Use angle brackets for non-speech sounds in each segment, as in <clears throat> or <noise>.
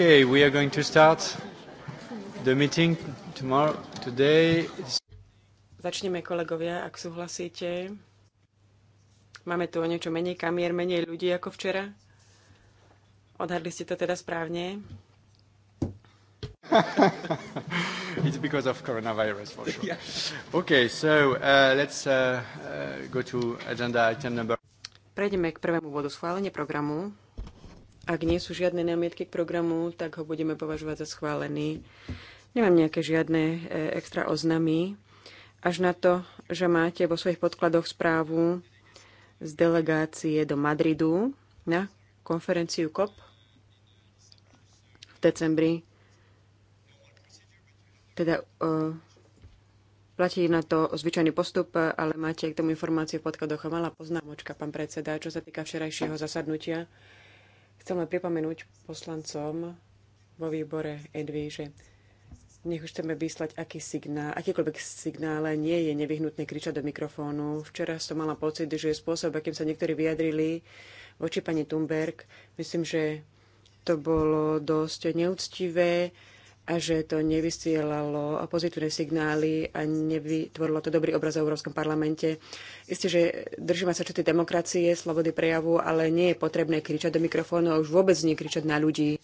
Okay, we are going to start the meeting tomorrow, today. Začneme, kolegovia, ak súhlasíte. Máme tu o niečo menej kamier, menej ľudí ako včera. Odhadli ste to teda správne. <laughs> It's because of coronavirus, for sure. Yeah. Okay, so uh, let's uh, uh, go to agenda item number... Prejdeme k prvému bodu schválenie programu. Ak nie sú žiadne námietky k programu, tak ho budeme považovať za schválený. Nemám nejaké žiadne e, extra oznamy, až na to, že máte vo svojich podkladoch správu z delegácie do Madridu na konferenciu COP v decembri. Teda uh, platí na to zvyčajný postup, ale máte k tomu informáciu v podkladoch. Malá poznámočka, pán predseda, čo sa týka včerajšieho zasadnutia. Chcem len pripomenúť poslancom vo výbore Edvi, že nech už chceme vyslať aký signál, akýkoľvek signál, nie je nevyhnutné kričať do mikrofónu. Včera som mala pocit, že spôsob, akým sa niektorí vyjadrili voči pani Thunberg, myslím, že to bolo dosť neúctivé a že to nevysielalo pozitívne signály a nevytvorilo to dobrý obraz v Európskom parlamente. Isté, že držíme sa čety demokracie, slobody prejavu, ale nie je potrebné kričať do mikrofónu a už vôbec nie kričať na ľudí,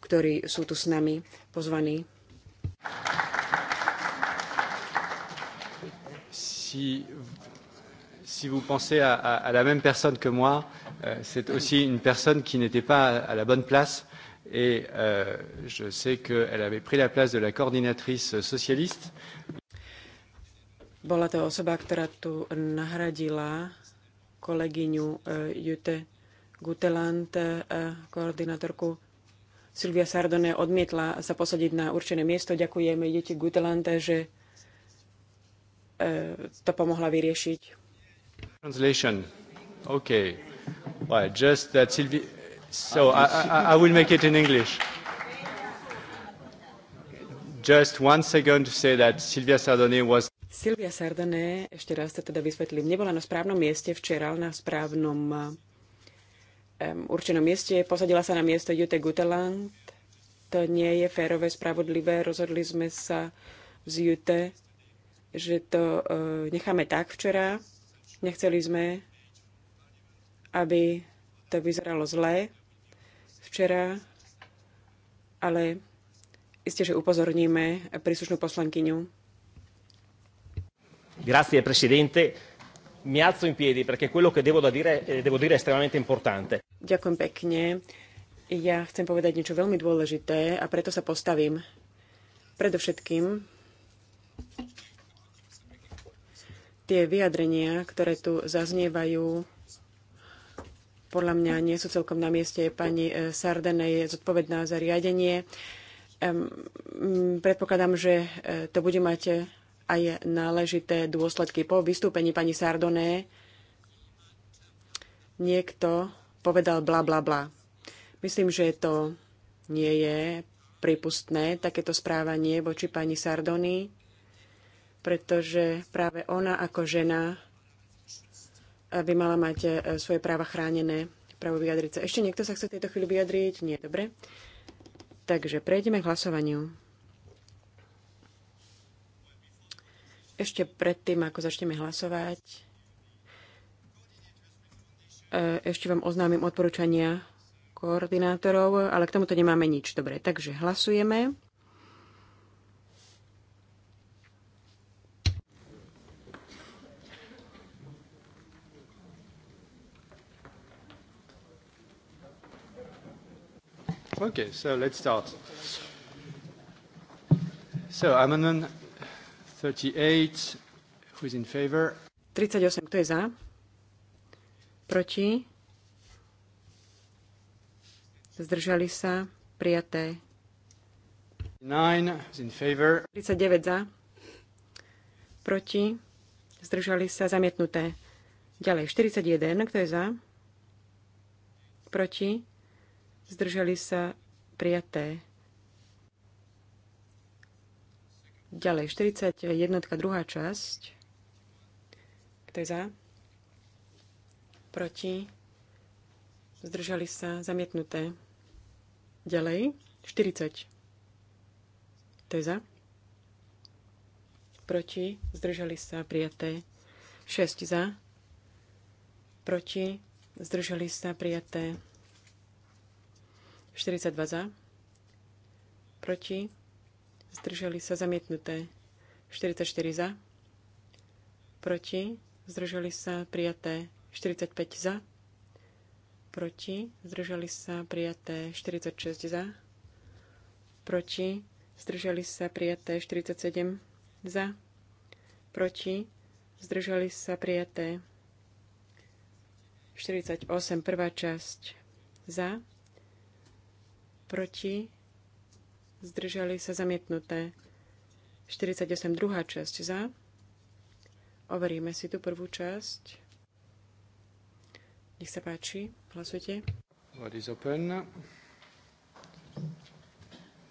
ktorí sú tu s nami pozvaní. Si, si vous pensez à, à, à la même personne que moi, euh, c'est aussi une personne qui n'était pas à, à la bonne place et euh, je sais qu'elle avait pris la place de la coordinatrice socialiste. Bola to osoba, ktorá tu nahradila kolegyňu uh, Jute Gutelant, uh, koordinátorku Silvia Sardone odmietla sa posadiť na určené miesto. Ďakujeme Jute Gutelant, že uh, to pomohla vyriešiť. Translation. OK. Well, just that Sylvie so I, I, I will make it in English. Just one second to say that Sylvia Sardone was... Sylvia Sardone, ešte raz to teda vysvetlím, nebola na správnom mieste včera, na správnom um, určenom mieste. Posadila sa na miesto Jute Guteland. To nie je férové, spravodlivé. Rozhodli sme sa z Jute, že to uh, necháme tak včera. Nechceli sme, aby to vyzeralo zle včera, ale isté, že upozorníme príslušnú poslankyňu. Grazie, presidente. Mi alzo in piedi perché quello che devo, da dire, eh, devo dire è estremamente importante. Ďakujem pekne. Ja chcem povedať niečo veľmi dôležité a preto sa postavím. Predovšetkým tie vyjadrenia, ktoré tu zaznievajú, podľa mňa nie sú celkom na mieste. Pani e, Sardene je zodpovedná za riadenie. Predpokladám, že e, to bude mať e, aj náležité dôsledky. Po vystúpení pani Sardoné niekto povedal bla bla bla. Myslím, že to nie je prípustné, takéto správanie voči pani Sardony, pretože práve ona ako žena by mala mať e, svoje práva chránené, právo vyjadriť sa. Ešte niekto sa chce v tejto chvíli vyjadriť? Nie, dobre. Takže prejdeme k hlasovaniu. Ešte predtým, ako začneme hlasovať, e, ešte vám oznámim odporúčania koordinátorov, ale k tomuto nemáme nič. Dobre, takže hlasujeme. Okay, so let's start. So, amendment 38, who is in favor? 38, kto je za? Proti? Zdržali sa? Prijaté. 9, is in favor? 39 za. Proti? Zdržali sa? Zamietnuté. Ďalej, 41, kto je za? Proti? zdržali sa prijaté. Ďalej, 41. druhá časť. Kto je za? Proti? Zdržali sa zamietnuté. Ďalej, 40. Kto je za? Proti? Zdržali sa prijaté. 6 za. Proti? Zdržali sa prijaté. 42 za. Proti. Zdržali sa zamietnuté. 44 za. Proti. Zdržali sa prijaté. 45 za. Proti. Zdržali sa prijaté. 46 za. Proti. Zdržali sa prijaté. 47 za. Proti. Zdržali sa prijaté. 48. Prvá časť za proti, zdržali sa zamietnuté. 48. druhá časť za. Overíme si tú prvú časť. Nech sa páči, hlasujte. What is open?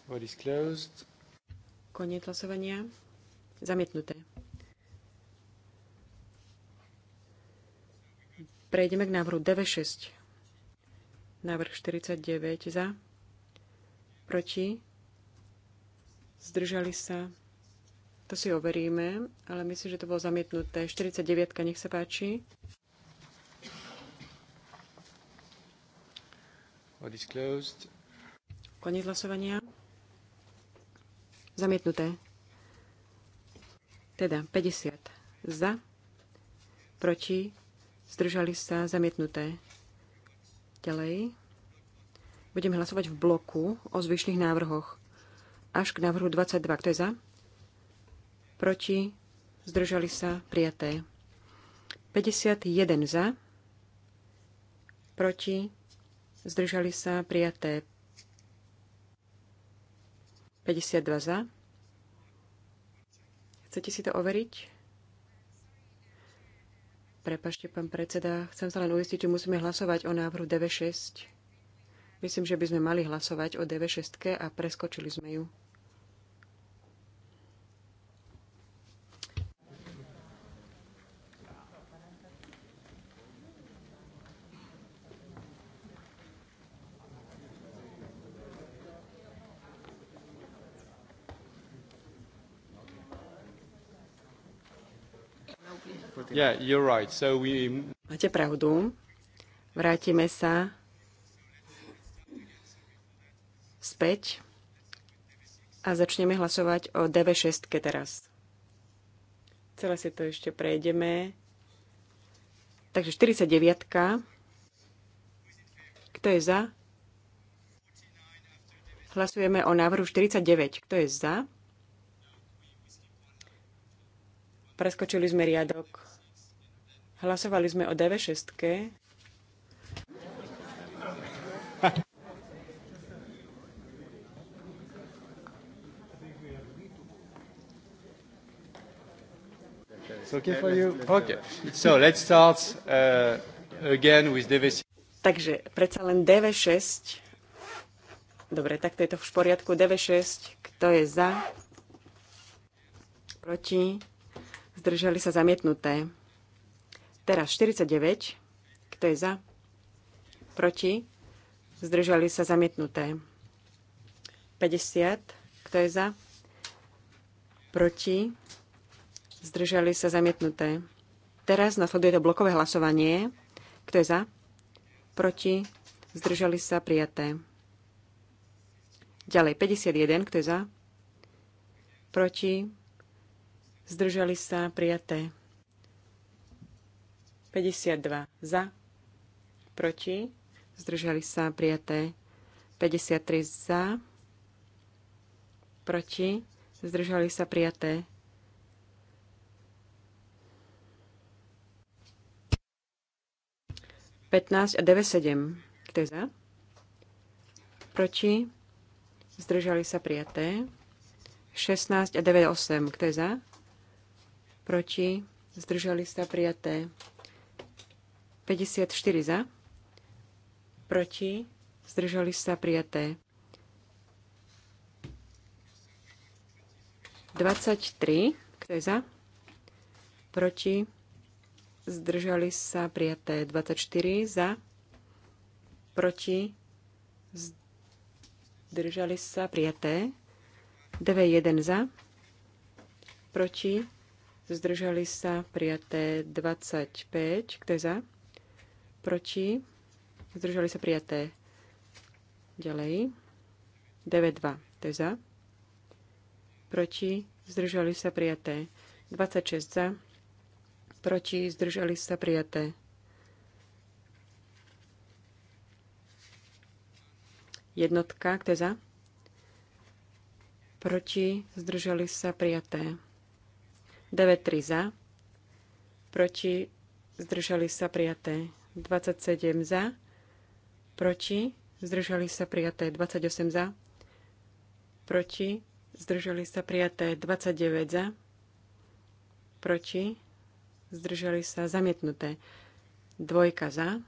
What is closed? Koniec hlasovania. Zamietnuté. Prejdeme k návrhu DV6. Návrh 49 za proti, zdržali sa. To si overíme, ale myslím, že to bolo zamietnuté. 49, nech sa páči. Koniec hlasovania. Zamietnuté. Teda 50 za, proti, zdržali sa, zamietnuté. Ďalej. Budeme hlasovať v bloku o zvyšných návrhoch až k návrhu 22. Kto je za? Proti? Zdržali sa? Prijaté. 51 za. Proti? Zdržali sa? Prijaté. 52 za. Chcete si to overiť? Prepašte, pán predseda, chcem sa len uistiť, že musíme hlasovať o návrhu DV6. Myslím, že by sme mali hlasovať o DV6 a preskočili sme ju. Yeah, right. so we... Máte pravdu. Vrátime sa späť a začneme hlasovať o DV6 teraz. Celé si to ešte prejdeme. Takže 49. Kto je za? Hlasujeme o návrhu 49. Kto je za? Preskočili sme riadok. Hlasovali sme o DV6. It's okay for you? Okay. So let's start uh, again with DV6. Takže predsa len DV6. Dobre, tak to je to v poriadku. DV6, kto je za? Proti? Zdržali sa zamietnuté. Teraz 49. Kto je za? Proti? Zdržali sa zamietnuté. 50. Kto je za? Proti? zdržali sa zamietnuté. Teraz nasleduje to blokové hlasovanie. Kto je za? Proti? Zdržali sa prijaté. Ďalej 51. Kto je za? Proti? Zdržali sa prijaté. 52. Za? Proti? Zdržali sa prijaté. 53 za, proti, zdržali sa prijaté. 15 a 97. Kto je za? Proti? Zdržali sa prijaté. 16 a 98. Kto je za? Proti? Zdržali sa prijaté. 54 za. Proti? Zdržali sa prijaté. 23. Kto je za? Proti? zdržali sa prijaté 24 za, proti, zdržali sa prijaté 91 za, proti, zdržali sa prijaté 25, kto je za, proti, zdržali sa prijaté ďalej 92, kto je za, proti, zdržali sa prijaté 26 za, proti, zdržali sa prijaté. Jednotka, kto je za? Proti, zdržali sa prijaté. 9-3 za. Proti, zdržali sa prijaté. 27 za. Proti, zdržali sa prijaté. 28 za. Proti, zdržali sa prijaté. 29 za. Proti, zdržali sa zamietnuté. Dvojka za,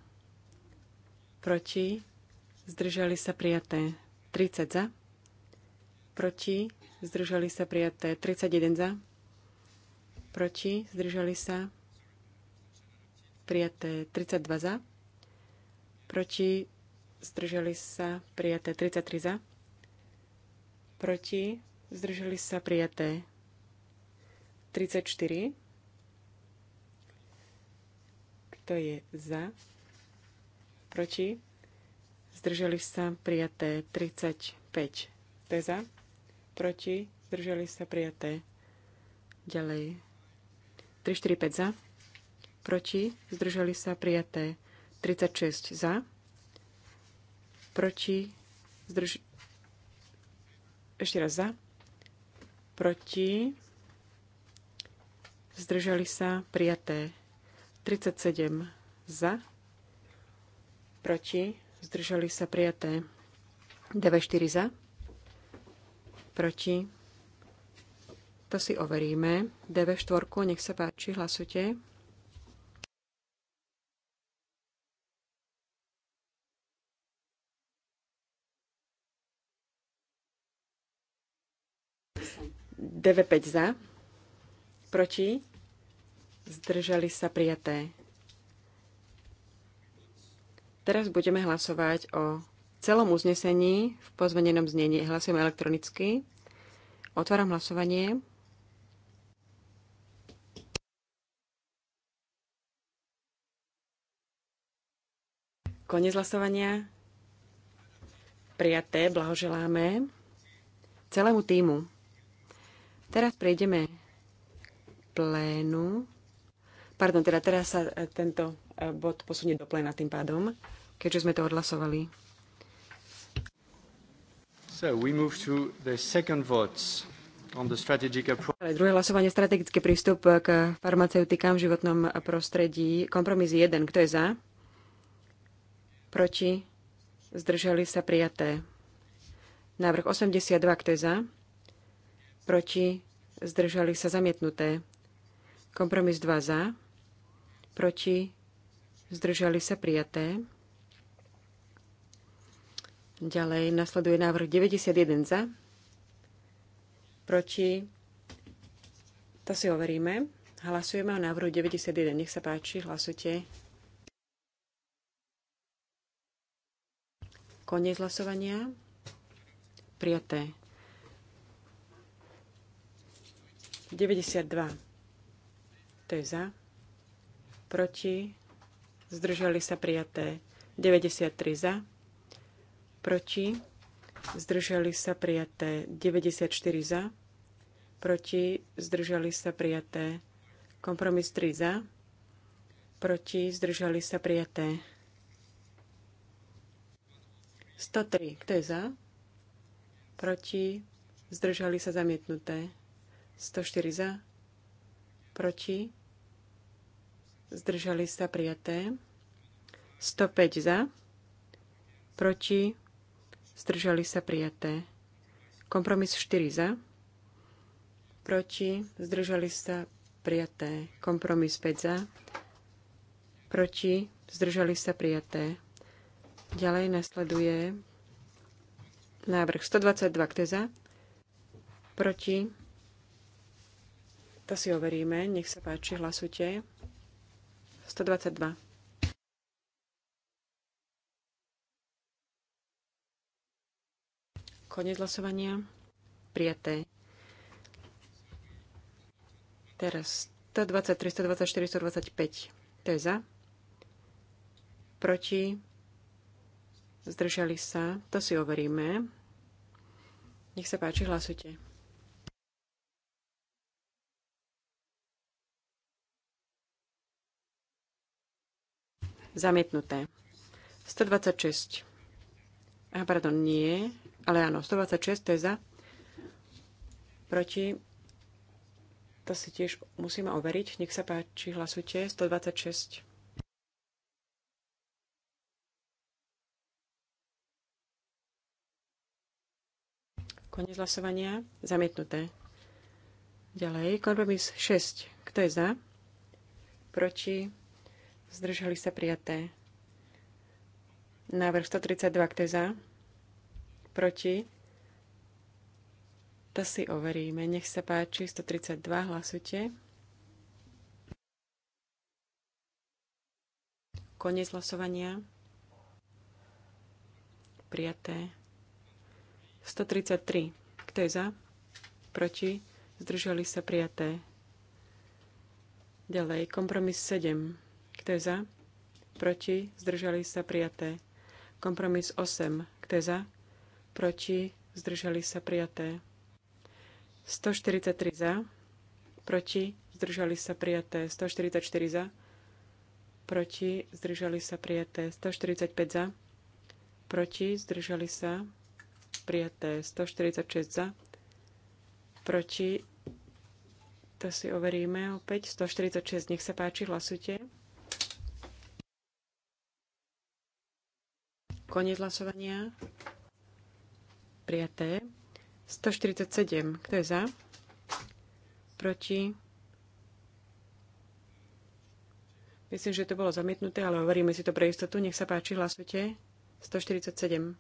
proti, zdržali sa prijaté 30 za, proti, zdržali sa prijaté 31 za, proti, zdržali sa prijaté 32 za, proti, zdržali sa prijaté 33 za, proti, zdržali sa prijaté 34 kto je za? Proti? Zdržali sa prijaté 35. Kto je za? Proti? Zdržali sa prijaté. Ďalej. 3, 4, 5 za. Proti? Zdržali sa prijaté 36 za. Proti? Zdrž... Ešte raz za. Proti? Zdržali sa prijaté 37 za, proti, zdržali sa prijaté. 94 za, proti, to si overíme. DV4, nech sa páči, hlasujte. DV5 za, proti, zdržali sa prijaté. Teraz budeme hlasovať o celom uznesení v pozmenenom znení. Hlasujeme elektronicky. Otváram hlasovanie. Konec hlasovania. Prijaté, blahoželáme celému týmu. Teraz prejdeme k plénu. Pardon, teda teraz sa e, tento e, bod posunie do plena tým pádom, keďže sme to odhlasovali. So we move to the second vote on the strategic approach. Druhé hlasovanie, strategický prístup k farmaceutikám v životnom prostredí. Kompromis 1. Kto je za? Proti? Zdržali sa prijaté. Návrh 82. Kto je za? Proti? Zdržali sa zamietnuté. Kompromis 2 za proti, zdržali sa prijaté. Ďalej nasleduje návrh 91 za, proti, to si overíme. Hlasujeme o návrhu 91. Nech sa páči, hlasujte. Koniec hlasovania. Prijaté. 92. To je za proti, zdržali sa prijaté 93 za, proti, zdržali sa prijaté 94 za, proti, zdržali sa prijaté kompromis 3 za, proti, zdržali sa prijaté 103. Kto je za? Proti, zdržali sa zamietnuté 104 za, proti, zdržali sa prijaté. 105 za, proti, zdržali sa prijaté. Kompromis 4 za, proti, zdržali sa prijaté. Kompromis 5 za, proti, zdržali sa prijaté. Ďalej nasleduje návrh 122, k teza, za, proti, to si overíme, nech sa páči, hlasujte. 122. Konec hlasovania. Prijaté. Teraz 123, 124, 125. To je za. Proti. Zdržali sa. To si overíme. Nech sa páči, hlasujte. Zamietnuté. 126. A pardon, nie. Ale áno, 126 to je za. Proti. To si tiež musíme overiť. Nech sa páči, hlasujte. 126. Konec hlasovania. Zamietnuté. Ďalej, kompromis 6. Kto je za? Proti? Zdržali sa prijaté. Návrh 132, kto je za? Proti? To si overíme. Nech sa páči, 132, hlasujte. Koniec hlasovania. Prijaté. 133. Kto je za? Proti? Zdržali sa prijaté. Ďalej, kompromis 7. Kteza. Proti? Zdržali sa prijaté. Kompromis 8. Kto je za? Proti? Zdržali sa prijaté. 143 za. Proti? Zdržali sa prijaté. 144 za. Proti? Zdržali sa prijaté. 145 za. Proti? Zdržali sa prijaté. 146 za. Proti? To si overíme opäť. 146. Nech sa páči, hlasujte. Koniec hlasovania. Prijaté. 147. Kto je za? Proti? Myslím, že to bolo zamietnuté, ale hovoríme si to pre istotu. Nech sa páči, hlasujte. 147.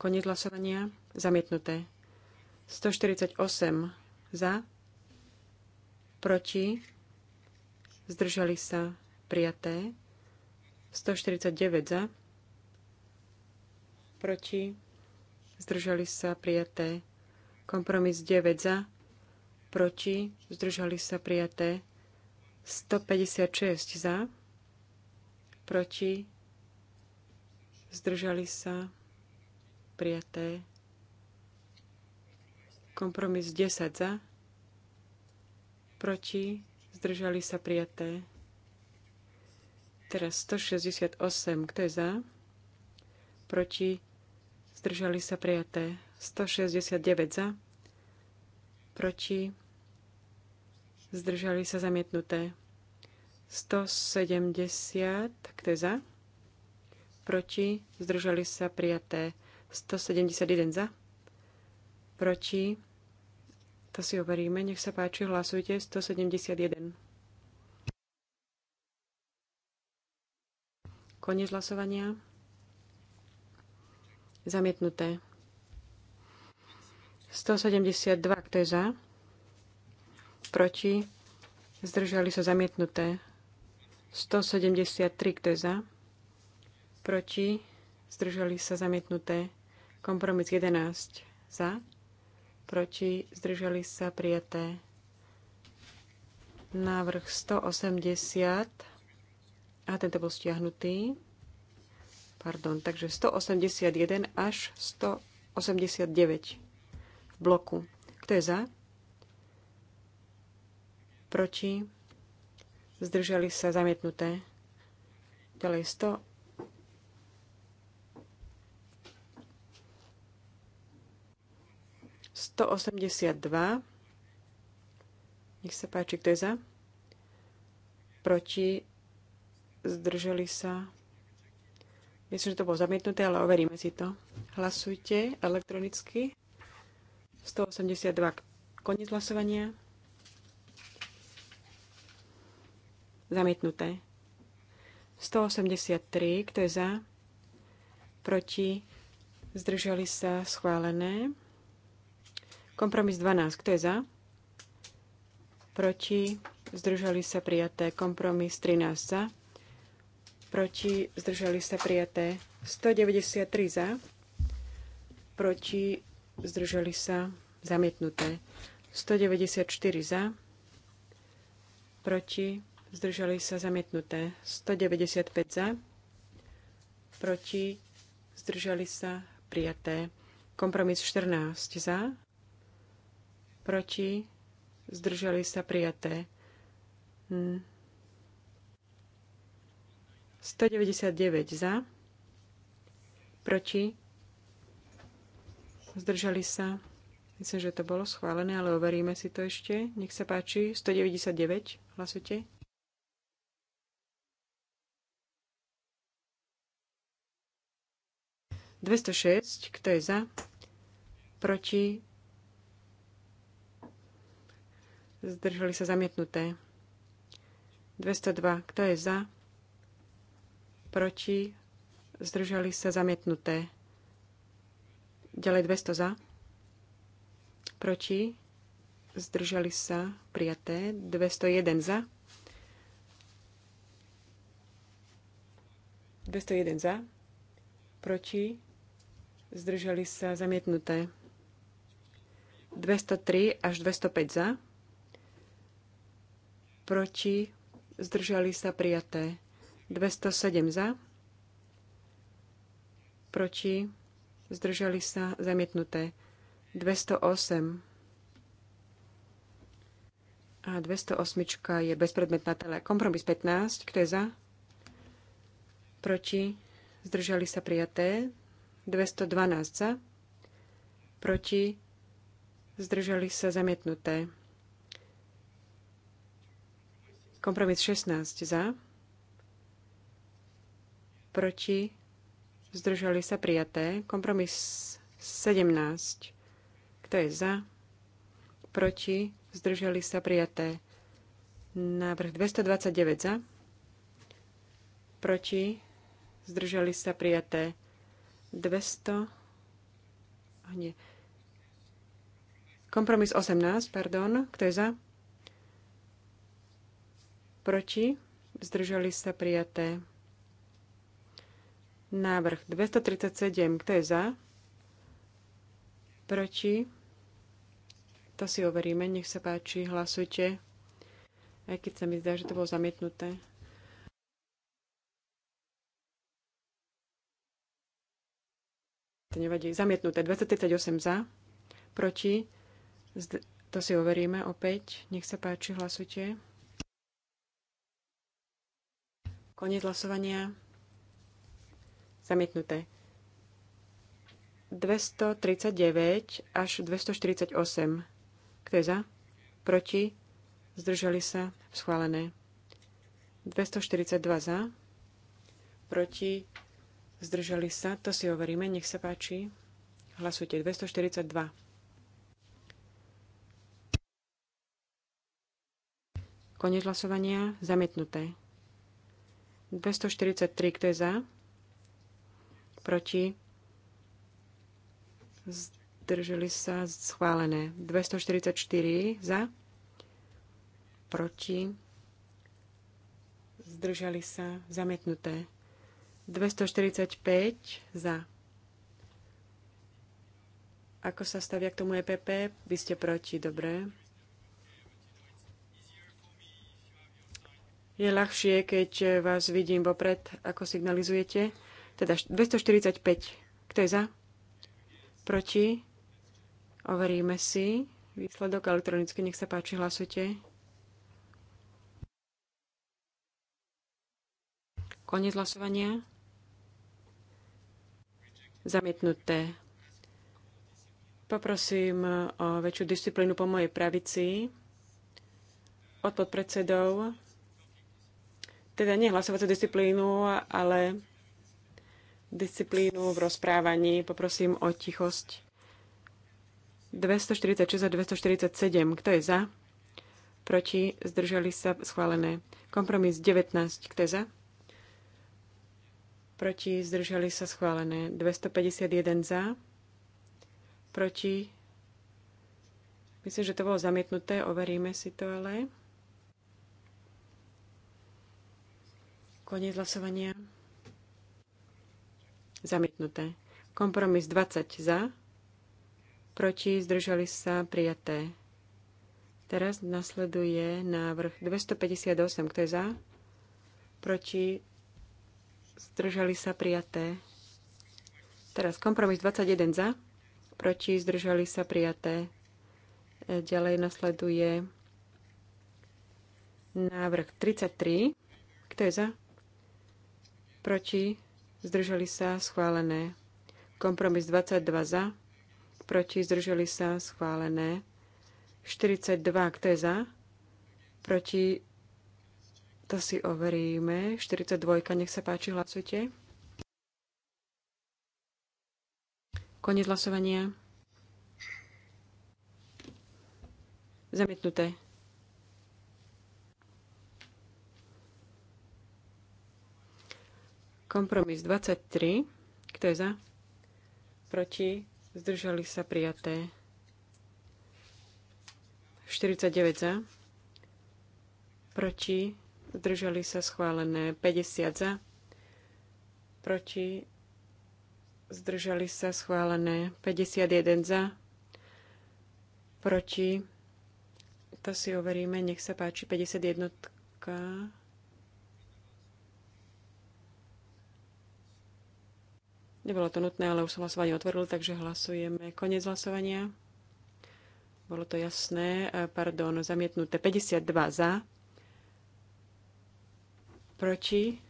Koniec hlasovania. Zamietnuté. 148 za. Proti. Zdržali sa Prijaté. 149 za. Proti. Zdržali sa. Prijaté. Kompromis 9 za. Proti. Zdržali sa. Prijaté. 156 za. Proti. Zdržali sa. Prijaté. Kompromis 10 za. Proti. Zdržali sa. Prijaté. Teraz 168. Kto je za? Proti? Zdržali sa prijaté. 169 za. Proti? Zdržali sa zamietnuté. 170. Kto je za? Proti? Zdržali sa prijaté. 171 za. Proti? To si overíme. Nech sa páči, hlasujte. 171. Koniec hlasovania. Zamietnuté. 172, kto je za? Proti? Zdržali sa zamietnuté. 173, kto je za? Proti? Zdržali sa zamietnuté. Kompromis 11. Za? Proti? Zdržali sa prijaté. Návrh 180. A tento bol stiahnutý. Pardon, takže 181 až 189 v bloku. Kto je za? Proti? Zdržali sa zamietnuté. Ďalej 100. Sto osemdesiat dva. Nech sa páči, kto je za? Proti Zdrželi sa. Myslím, že to bolo zamietnuté, ale overíme si to. Hlasujte elektronicky. 182. Koniec hlasovania. Zamietnuté. 183. Kto je za? Proti? Zdržali sa? Schválené. Kompromis 12. Kto je za? Proti? Zdržali sa? Prijaté. Kompromis 13. Za? proti, zdržali sa prijaté. 193 za, proti, zdržali sa zamietnuté. 194 za, proti, zdržali sa zamietnuté. 195 za, proti, zdržali sa prijaté. Kompromis 14 za, proti, zdržali sa prijaté. Hm. 199 za, proti, zdržali sa. Myslím, že to bolo schválené, ale overíme si to ešte. Nech sa páči, 199, hlasujte. Dvesto šesť, kto je za? Proti? Zdržali sa zamietnuté. 202, kto je za? proti, zdržali sa zamietnuté. Ďalej 200 za, proti, zdržali sa prijaté, 201 za, 201 za, proti, zdržali sa zamietnuté. 203 až 205 za, proti, zdržali sa prijaté. 207 za, proti, zdržali sa, zamietnuté. 208 a 208 je bezpredmetná tele. Kompromis 15, kto je za? Proti, zdržali sa prijaté. 212 za, proti, zdržali sa zamietnuté. Kompromis 16 za, proti, zdržali sa prijaté. Kompromis 17. Kto je za? Proti, zdržali sa prijaté. Návrh 229 za. Proti, zdržali sa prijaté. 200. Oh, nie. Kompromis 18, pardon. Kto je za? Proti, zdržali sa prijaté. Návrh 237. Kto je za? Proti? To si overíme. Nech sa páči, hlasujte. Aj keď sa mi zdá, že to bolo zamietnuté. To nevadí. Zamietnuté. 238 za. Proti? Zd- to si overíme opäť. Nech sa páči, hlasujte. Koniec hlasovania. Zamietnuté. 239 až 248. Kto je za? Proti? Zdržali sa? Schválené. 242 za. Proti? Zdržali sa? To si overíme. Nech sa páči. Hlasujte. 242. Konec hlasovania. Zamietnuté. 243. Kto je za? proti, zdrželi sa schválené. 244 za, proti, zdržali sa zamietnuté. 245 za. Ako sa stavia k tomu EPP? Vy ste proti, dobre. Je ľahšie, keď vás vidím vopred, ako signalizujete. Teda 245. Kto je za? Proti? Overíme si výsledok elektronicky. Nech sa páči, hlasujte. Koniec hlasovania. Zamietnuté. Poprosím o väčšiu disciplínu po mojej pravici od podpredsedov. Teda nie hlasovaciu disciplínu, ale disciplínu v rozprávaní. Poprosím o tichosť. 246 a 247. Kto je za? Proti? Zdržali sa? Schválené. Kompromis 19. Kto je za? Proti? Zdržali sa? Schválené. 251 za? Proti? Myslím, že to bolo zamietnuté. Overíme si to ale. Koniec hlasovania. Zamietnuté. Kompromis 20 za. Proti zdržali sa prijaté. Teraz nasleduje návrh 258. Kto je za? Proti zdržali sa prijaté. Teraz kompromis 21 za. Proti zdržali sa prijaté. E, ďalej nasleduje návrh 33. Kto je za? Proti zdržali sa, schválené. Kompromis 22 za, proti, zdržali sa, schválené. 42, kto je za, proti, to si overíme. 42, nech sa páči, hlasujte. Koniec hlasovania. Zamietnuté. Kompromis 23. Kto je za? Proti? Zdržali sa prijaté. 49 za. Proti? Zdržali sa schválené. 50 za. Proti? Zdržali sa schválené. 51 za. Proti? To si overíme. Nech sa páči. 51. Nebolo to nutné, ale už som hlasovanie otvoril, takže hlasujeme. Konec hlasovania. Bolo to jasné. E, pardon, zamietnuté 52 za. Proti.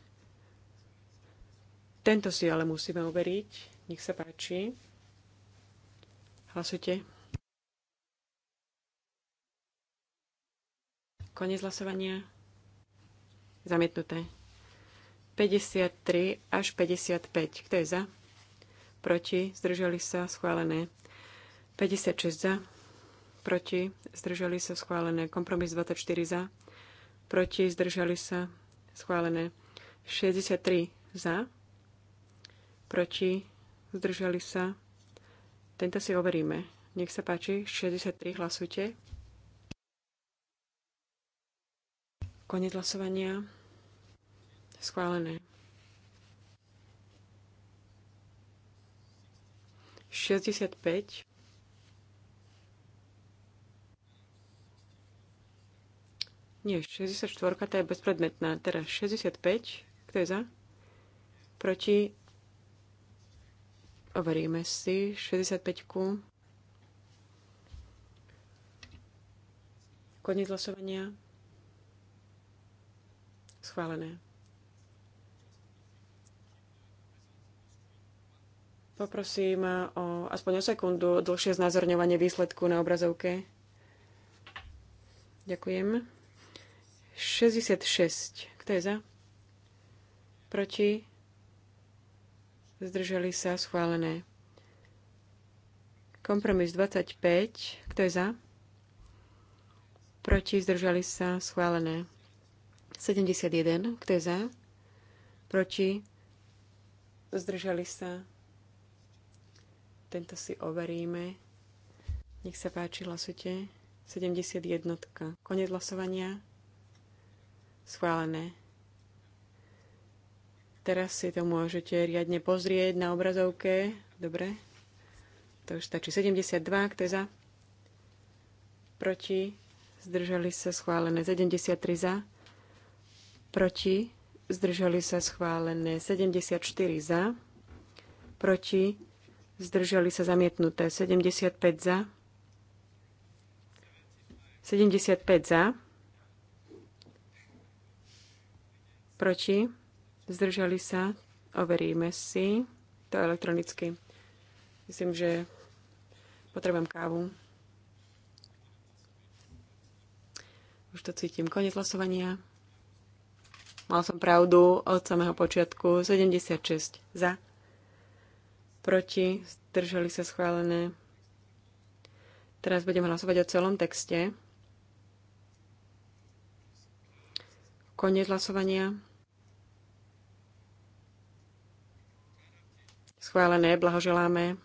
Tento si ale musíme uveriť. Nech sa páči. Hlasujte. Konec hlasovania. Zamietnuté. 53 až 55. Kto je za? proti, zdržali sa, schválené. 56 za, proti, zdržali sa, schválené. Kompromis 24 za, proti, zdržali sa, schválené. 63 za, proti, zdržali sa. Tento si overíme. Nech sa páči, 63 hlasujte. Konec hlasovania. Schválené. 65. Nie, 64, tá je bezpredmetná. Teraz 65. Kto je za? Proti? Overíme si 65. -ku. Koniec hlasovania. Schválené. Poprosím eh, o aspoň o sekundu dlhšie znázorňovanie výsledku na obrazovke. Ďakujem. 66. Kto je za? Proti? Zdržali sa schválené. Kompromis 25. Kto je za? Proti? Zdržali sa schválené. 71. Kto je za? Proti? Zdržali sa tento si overíme. Nech sa páči, hlasujte. 71. Konec hlasovania. Schválené. Teraz si to môžete riadne pozrieť na obrazovke. Dobre. To už stačí. 72, kto je za? Proti. Zdržali sa schválené. 73 za. Proti. Zdržali sa schválené. 74 za. Proti zdržali sa zamietnuté 75 za, 75 za, proti, zdržali sa, overíme si to elektronicky. Myslím, že potrebujem kávu. Už to cítim. Konec hlasovania. Mal som pravdu od samého počiatku. 76 za proti, zdržali sa schválené. Teraz budem hlasovať o celom texte. Koniec hlasovania. Schválené, blahoželáme.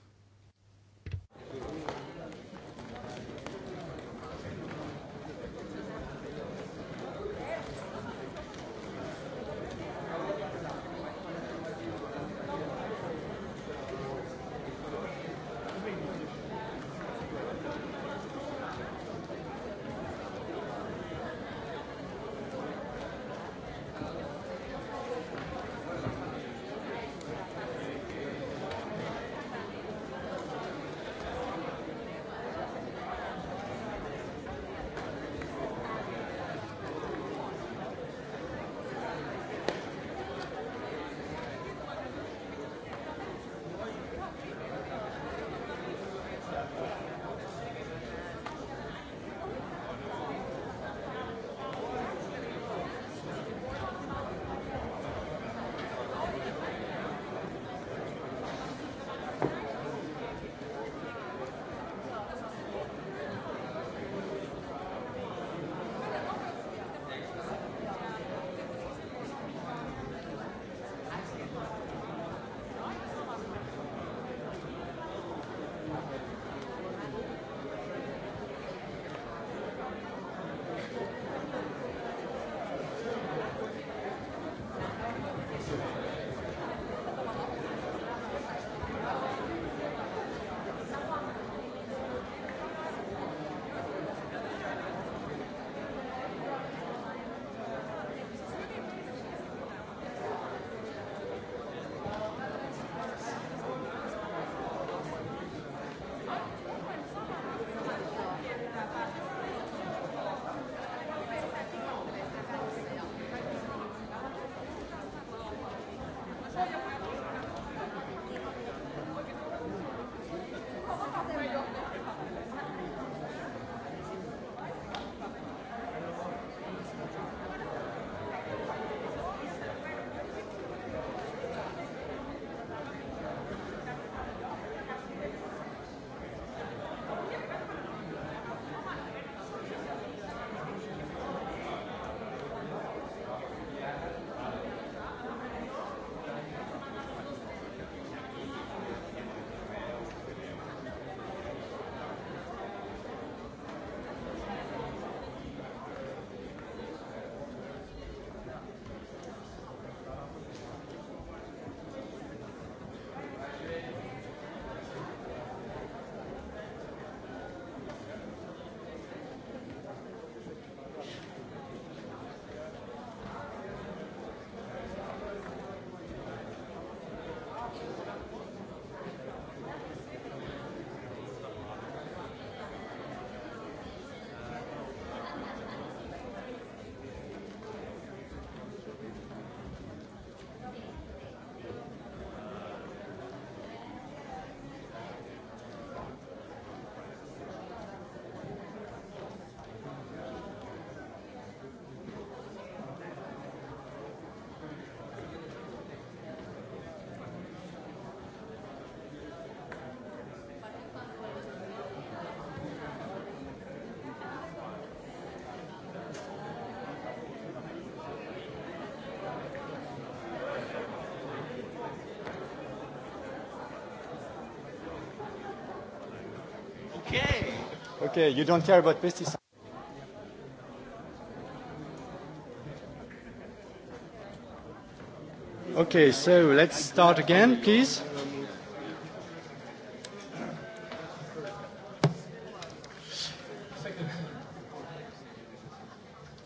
Okay, you don't care about pesticides. Okay, so let's start again, please.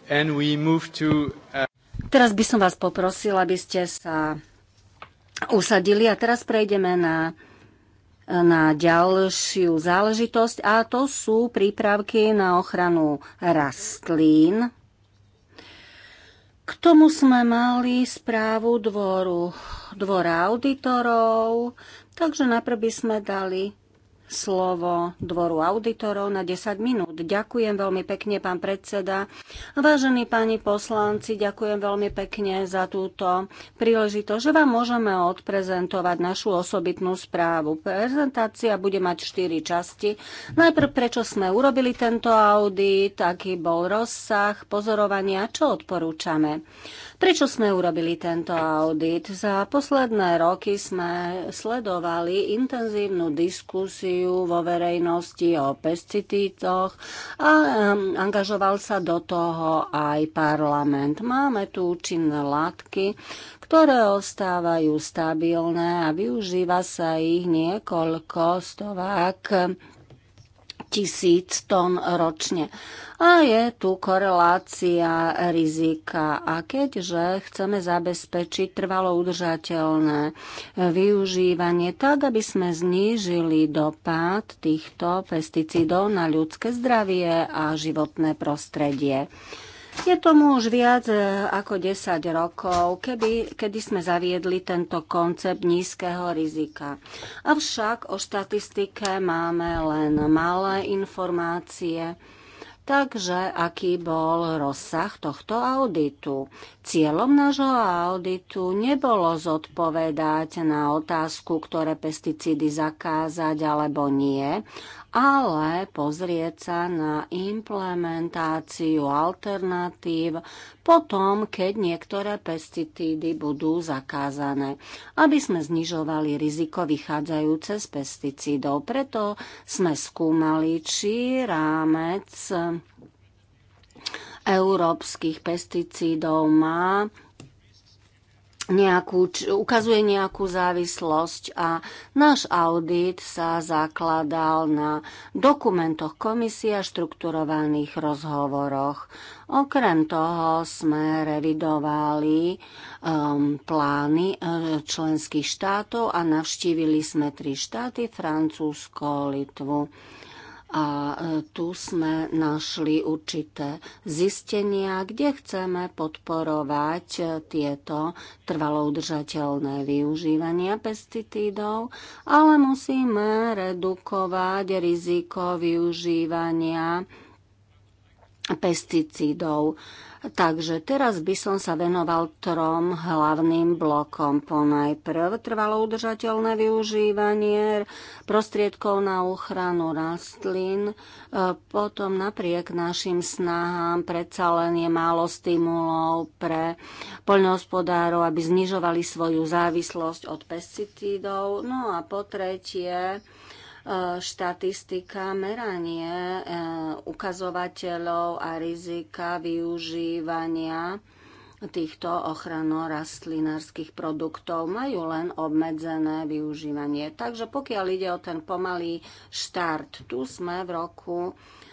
And we move to, uh... Teraz by som vás poprosil, aby ste sa usadili a teraz prejdeme na na ďalšiu záležitosť a to sú prípravky na ochranu rastlín. K tomu sme mali správu dvoru, dvora auditorov, takže najprv by sme dali slovo dvoru auditorov na 10 minút. Ďakujem veľmi pekne, pán predseda. Vážení páni poslanci, ďakujem veľmi pekne za túto príležitosť, že vám môžeme odprezentovať našu osobitnú správu. Prezentácia bude mať 4 časti. Najprv, prečo sme urobili tento audit, aký bol rozsah pozorovania, čo odporúčame. Prečo sme urobili tento audit? Za posledné roky sme sledovali intenzívnu diskusiu vo verejnosti o pesticídoch a angažoval sa do toho aj parlament. Máme tu účinné látky, ktoré ostávajú stabilné a využíva sa ich niekoľko stovák tisíc tón ročne. A je tu korelácia rizika. A keďže chceme zabezpečiť trvalo udržateľné využívanie tak, aby sme znížili dopad týchto pesticídov na ľudské zdravie a životné prostredie. Je tomu už viac e, ako 10 rokov, keby, kedy sme zaviedli tento koncept nízkeho rizika. Avšak o štatistike máme len malé informácie. Takže aký bol rozsah tohto auditu? Cieľom nášho auditu nebolo zodpovedať na otázku, ktoré pesticídy zakázať alebo nie, ale pozrieť sa na implementáciu alternatív potom, keď niektoré pesticídy budú zakázané, aby sme znižovali riziko vychádzajúce z pesticídov. Preto sme skúmali, či rámec európskych pesticídov má nejakú, ukazuje nejakú závislosť a náš audit sa zakladal na dokumentoch Komisie a štrukturovaných rozhovoroch. Okrem toho sme revidovali um, plány uh, členských štátov a navštívili sme tri štáty, Francúzsko, Litvu a e, tu sme našli určité zistenia, kde chceme podporovať e, tieto trvalo udržateľné využívania pesticídov, ale musíme redukovať riziko využívania pesticídov. Takže teraz by som sa venoval trom hlavným blokom. Ponajprv trvalo udržateľné využívanie prostriedkov na ochranu rastlín, e, potom napriek našim snahám predsa len je málo stimulov pre poľnohospodárov, aby znižovali svoju závislosť od pesticídov. No a po tretie, štatistika, meranie eh, ukazovateľov a rizika využívania týchto ochranno-rastlinárskych produktov majú len obmedzené využívanie. Takže pokiaľ ide o ten pomalý štart, tu sme v roku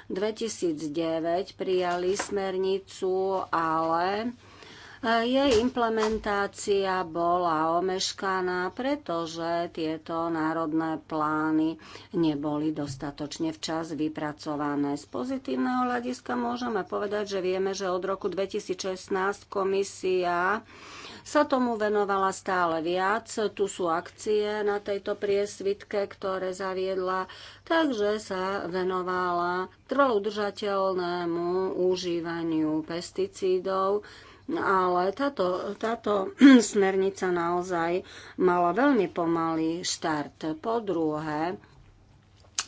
2009 prijali smernicu, ale jej implementácia bola omeškaná, pretože tieto národné plány neboli dostatočne včas vypracované. Z pozitívneho hľadiska môžeme povedať, že vieme, že od roku 2016 komisia sa tomu venovala stále viac. Tu sú akcie na tejto priesvitke, ktoré zaviedla, takže sa venovala udržateľnému užívaniu pesticídov No ale táto, táto <clears throat> smernica naozaj mala veľmi pomalý štart. Po druhé,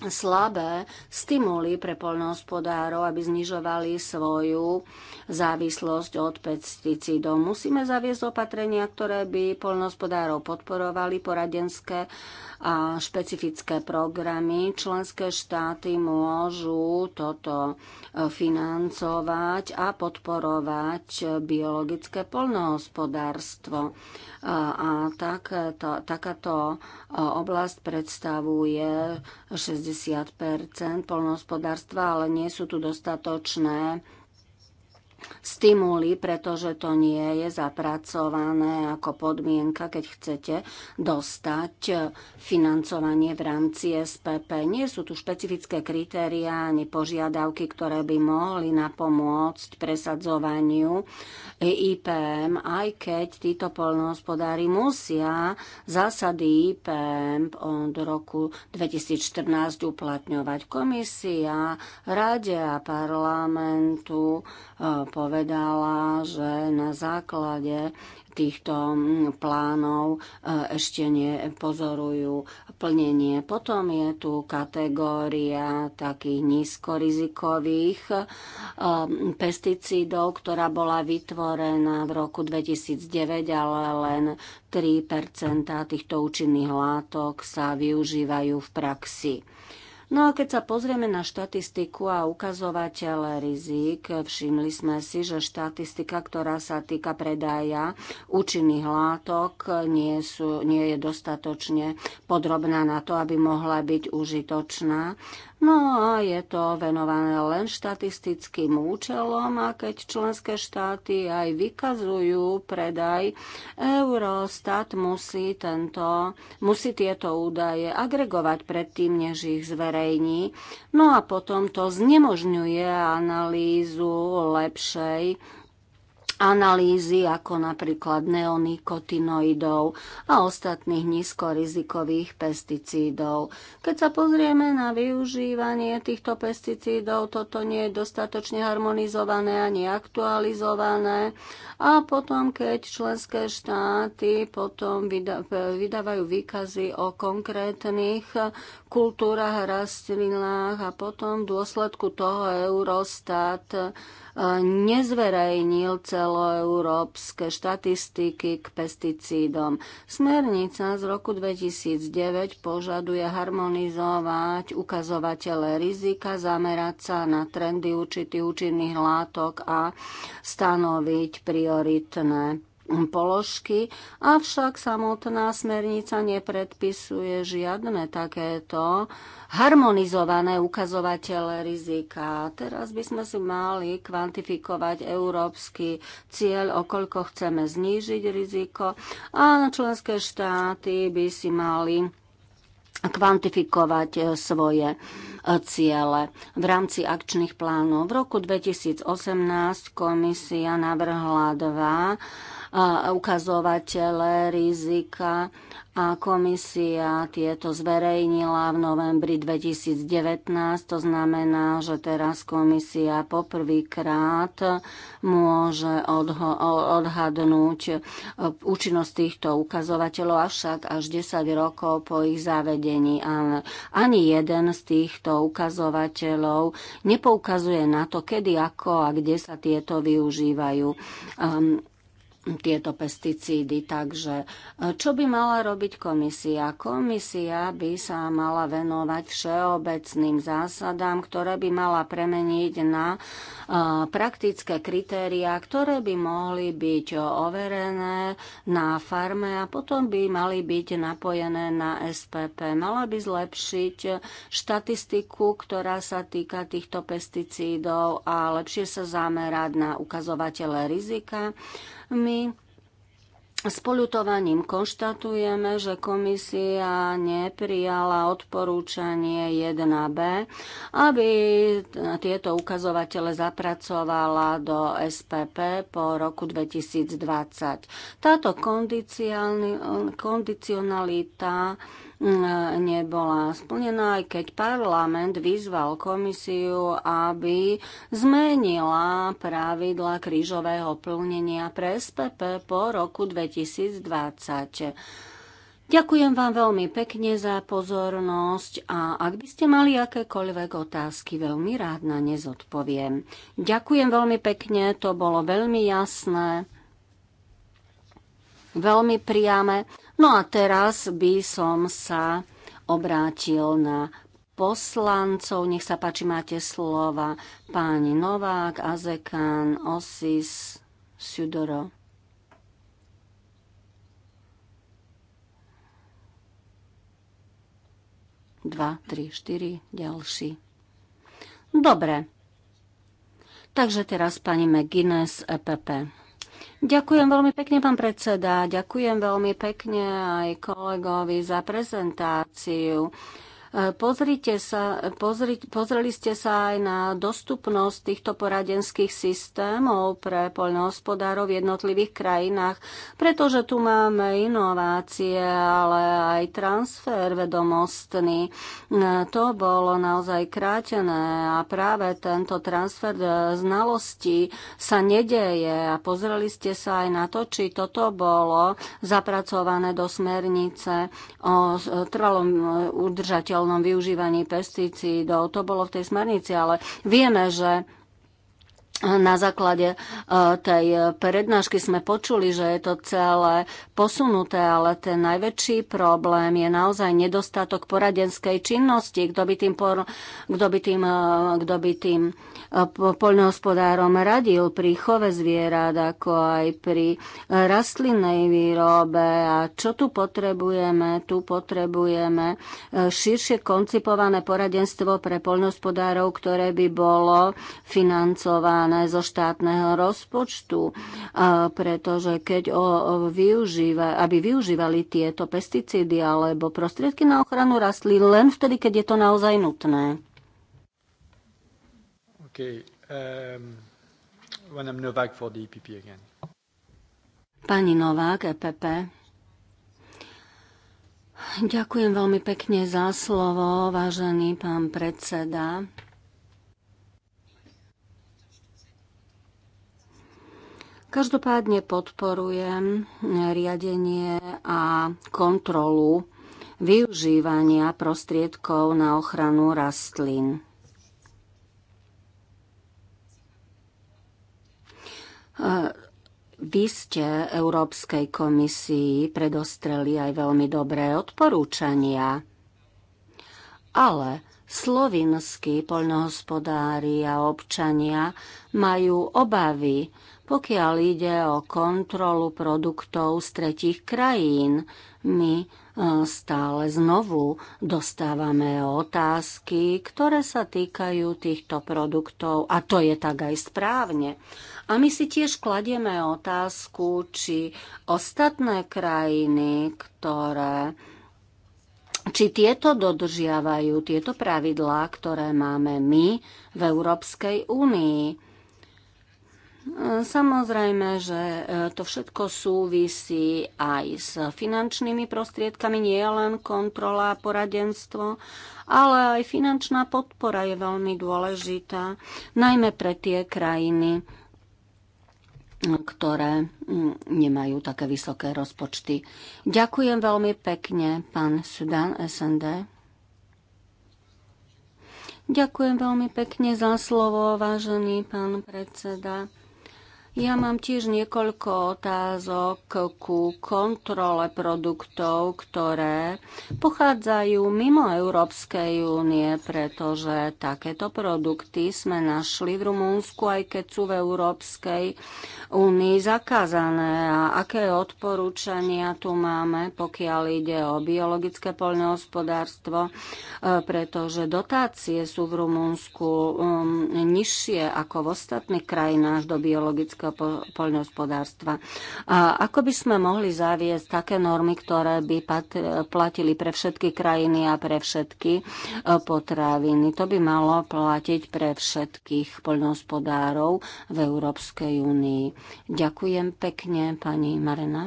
slabé stimuly pre poľnohospodárov, aby znižovali svoju závislosť od pesticídov. Musíme zaviesť opatrenia, ktoré by poľnohospodárov podporovali, poradenské a špecifické programy. Členské štáty môžu toto e, financovať a podporovať biologické polnohospodárstvo. E, a tak, to, takáto e, oblasť predstavuje 60 polnohospodárstva, ale nie sú tu dostatočné stimuly, pretože to nie je zapracované ako podmienka, keď chcete dostať financovanie v rámci SPP. Nie sú tu špecifické kritériá ani požiadavky, ktoré by mohli napomôcť presadzovaniu E IPM, aj keď títo polnohospodári musia zásady e IPM od roku 2014 uplatňovať. Komisia Rade a parlamentu e, povedala, že na základe týchto plánov ešte nepozorujú plnenie. Potom je tu kategória takých nízkorizikových eh, pesticídov, ktorá bola vytvorená v roku 2009, ale len 3 týchto účinných látok sa využívajú v praxi. No a keď sa pozrieme na štatistiku a ukazovateľ rizik, všimli sme si, že štatistika, ktorá sa týka predaja účinných látok, nie, sú, nie je dostatočne podrobná na to, aby mohla byť užitočná No a je to venované len štatistickým účelom a keď členské štáty aj vykazujú predaj, Eurostat musí, tento, musí tieto údaje agregovať predtým, než ich zverejní. No a potom to znemožňuje analýzu lepšej analýzy ako napríklad neonikotinoidov a ostatných nízkorizikových pesticídov. Keď sa pozrieme na využívanie týchto pesticídov, toto nie je dostatočne harmonizované ani aktualizované. A potom, keď členské štáty potom vydávajú výkazy o konkrétnych kultúrach a rastlinách a potom v dôsledku toho Eurostat nezverejnil celoeurópske štatistiky k pesticídom. Smernica z roku 2009 požaduje harmonizovať ukazovatele rizika, zamerať sa na trendy určitých účinných látok a stanoviť prioritné položky, avšak samotná smernica nepredpisuje žiadne takéto harmonizované ukazovatele rizika. Teraz by sme si mali kvantifikovať európsky cieľ, o koľko chceme znížiť riziko a členské štáty by si mali kvantifikovať e, svoje e, ciele. V rámci akčných plánov v roku 2018 komisia navrhla dva ukazovatele rizika a komisia tieto zverejnila v novembri 2019. To znamená, že teraz komisia poprvýkrát môže odhadnúť e, účinnosť týchto ukazovateľov, avšak až 10 rokov po ich zavedení. Ale ani jeden z týchto ukazovateľov nepoukazuje na to, kedy, ako a kde sa tieto využívajú. Um, tieto pesticídy. Takže e, čo by mala robiť komisia? Komisia by sa mala venovať všeobecným zásadám, ktoré by mala premeniť na e, praktické kritériá, ktoré by mohli byť overené na farme a potom by mali byť napojené na SPP. Mala by zlepšiť štatistiku, ktorá sa týka týchto pesticídov a lepšie sa zamerať na ukazovatele rizika my s polutovaním konštatujeme, že komisia neprijala odporúčanie 1b, aby tieto ukazovatele zapracovala do SPP po roku 2020. Táto kondicionalita Mm, nebola splnená, aj keď parlament vyzval komisiu, aby zmenila pravidla krížového plnenia pre SPP po roku 2020. Ďakujem vám veľmi pekne za pozornosť a ak by ste mali akékoľvek otázky, veľmi rád na ne zodpoviem. Ďakujem veľmi pekne, to bolo veľmi jasné, veľmi priame. No a teraz by som sa obrátil na poslancov. Nech sa páči, máte slova páni Novák, Azekán, Osis, Sudoro. Dva, tri, štyri, ďalší. Dobre. Takže teraz pani McGuinness, EPP. Ďakujem veľmi pekne, pán predseda. Ďakujem veľmi pekne aj kolegovi za prezentáciu. Pozrite sa, pozri, pozreli ste sa aj na dostupnosť týchto poradenských systémov pre poľnohospodárov v jednotlivých krajinách, pretože tu máme inovácie, ale aj transfer vedomostný. To bolo naozaj krátené a práve tento transfer e, znalostí sa nedeje a pozreli ste sa aj na to, či toto bolo zapracované do smernice o trvalom e, udržateľnosti dobrovoľnom využívaní pesticídov. To bolo v tej smernici, ale vieme, že na základe e, tej prednášky sme počuli, že je to celé posunuté, ale ten najväčší problém je naozaj nedostatok poradenskej činnosti, kto by tým, kto by tým, e, kto by tým poľnohospodárom radil pri chove zvierat, ako aj pri rastlinnej výrobe. A čo tu potrebujeme? Tu potrebujeme e, širšie koncipované poradenstvo pre poľnohospodárov, ktoré by bolo financované zo štátneho rozpočtu, pretože keď o, využíva, aby využívali tieto pesticídy alebo prostriedky na ochranu rastlín len vtedy, keď je to naozaj nutné. Okay. Um, for the EPP again. Pani Novák, EPP. Ďakujem veľmi pekne za slovo, vážený pán predseda. Každopádne podporujem riadenie a kontrolu využívania prostriedkov na ochranu rastlín. Eh, vy ste Európskej komisii predostreli aj veľmi dobré odporúčania, ale slovinskí poľnohospodári a občania majú obavy, pokiaľ ide o kontrolu produktov z tretich krajín. My stále znovu dostávame otázky, ktoré sa týkajú týchto produktov a to je tak aj správne. A my si tiež kladieme otázku, či ostatné krajiny, ktoré či tieto dodržiavajú tieto pravidlá, ktoré máme my v Európskej únii. Samozrejme, že e, to všetko súvisí aj s finančnými prostriedkami, nie len kontrola a poradenstvo, ale aj finančná podpora je veľmi dôležitá, najmä pre tie krajiny, ktoré mm, nemajú také vysoké rozpočty. Ďakujem veľmi pekne, pán Sudan SND. Ďakujem veľmi pekne za slovo, vážený pán predseda. Ja mám tiež niekoľko otázok ku kontrole produktov, ktoré pochádzajú mimo Európskej únie, pretože takéto produkty sme našli v Rumúnsku, aj keď sú v Európskej únii zakázané. A aké odporúčania tu máme, pokiaľ ide o biologické poľnohospodárstvo, e, pretože dotácie sú v Rumúnsku um, nižšie ako v ostatných krajinách do biologického slovenského poľnohospodárstva. A ako by sme mohli zaviesť také normy, ktoré by platili pre všetky krajiny a pre všetky e, potraviny? To by malo platiť pre všetkých poľnohospodárov v Európskej únii. Ďakujem pekne, pani Marena.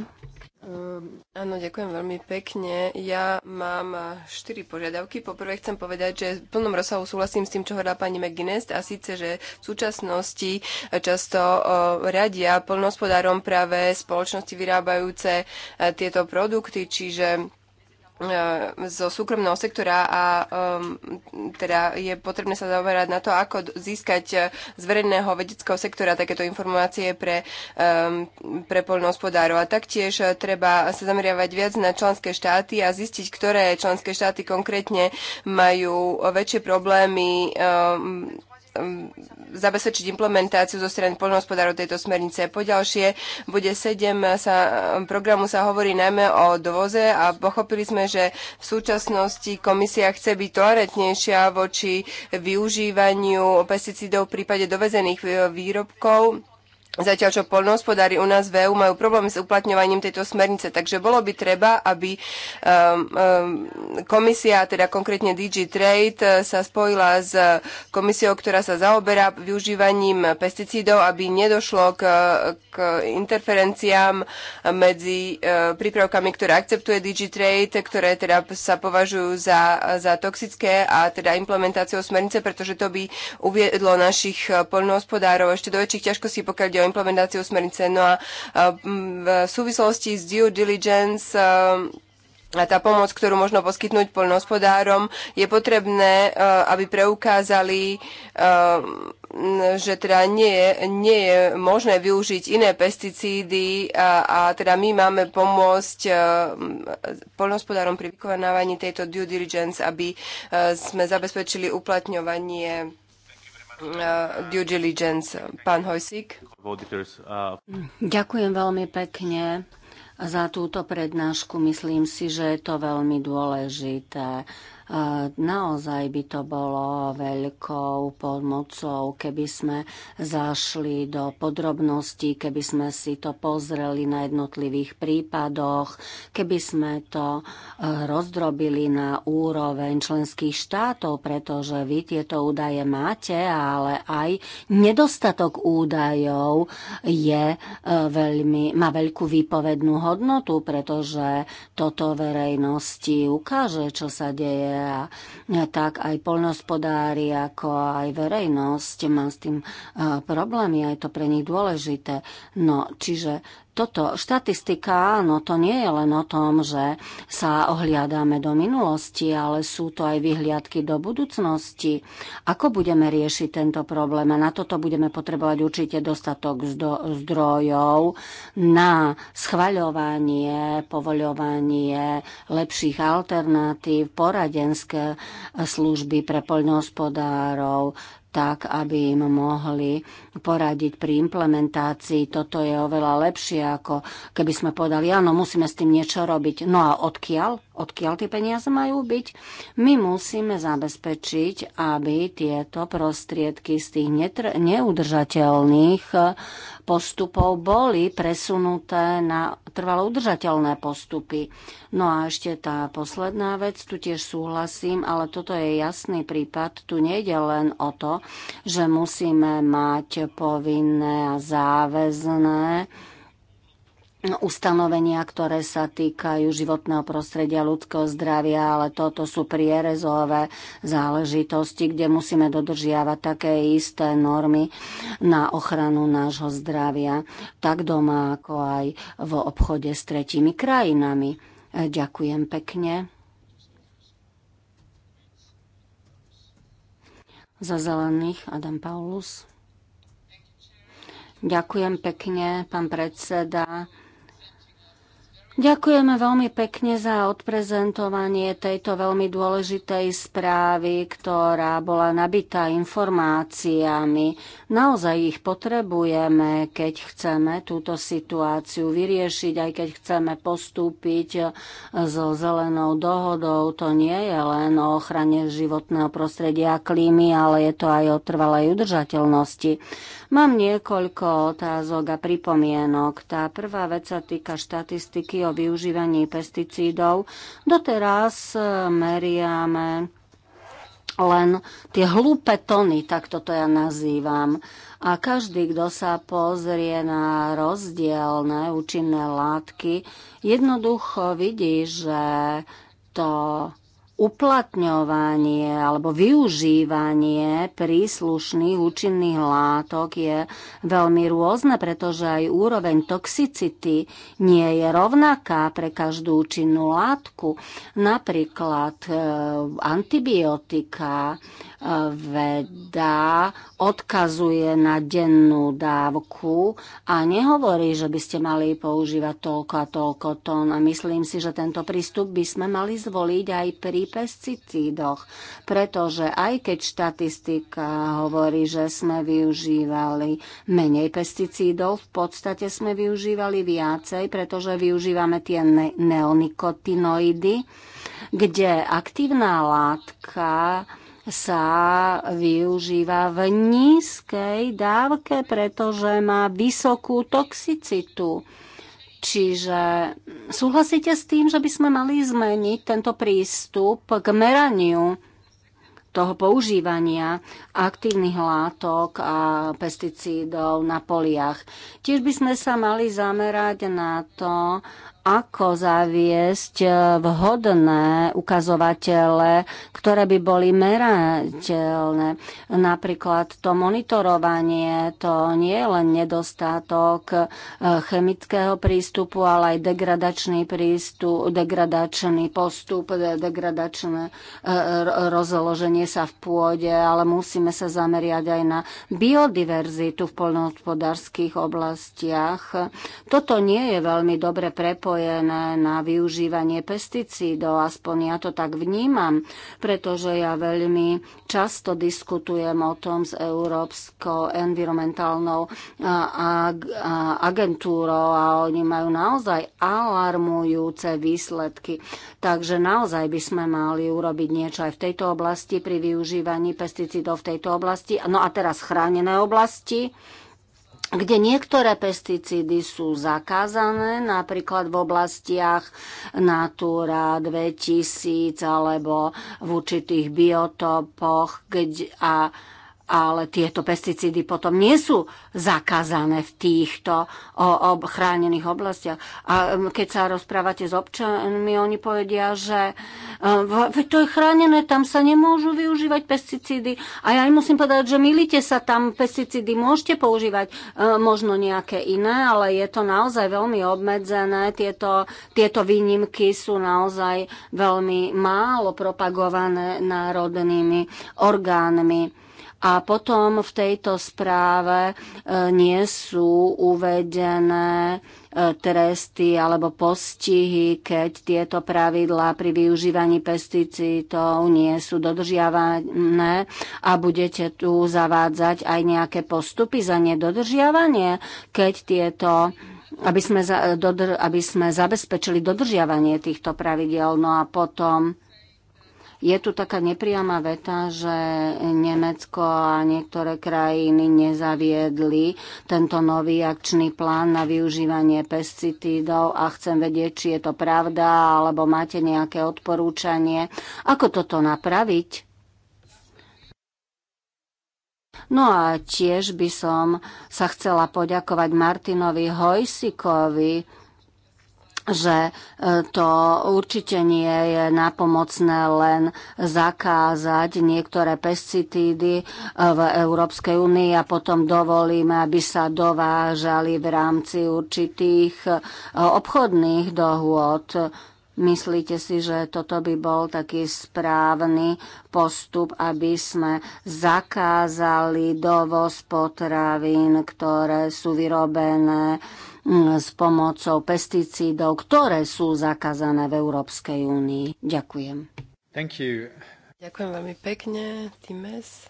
Um, áno, ďakujem veľmi pekne. Ja mám eh, štyri požiadavky. Poprvé chcem povedať, že v plnom rozsahu súhlasím s tým, čo hovorila pani McGuinness a síce, že v súčasnosti eh, často uh, eh, radia plnohospodárom práve spoločnosti vyrábajúce uh, tieto produkty, čiže E, zo súkromného sektora a um, teda je potrebné sa zaoberať na to, ako získať e, z verejného vedeckého sektora takéto informácie pre, um, pre poľnohospodárov. A taktiež e, treba sa zameriavať viac na členské štáty a zistiť, ktoré členské štáty konkrétne majú väčšie problémy um, Um, zabezpečiť implementáciu zo strany poľnohospodárov tejto smernice. Po ďalšie bude 7 uh, sa, um, programu sa hovorí najmä o dovoze a pochopili sme, že v súčasnosti komisia chce byť tolerantnejšia voči využívaniu pesticídov v prípade dovezených uh, výrobkov Zatiaľ, čo polnohospodári u nás v EU majú problémy s uplatňovaním tejto smernice, takže bolo by treba, aby um, um, komisia, teda konkrétne DG Trade, eh, sa spojila s komisiou, ktorá sa zaoberá využívaním pesticídov, aby nedošlo k, k interferenciám medzi uh, prípravkami, ktoré akceptuje DG Trade, ktoré teda sa považujú za, za toxické a teda implementáciou smernice, pretože to by uviedlo našich eh, polnohospodárov ešte do väčších ťažkostí, pokiaľ ide o implementáciu smernice. No a v súvislosti s due diligence a tá pomoc, ktorú možno poskytnúť poľnohospodárom, je potrebné, aby preukázali, že teda nie je, nie je možné využiť iné pesticídy a, a teda my máme pomôcť poľnohospodárom pri vykonávaní tejto due diligence, aby sme zabezpečili uplatňovanie Uh, due diligence. Pán Hojsík. Uh, Ďakujem veľmi pekne za túto prednášku. Myslím si, že je to veľmi dôležité Eh, naozaj by to bolo veľkou pomocou, keby sme zašli do podrobností, keby sme si to pozreli na jednotlivých prípadoch, keby sme to eh, rozdrobili na úroveň členských štátov, pretože vy tieto údaje máte, ale aj nedostatok údajov je eh, veľmi, má veľkú výpovednú hodnotu, pretože toto verejnosti ukáže, čo sa deje a tak aj polnospodári, ako aj verejnosť má s tým problémy a je to pre nich dôležité. No, čiže toto štatistika, áno, to nie je len o tom, že sa ohliadáme do minulosti, ale sú to aj vyhliadky do budúcnosti. Ako budeme riešiť tento problém? A na toto budeme potrebovať určite dostatok zdrojov na schvaľovanie, povoľovanie lepších alternatív, poradenské e, služby pre poľnohospodárov, tak, aby im mohli poradiť pri implementácii. Toto je oveľa lepšie, ako keby sme povedali, áno, musíme s tým niečo robiť. No a odkiaľ? odkiaľ tie peniaze majú byť. My musíme zabezpečiť, aby tieto prostriedky z tých neudržateľných eh, postupov boli presunuté na trvalo udržateľné postupy. No a ešte tá posledná vec, tu tiež súhlasím, ale toto je jasný prípad. Tu nejde len o to, že musíme mať povinné a záväzné ustanovenia, ktoré sa týkajú životného prostredia, ľudského zdravia, ale toto sú prierezové záležitosti, kde musíme dodržiavať také isté normy na ochranu nášho zdravia, tak doma ako aj v obchode s tretími krajinami. Ďakujem pekne. Za zelených Adam Paulus. Ďakujem pekne, pán predseda. Ďakujeme veľmi pekne za odprezentovanie tejto veľmi dôležitej správy, ktorá bola nabitá informáciami. Naozaj ich potrebujeme, keď chceme túto situáciu vyriešiť, aj keď chceme postúpiť eh, so zelenou dohodou. To nie je len o ochrane životného prostredia a klímy, ale je to aj o trvalej udržateľnosti. Mám niekoľko otázok a pripomienok. Tá prvá vec sa týka štatistiky o o využívaní pesticídov. Doteraz e, meriame len tie hlúpe tony, tak toto ja nazývam. A každý, kto sa pozrie na rozdielne účinné látky, jednoducho vidí, že to uplatňovanie alebo využívanie príslušných účinných látok je veľmi rôzne, pretože aj úroveň toxicity nie je rovnaká pre každú účinnú látku. Napríklad e, antibiotika e, veda odkazuje na dennú dávku a nehovorí, že by ste mali používať toľko a toľko tón. A myslím si, že tento prístup by sme mali zvoliť aj pri pesticídoch, pretože aj keď štatistika hovorí, že sme využívali menej pesticídov, v podstate sme využívali viacej, pretože využívame tie ne- neonikotinoidy, kde aktívna látka sa využíva v nízkej dávke, pretože má vysokú toxicitu. Čiže súhlasíte s tým, že by sme mali zmeniť tento prístup k meraniu toho používania aktívnych látok a pesticídov na poliach. Tiež by sme sa mali zamerať na to, ako zaviesť e, vhodné ukazovatele, ktoré by boli merateľné. Napríklad to monitorovanie, to nie je len nedostatok e, chemického prístupu, ale aj degradačný prístup, degradačný postup, e, degradačné rozloženie sa v pôde, ale musíme sa zameriať aj na biodiverzitu v poľnohospodárských oblastiach. Toto nie je veľmi dobre prepojené napojené na využívanie pesticídov, aspoň ja to tak vnímam, pretože ja veľmi často diskutujem o tom s Európskou environmentálnou agentúrou a oni majú naozaj alarmujúce výsledky. Takže naozaj by sme mali urobiť niečo aj v tejto oblasti pri využívaní pesticídov v tejto oblasti. No a teraz chránené oblasti kde niektoré pesticídy sú zakázané, napríklad v oblastiach Natura 2000 alebo v určitých biotopoch kde, a ale tieto pesticídy potom nie sú zakázané v týchto chránených oblastiach. A keď sa rozprávate s občanmi, oni povedia, že to je chránené, tam sa nemôžu využívať pesticídy. A ja im musím povedať, že milite sa tam, pesticídy môžete používať, možno nejaké iné, ale je to naozaj veľmi obmedzené. Tieto, tieto výnimky sú naozaj veľmi málo propagované národnými orgánmi a potom v tejto správe e, nie sú uvedené e, tresty alebo postihy, keď tieto pravidlá pri využívaní pesticídov nie sú dodržiavané a budete tu zavádzať aj nejaké postupy za nedodržiavanie, keď tieto aby sme, za, dodr, aby sme zabezpečili dodržiavanie týchto pravidel. No a potom je tu taká nepriama veta, že Nemecko a niektoré krajiny nezaviedli tento nový akčný plán na využívanie pesticídov a chcem vedieť, či je to pravda, alebo máte nejaké odporúčanie, ako toto napraviť. No a tiež by som sa chcela poďakovať Martinovi Hojsikovi, že e, to určite nie je napomocné len zakázať niektoré pesticídy e, v Európskej únii a potom dovolíme, aby sa dovážali v rámci určitých e, obchodných dohôd. Myslíte si, že toto by bol taký správny postup, aby sme zakázali dovoz potravín, ktoré sú vyrobené Mm, s pomocou pesticídov, ktoré sú zakázané v Európskej únii. Ďakujem. Thank you. Ďakujem veľmi pekne, Times.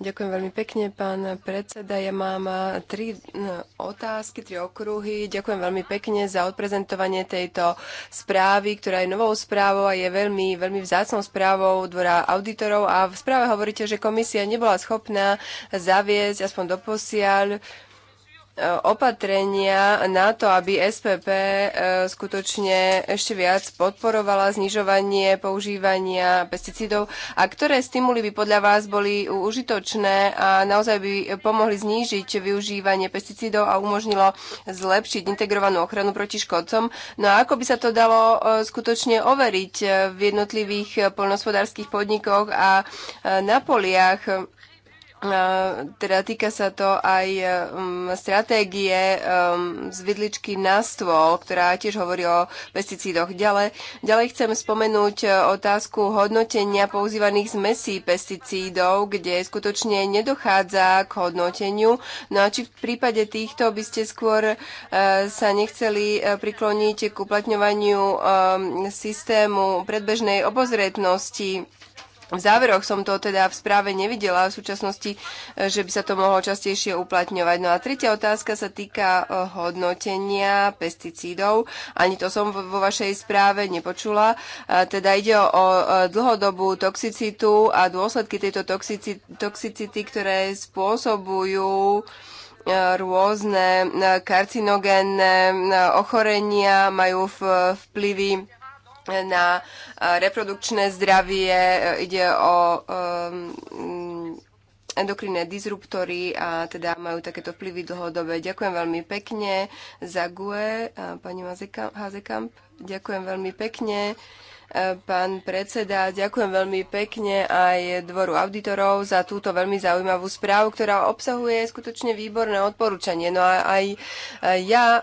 Ďakujem veľmi pekne, pán predseda. Ja mám eh, tri eh, otázky, tri okruhy. Ďakujem veľmi pekne za odprezentovanie tejto správy, ktorá je novou správou a je veľmi, veľmi vzácnou správou Dvora auditorov. A v správe hovoríte, že komisia nebola schopná zaviesť aspoň doposiaľ opatrenia na to, aby SPP e, skutočne ešte viac podporovala znižovanie používania pesticídov a ktoré stimuly by podľa vás boli užitočné a naozaj by pomohli znížiť využívanie pesticídov a umožnilo zlepšiť integrovanú ochranu proti škodcom. No a ako by sa to dalo e, skutočne overiť v jednotlivých poľnohospodárských podnikoch a e, na poliach? teda týka sa to aj um, stratégie um, z vidličky na stôl, ktorá tiež hovorí o pesticídoch. Ďalej, ďalej chcem spomenúť e, otázku hodnotenia používaných zmesí pesticídov, kde skutočne nedochádza k hodnoteniu. No a či v prípade týchto by ste skôr uh, sa nechceli prikloniť k uplatňovaniu um, systému predbežnej obozretnosti, v záveroch som to teda v správe nevidela v súčasnosti, e, že by sa to mohlo častejšie uplatňovať. No a tretia otázka sa týka e, hodnotenia pesticídov. Ani to som vo vašej správe nepočula. E, teda ide o dlhodobú toxicitu a dôsledky tejto toxicity, ktoré spôsobujú rôzne karcinogénne ochorenia, majú vplyvy na e, reprodukčné zdravie, e, ide o um, endokrinné disruptory a teda majú takéto vplyvy dlhodobé. Ďakujem veľmi pekne za GUE, pani Hazekamp. Ďakujem veľmi pekne. Pán predseda, ďakujem veľmi pekne aj Dvoru auditorov za túto veľmi zaujímavú správu, ktorá obsahuje skutočne výborné odporúčanie. No a aj e, ja e,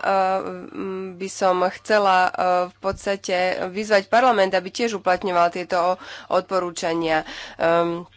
by som chcela e, v podstate vyzvať parlament, aby tiež uplatňoval tieto odporúčania. Um,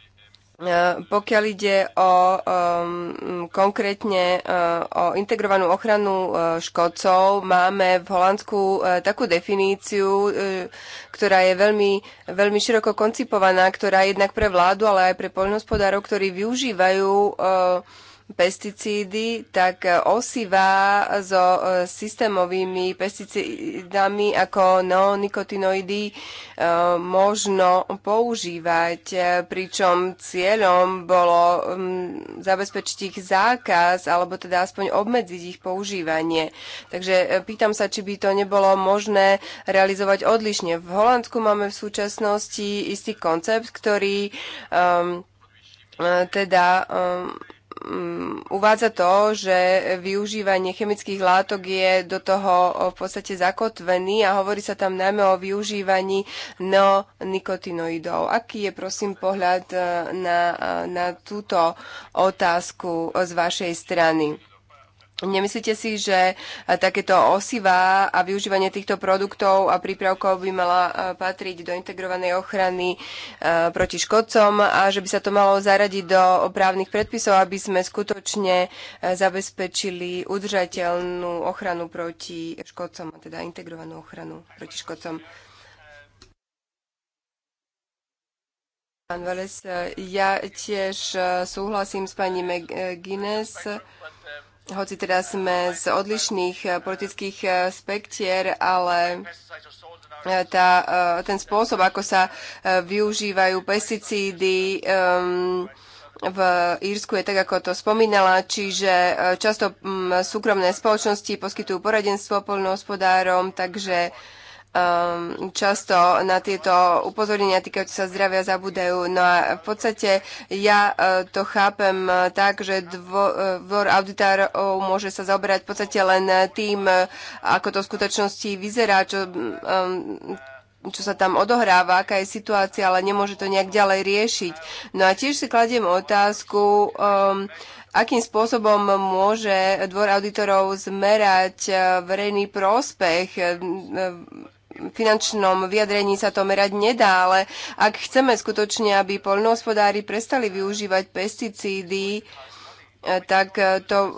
Eh, pokiaľ ide o um, konkrétne uh, o integrovanú ochranu uh, škodcov, máme v Holandsku uh, takú definíciu, uh, ktorá je veľmi, veľmi široko koncipovaná, ktorá je jednak pre vládu, ale aj pre poľnohospodárov, ktorí využívajú uh, pesticídy, tak e, osiva so e, systémovými pesticídami ako neonikotinoidy e, možno používať, pričom cieľom bolo zabezpečiť ich zákaz alebo teda aspoň obmedziť ich používanie. Takže pýtam sa, či by to nebolo možné realizovať odlišne. V Holandsku máme v súčasnosti istý koncept, ktorý um, teda um, Mm, uvádza to, že využívanie chemických látok je do toho v podstate zakotvený a hovorí sa tam najmä o využívaní neonikotinoidov. Aký je, prosím, pohľad e, na, e, na túto otázku z vašej strany? Nemyslíte si, že eh, takéto osiva a využívanie týchto produktov a prípravkov by mala eh, patriť do integrovanej ochrany eh, proti škodcom a že by sa to malo zaradiť do právnych predpisov, aby sme skutočne zabezpečili udržateľnú ochranu proti škodcom, teda integrovanú ochranu proti škodcom? Pán Veles, ja tiež súhlasím s pani McGuinness hoci teda sme z odlišných eh, politických eh, spektier, ale eh, tá, ten spôsob, ako sa využívajú pesticídy, ehm, v Írsku je tak, ako to spomínala, čiže často mm, súkromné spoločnosti poskytujú poradenstvo poľnohospodárom, takže uh, um, často na tieto upozornenia týkajúce sa zdravia zabúdajú. No a v podstate ja uh, to chápem uh, tak, že dvo, uh, dvor auditárov môže sa zaoberať v podstate len tým, uh, ako to v skutočnosti vyzerá, čo, um, čo sa tam odohráva, aká je situácia, ale nemôže to nejak ďalej riešiť. No a tiež si kladiem otázku, um, akým spôsobom môže dvor auditorov zmerať verejný prospech um, finančnom vyjadrení sa to merať nedá, ale ak chceme skutočne, aby poľnohospodári prestali využívať pesticídy, e, tak e, to e,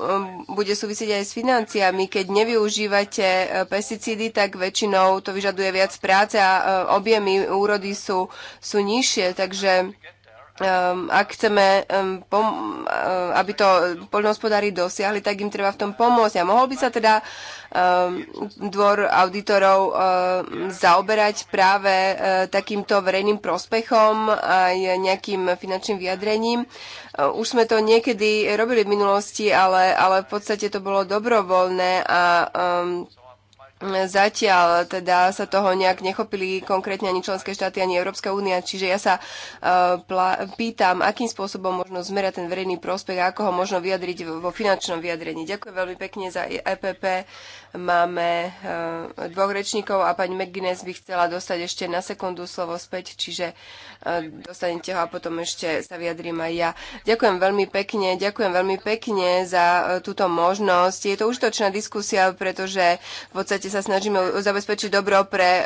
bude súvisieť aj s financiami. Keď nevyužívate pesticídy, tak väčšinou to vyžaduje viac práce a objemy úrody sú, sú nižšie. Takže Ehm, ak chceme, ehm, ehm, aby to poľnohospodári dosiahli, tak im treba v tom pomôcť. A mohol by sa teda dvor auditorov zaoberať práve eh, takýmto verejným prospechom aj nejakým finančným vyjadrením. Eh, už sme to niekedy robili v minulosti, ale, ale v podstate to bolo dobrovoľné a Zatiaľ teda sa toho nejak nechopili konkrétne ani členské štáty, ani Európska únia, čiže ja sa uh, pýtam, akým spôsobom možno zmerať ten verejný prospech a ako ho možno vyjadriť vo finančnom vyjadrení. Ďakujem veľmi pekne za EPP. Máme uh, dvoch rečníkov a pani McGuinness by chcela dostať ešte na sekundu slovo späť, čiže uh, dostanete ho a potom ešte sa vyjadrím aj ja. Ďakujem veľmi pekne, ďakujem veľmi pekne za túto možnosť. Je to užitočná diskusia, pretože v podstate sa snažíme zabezpečiť dobro pre ehm,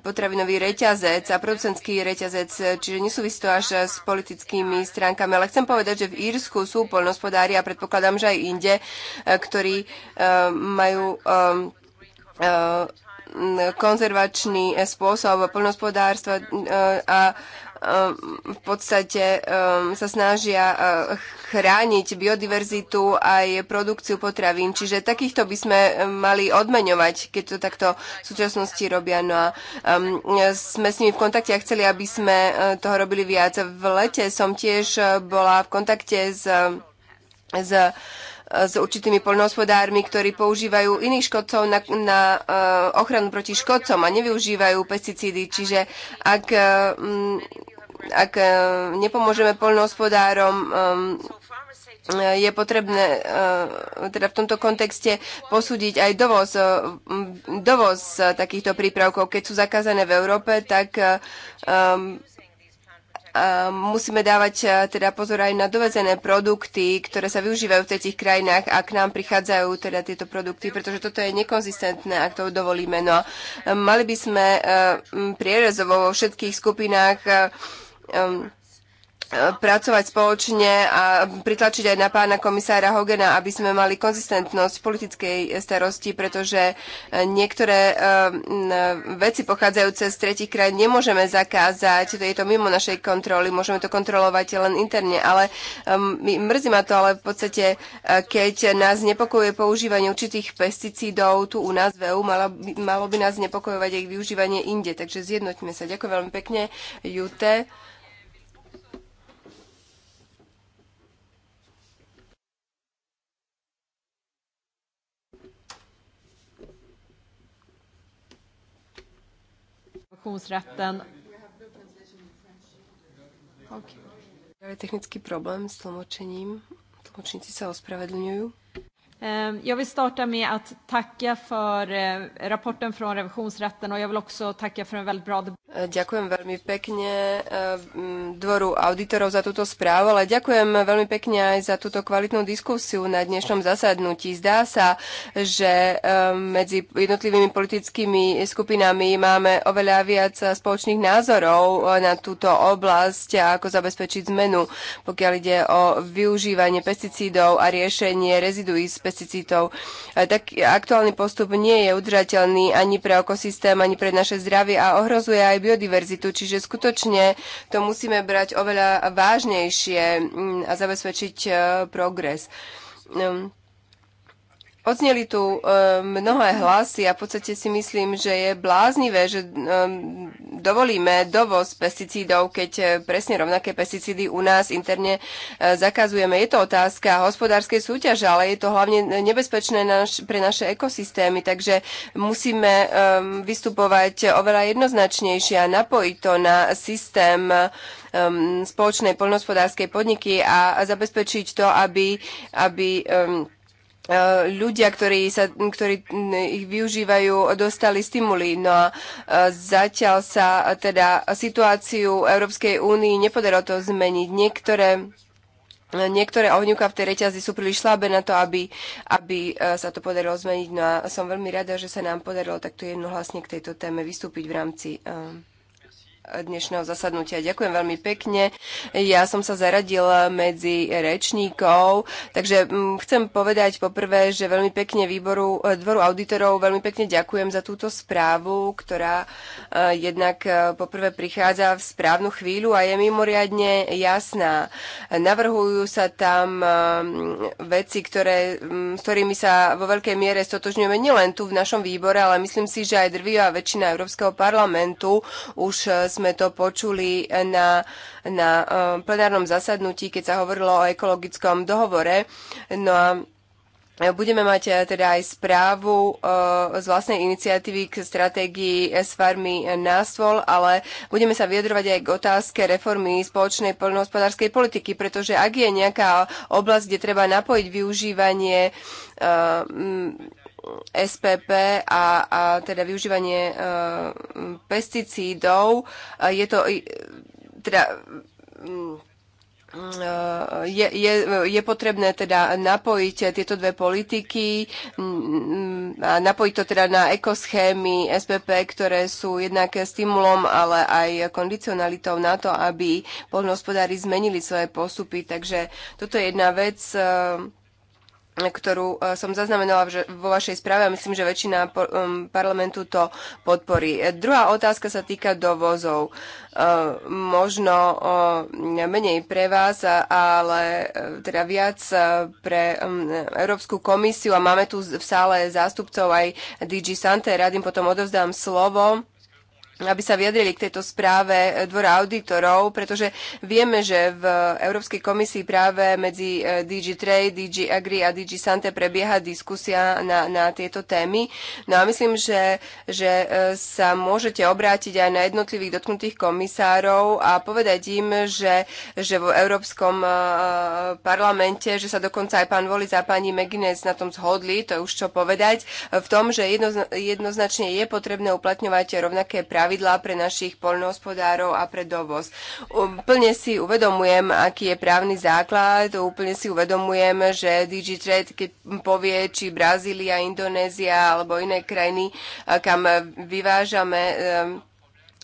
potravinový reťazec a producentský reťazec, čiže nesúvisí to až s politickými stránkami. Ale chcem povedať, že v Írsku sú poľnospodári a predpokladám, že aj inde, e, ktorí ehm, majú ehm, e, konzervačný spôsob poľnospodárstva e, a v podstate um, sa snažia uh, chrániť biodiverzitu aj produkciu potravín. Čiže takýchto by sme um, mali odmeňovať, keď to takto v súčasnosti robia. No a um, sme s nimi v kontakte a chceli, aby sme uh, toho robili viac. V lete som tiež uh, bola v kontakte s, s s určitými poľnohospodármi, ktorí používajú iných škodcov na, na ochranu proti škodcom a nevyužívajú pesticídy. Čiže ak ak e, nepomôžeme poľnohospodárom, e, e, je potrebné teda v tomto kontexte posúdiť aj dovoz, dovoz takýchto prípravkov. Keď sú zakázané v Európe, tak musíme dávať teda pozor aj na dovezené produkty, ktoré sa využívajú v tretich krajinách a k nám prichádzajú teda tieto produkty, pretože toto je nekonzistentné, ak to dovolíme. No mali by sme prierezovo vo všetkých skupinách Um, pracovať spoločne a pritlačiť aj na pána komisára Hogena, aby sme mali konzistentnosť politickej starosti, pretože eh, niektoré eh, veci pochádzajúce z tretich krajín nemôžeme zakázať, je to mimo našej kontroly, môžeme to kontrolovať len interne, ale ehm, mrzí ma to, ale v podstate, eh, keď nás nepokojuje používanie určitých pesticídov tu u nás v EU, malo, malo by nás nepokojovať ich využívanie inde, takže zjednoťme sa. Ďakujem veľmi pekne, Jute. pensionsrätten. Okay. Je technický problém s tlmočením. Tlmočníci sa ospravedlňujú. Ehm, jag vill starta med att tacka för eh, rapporten från revisionsrätten och jag vill också tacka för en väldigt bra debatt. Eh, ďakujem veľmi pekne eh, dvoru auditorov za túto správu, ale ďakujem veľmi pekne aj za túto kvalitnú diskusiu na dnešnom zasadnutí. Zdá sa, že medzi jednotlivými politickými skupinami máme oveľa viac spoločných názorov na túto oblasť a ako zabezpečiť zmenu, pokiaľ ide o využívanie pesticídov a riešenie reziduí z pesticídov pesticídov. Tak aktuálny postup nie je udržateľný ani pre ekosystém, ani pre naše zdravie a ohrozuje aj biodiverzitu, čiže skutočne to musíme brať oveľa vážnejšie mm, a zabezpečiť e, progres. Hm. Odzneli tu e, mnohé hlasy a v podstate si myslím, že je bláznivé, že e, dovolíme dovoz pesticídov, keď e, presne rovnaké pesticídy u nás interne zakazujeme. Je to otázka hospodárskej súťaže, ale je to hlavne nebezpečné pre naše ekosystémy, takže musíme vystupovať oveľa jednoznačnejšie a napojiť to na systém spoločnej poľnohospodárskej podniky a zabezpečiť to, aby, aby E, ľudia, ktorí, sa, ktorí ich využívajú, dostali stimuli. No a e, zatiaľ sa e, teda situáciu Európskej únii nepodarilo to zmeniť. Niektoré Niektoré ohňuka v tej reťazi sú príliš slabé na to, aby, aby sa to podarilo zmeniť. No a som veľmi rada, že sa nám podarilo takto jednohlasne k tejto téme vystúpiť v rámci uh, dnešného zasadnutia. Ďakujem veľmi pekne. Ja som sa zaradila medzi rečníkov, takže mm, chcem povedať poprvé, že veľmi pekne výboru, eh, dvoru auditorov veľmi pekne ďakujem za túto správu, ktorá eh, jednak eh, poprvé prichádza v správnu chvíľu a je mimoriadne jasná. Navrhujú sa tam veci, ktoré, mm, s ktorými sa vo veľkej miere stotožňujeme nielen tu v našom výbore, ale myslím si, že aj drvivá väčšina Európskeho parlamentu už sme sme to počuli na, na eh, plenárnom zasadnutí, keď sa hovorilo o ekologickom dohovore. No a Budeme mať eh, teda aj správu eh, z vlastnej iniciatívy k stratégii s farmy na stôl, ale budeme sa vyjadrovať aj k otázke reformy spoločnej poľnohospodárskej politiky, pretože ak je nejaká oblasť, kde treba napojiť využívanie SPP a, a teda využívanie e, pesticídov, e, je to teda mm, e, je, je, je potrebné teda napojiť tieto dve politiky mm, a napojiť to teda na ekoschémy SPP, ktoré sú jednak stimulom, ale aj kondicionalitou na to, aby poľnohospodári zmenili svoje postupy. Takže toto je jedna vec, ktorú e, som zaznamenala vo vašej správe a myslím, že väčšina um, parlamentu to podporí. E, druhá otázka sa týka dovozov. E, možno menej pre vás, ale teda viac pre um, Európsku komisiu a máme tu v sále zástupcov aj DG Sante. Rád im potom odovzdám slovo aby sa vyjadrili k tejto správe e, dvora auditorov, pretože vieme, že v Európskej komisii práve medzi e, DG Trade, DG Agri a DG Sante prebieha diskusia na, na tieto témy. No a myslím, že, že e, sa môžete obrátiť aj na jednotlivých dotknutých komisárov a povedať im, že, že v Európskom parlamente, že sa dokonca aj pán Volic a pani McGuinness na tom zhodli, to je už čo povedať, v tom, že jedno, jednoznačne je potrebné uplatňovať rovnaké práve pravidlá pre našich poľnohospodárov a pre dovoz. Úplne si uvedomujem, aký je právny základ, úplne si uvedomujem, že DigiTrade, keď povie, či Brazília, Indonézia alebo iné krajiny, kam vyvážame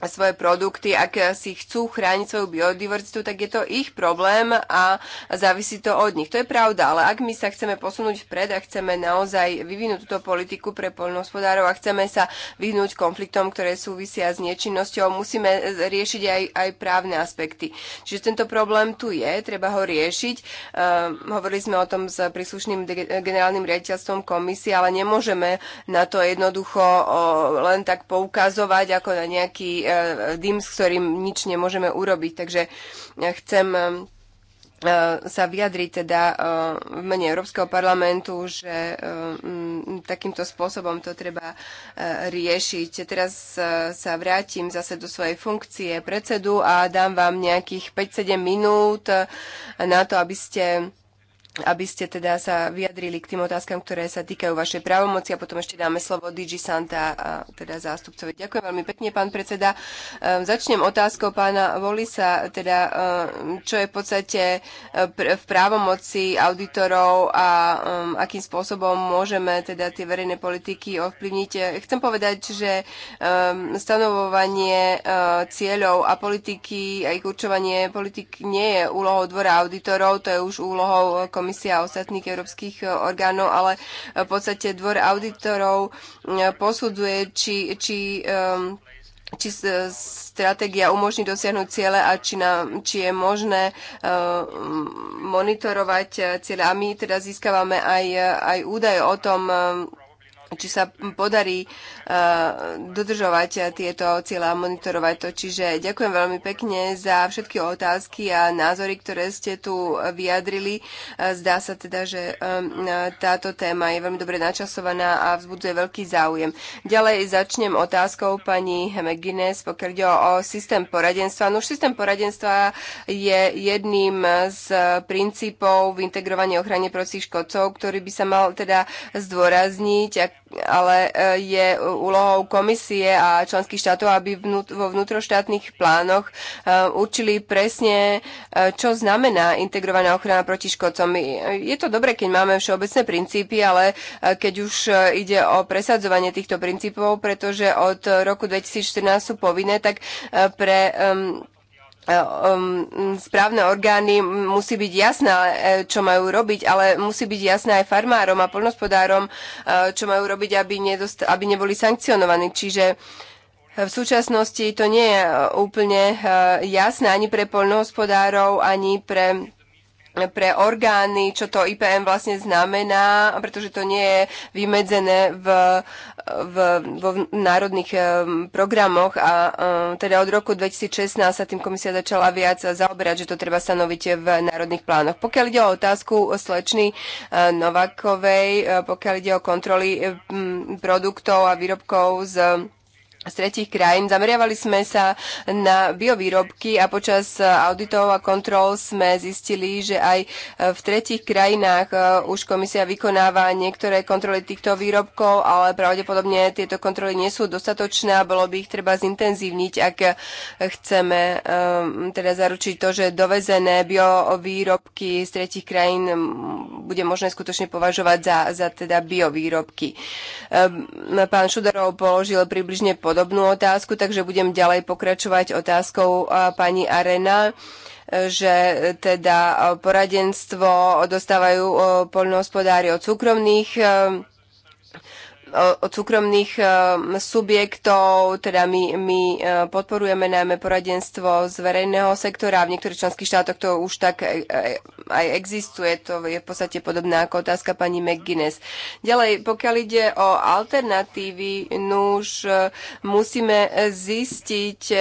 svoje produkty, ak si chcú chrániť svoju biodiverzitu, tak je to ich problém a závisí to od nich. To je pravda, ale ak my sa chceme posunúť vpred a chceme naozaj vyvinúť túto politiku pre poľnohospodárov a chceme sa vyhnúť konfliktom, ktoré súvisia s nečinnosťou, musíme riešiť aj, aj právne aspekty. Čiže tento problém tu je, treba ho riešiť. Ehm, hovorili sme o tom s príslušným generálnym riaditeľstvom komisie, ale nemôžeme na to jednoducho o, len tak poukazovať ako na nejaký E, dym, s ktorým nič nemôžeme urobiť. Takže e, chcem e, sa vyjadriť teda v mene Európskeho parlamentu, že takýmto spôsobom to treba riešiť. Teraz sa vrátim zase do svojej funkcie predsedu a dám vám nejakých 5-7 minút na to, aby ste aby ste teda sa vyjadrili k tým otázkam, ktoré sa týkajú vašej právomoci a potom ešte dáme slovo DG Santa, a teda zástupcovi. Ďakujem veľmi pekne, pán predseda. Ehm, začnem otázkou pána Volisa, teda ehm, čo je v podstate e, v právomoci auditorov a ehm, akým spôsobom môžeme teda tie verejné politiky ovplyvniť. Chcem povedať, že stanovovanie e, cieľov a politiky a ich určovanie politik nie je úlohou dvora auditorov, to je už úlohou komisie komisia a ostatných európskych e, orgánov, ale e, v podstate dvor auditorov e, posudzuje, či, či či stratégia umožní dosiahnuť ciele a či, nám, či je možné monitorovať ciele. A my teda získavame aj, aj údaje o tom, či sa podarí uh, dodržovať tieto cieľa a monitorovať to. Čiže ďakujem veľmi pekne za všetky otázky a názory, ktoré ste tu vyjadrili. E, zdá sa teda, že um, táto téma je veľmi dobre načasovaná a vzbudzuje veľký záujem. Ďalej začnem otázkou pani McGuinness, pokiaľ ide o systém poradenstva. No už systém poradenstva je jedným z princípov v integrovaní ochrane prostých škodcov, ktorý by sa mal teda zdôrazniť ale e, je úlohou komisie a členských štátov, aby vo vnútroštátnych plánoch e, určili presne, e, čo znamená integrovaná ochrana proti škodcom. Je to dobre, keď máme všeobecné princípy, ale keď už ide o presadzovanie týchto princípov, pretože od roku 2014 sú povinné, tak pre E, um, správne orgány musí byť jasné, e, čo majú robiť, ale musí byť jasné aj farmárom a poľnospodárom, e, čo majú robiť, aby, nedost- aby neboli sankcionovaní. Čiže v súčasnosti to nie je úplne jasné ani pre poľnohospodárov, ani pre pre orgány, čo to IPM vlastne znamená, pretože to nie je vymedzené v, v, vo národných eh, programoch a eh, teda od roku 2016 sa tým komisia začala viac zaoberať, že to treba stanoviť v národných plánoch. Pokiaľ ide o otázku o slečny eh, Novakovej, pokiaľ ide o kontroly produktov a výrobkov z z tretich krajín. Zameriavali sme sa na biovýrobky a počas auditov a kontrol sme zistili, že aj v tretich krajinách e, už komisia vykonáva niektoré kontroly týchto výrobkov, ale pravdepodobne tieto kontroly nie sú dostatočné a bolo by ich treba zintenzívniť, ak chceme e, teda zaručiť to, že dovezené biovýrobky z tretich krajín bude možné skutočne považovať za, za teda biovýrobky. E, pán Šudarov položil približne pod podobnú otázku, takže budem ďalej pokračovať otázkou pani Arena e, že e, teda e, poradenstvo dostávajú poľnohospodári od súkromných od súkromných subjektov, teda my, my podporujeme najmä poradenstvo z verejného sektora, v niektorých členských štátoch to už tak aj existuje. To je v podstate podobná ako otázka pani McGuinness. Ďalej, pokiaľ ide o alternatívy, nuž e, musíme zistiť, e,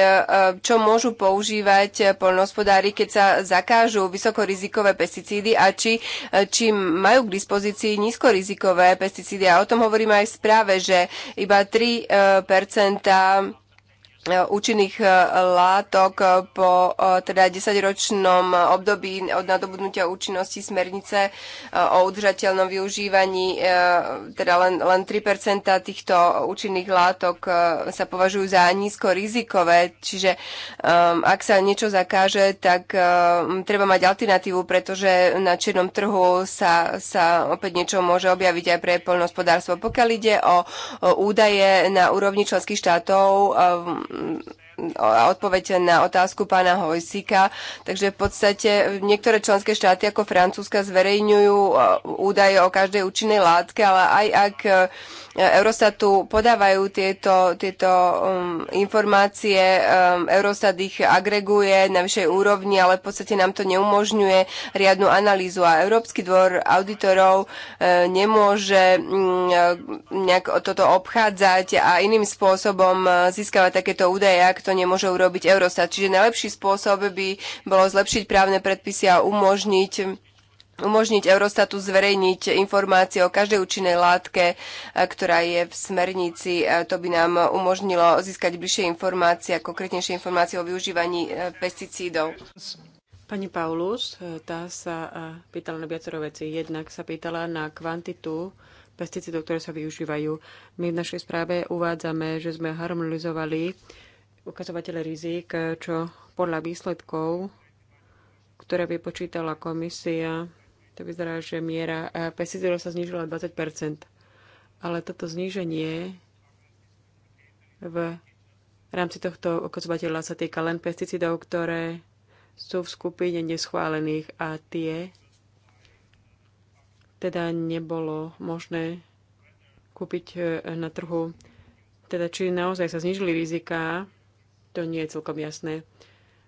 čo môžu používať poľnohospodári, keď sa zakážu vysokorizikové pesticídy a či, e, či majú k dispozícii nízkorizikové pesticídy. A o tom hovorím aj v správe, že iba 3 percenta účinných e, látok po e, teda 10-ročnom období od nadobudnutia účinnosti smernice e, o udržateľnom využívaní teda len, len 3% týchto účinných látok sa považujú za nízko rizikové, čiže ak sa niečo zakáže, tak treba mať alternatívu, pretože na čiernom trhu sa, sa opäť niečo môže objaviť aj pre poľnohospodárstvo. Pokiaľ ide o údaje na úrovni členských štátov, a odpoveď na otázku pána Hojsika. Takže v podstate niektoré členské štáty ako Francúzska zverejňujú uh, údaje o každej účinnej látke, ale aj ak Eurostatu podávajú tieto, tieto um, informácie, um, Eurostat ich agreguje na vyššej úrovni, ale v podstate nám to neumožňuje riadnu analýzu a Európsky dvor auditorov uh, nemôže um, nejak toto obchádzať a iným spôsobom uh, získavať takéto údaje, ak to nemôže urobiť Eurostat. Čiže najlepší spôsob by bolo zlepšiť právne predpisy a umožniť umožniť Eurostatu zverejniť informácie o každej účinnej látke, e, ktorá je v smernici. E, to by nám umožnilo získať bližšie informácie a konkrétnejšie informácie o využívaní e, pesticídov. Pani Paulus, tá sa pýtala na viacero veci. Jednak sa pýtala na kvantitu pesticídov, ktoré sa využívajú. My v našej správe uvádzame, že sme harmonizovali ukazovatele rizik, čo podľa výsledkov, ktoré vypočítala komisia, to vyzerá, že miera e, pesticidov sa znižila 20 Ale toto zníženie v rámci tohto okozovateľa sa týka len pesticidov, ktoré sú v skupine neschválených a tie teda nebolo možné kúpiť e, na trhu. Teda či naozaj sa znižili rizika, to nie je celkom jasné.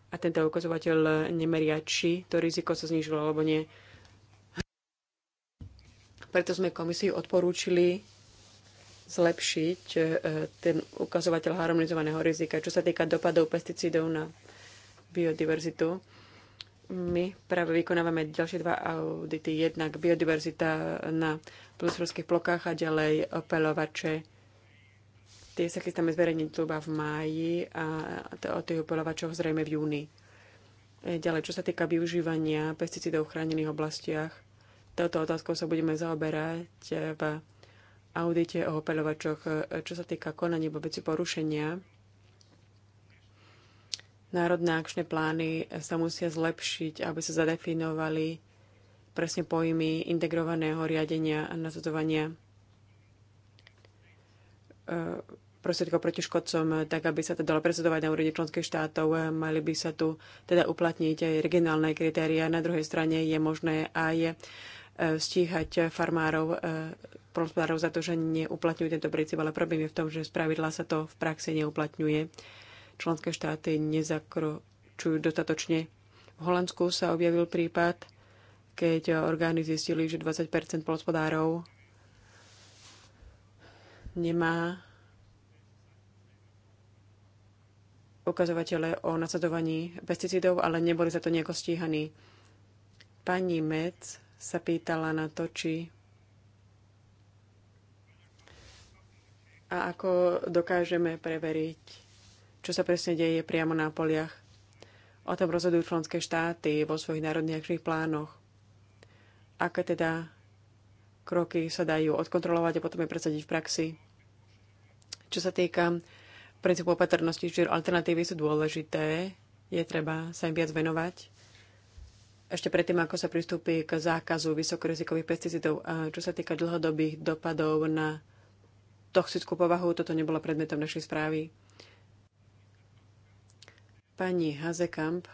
A tento ukazovateľ nemeria, či to riziko sa znižilo alebo nie. Preto sme komisii odporúčili zlepšiť e, ten ukazovateľ harmonizovaného rizika. Čo sa týka dopadov pesticídov na biodiverzitu, my práve vykonávame ďalšie dva audity. Jednak biodiverzita na plusrovských plokách a ďalej opelovače. Tie sa chystáme zverejniť zhruba v máji a o tých opelovačoch zrejme v júni. E, ďalej, čo sa týka využívania pesticídov v chránených oblastiach, Touto otázkou sa budeme zaoberať v audite o opeľovačoch, čo sa týka konaní vo veci porušenia. Národné akčné plány sa musia zlepšiť, aby sa zadefinovali presne pojmy integrovaného riadenia a nasadzovania e, prostriedkov proti škodcom, tak aby sa to dalo presadovať na úrovni členských štátov. Mali by sa tu teda uplatniť aj regionálne kritéria. Na druhej strane je možné aj stíhať farmárov, e, prospodárov za to, že neuplatňujú tento princíp, ale problém je v tom, že z pravidla sa to v praxi neuplatňuje. Členské štáty nezakročujú dostatočne. V Holandsku sa objavil prípad, keď orgány zistili, že 20 polnospodárov nemá ukazovatele o nasadovaní pesticídov, ale neboli za to nejako stíhaní. Pani Mec sa pýtala na to, či a ako dokážeme preveriť, čo sa presne deje priamo na poliach. O tom rozhodujú členské štáty vo svojich národných akčných plánoch. Aké teda kroky sa dajú odkontrolovať a potom je presadiť v praxi. Čo sa týka princípu opatrnosti, čiže alternatívy sú dôležité, je treba sa im viac venovať ešte predtým, ako sa pristúpi k zákazu vysokorizikových pesticidov. A čo sa týka dlhodobých dopadov na toxickú povahu, toto nebolo predmetom našej správy. Pani Hazekamp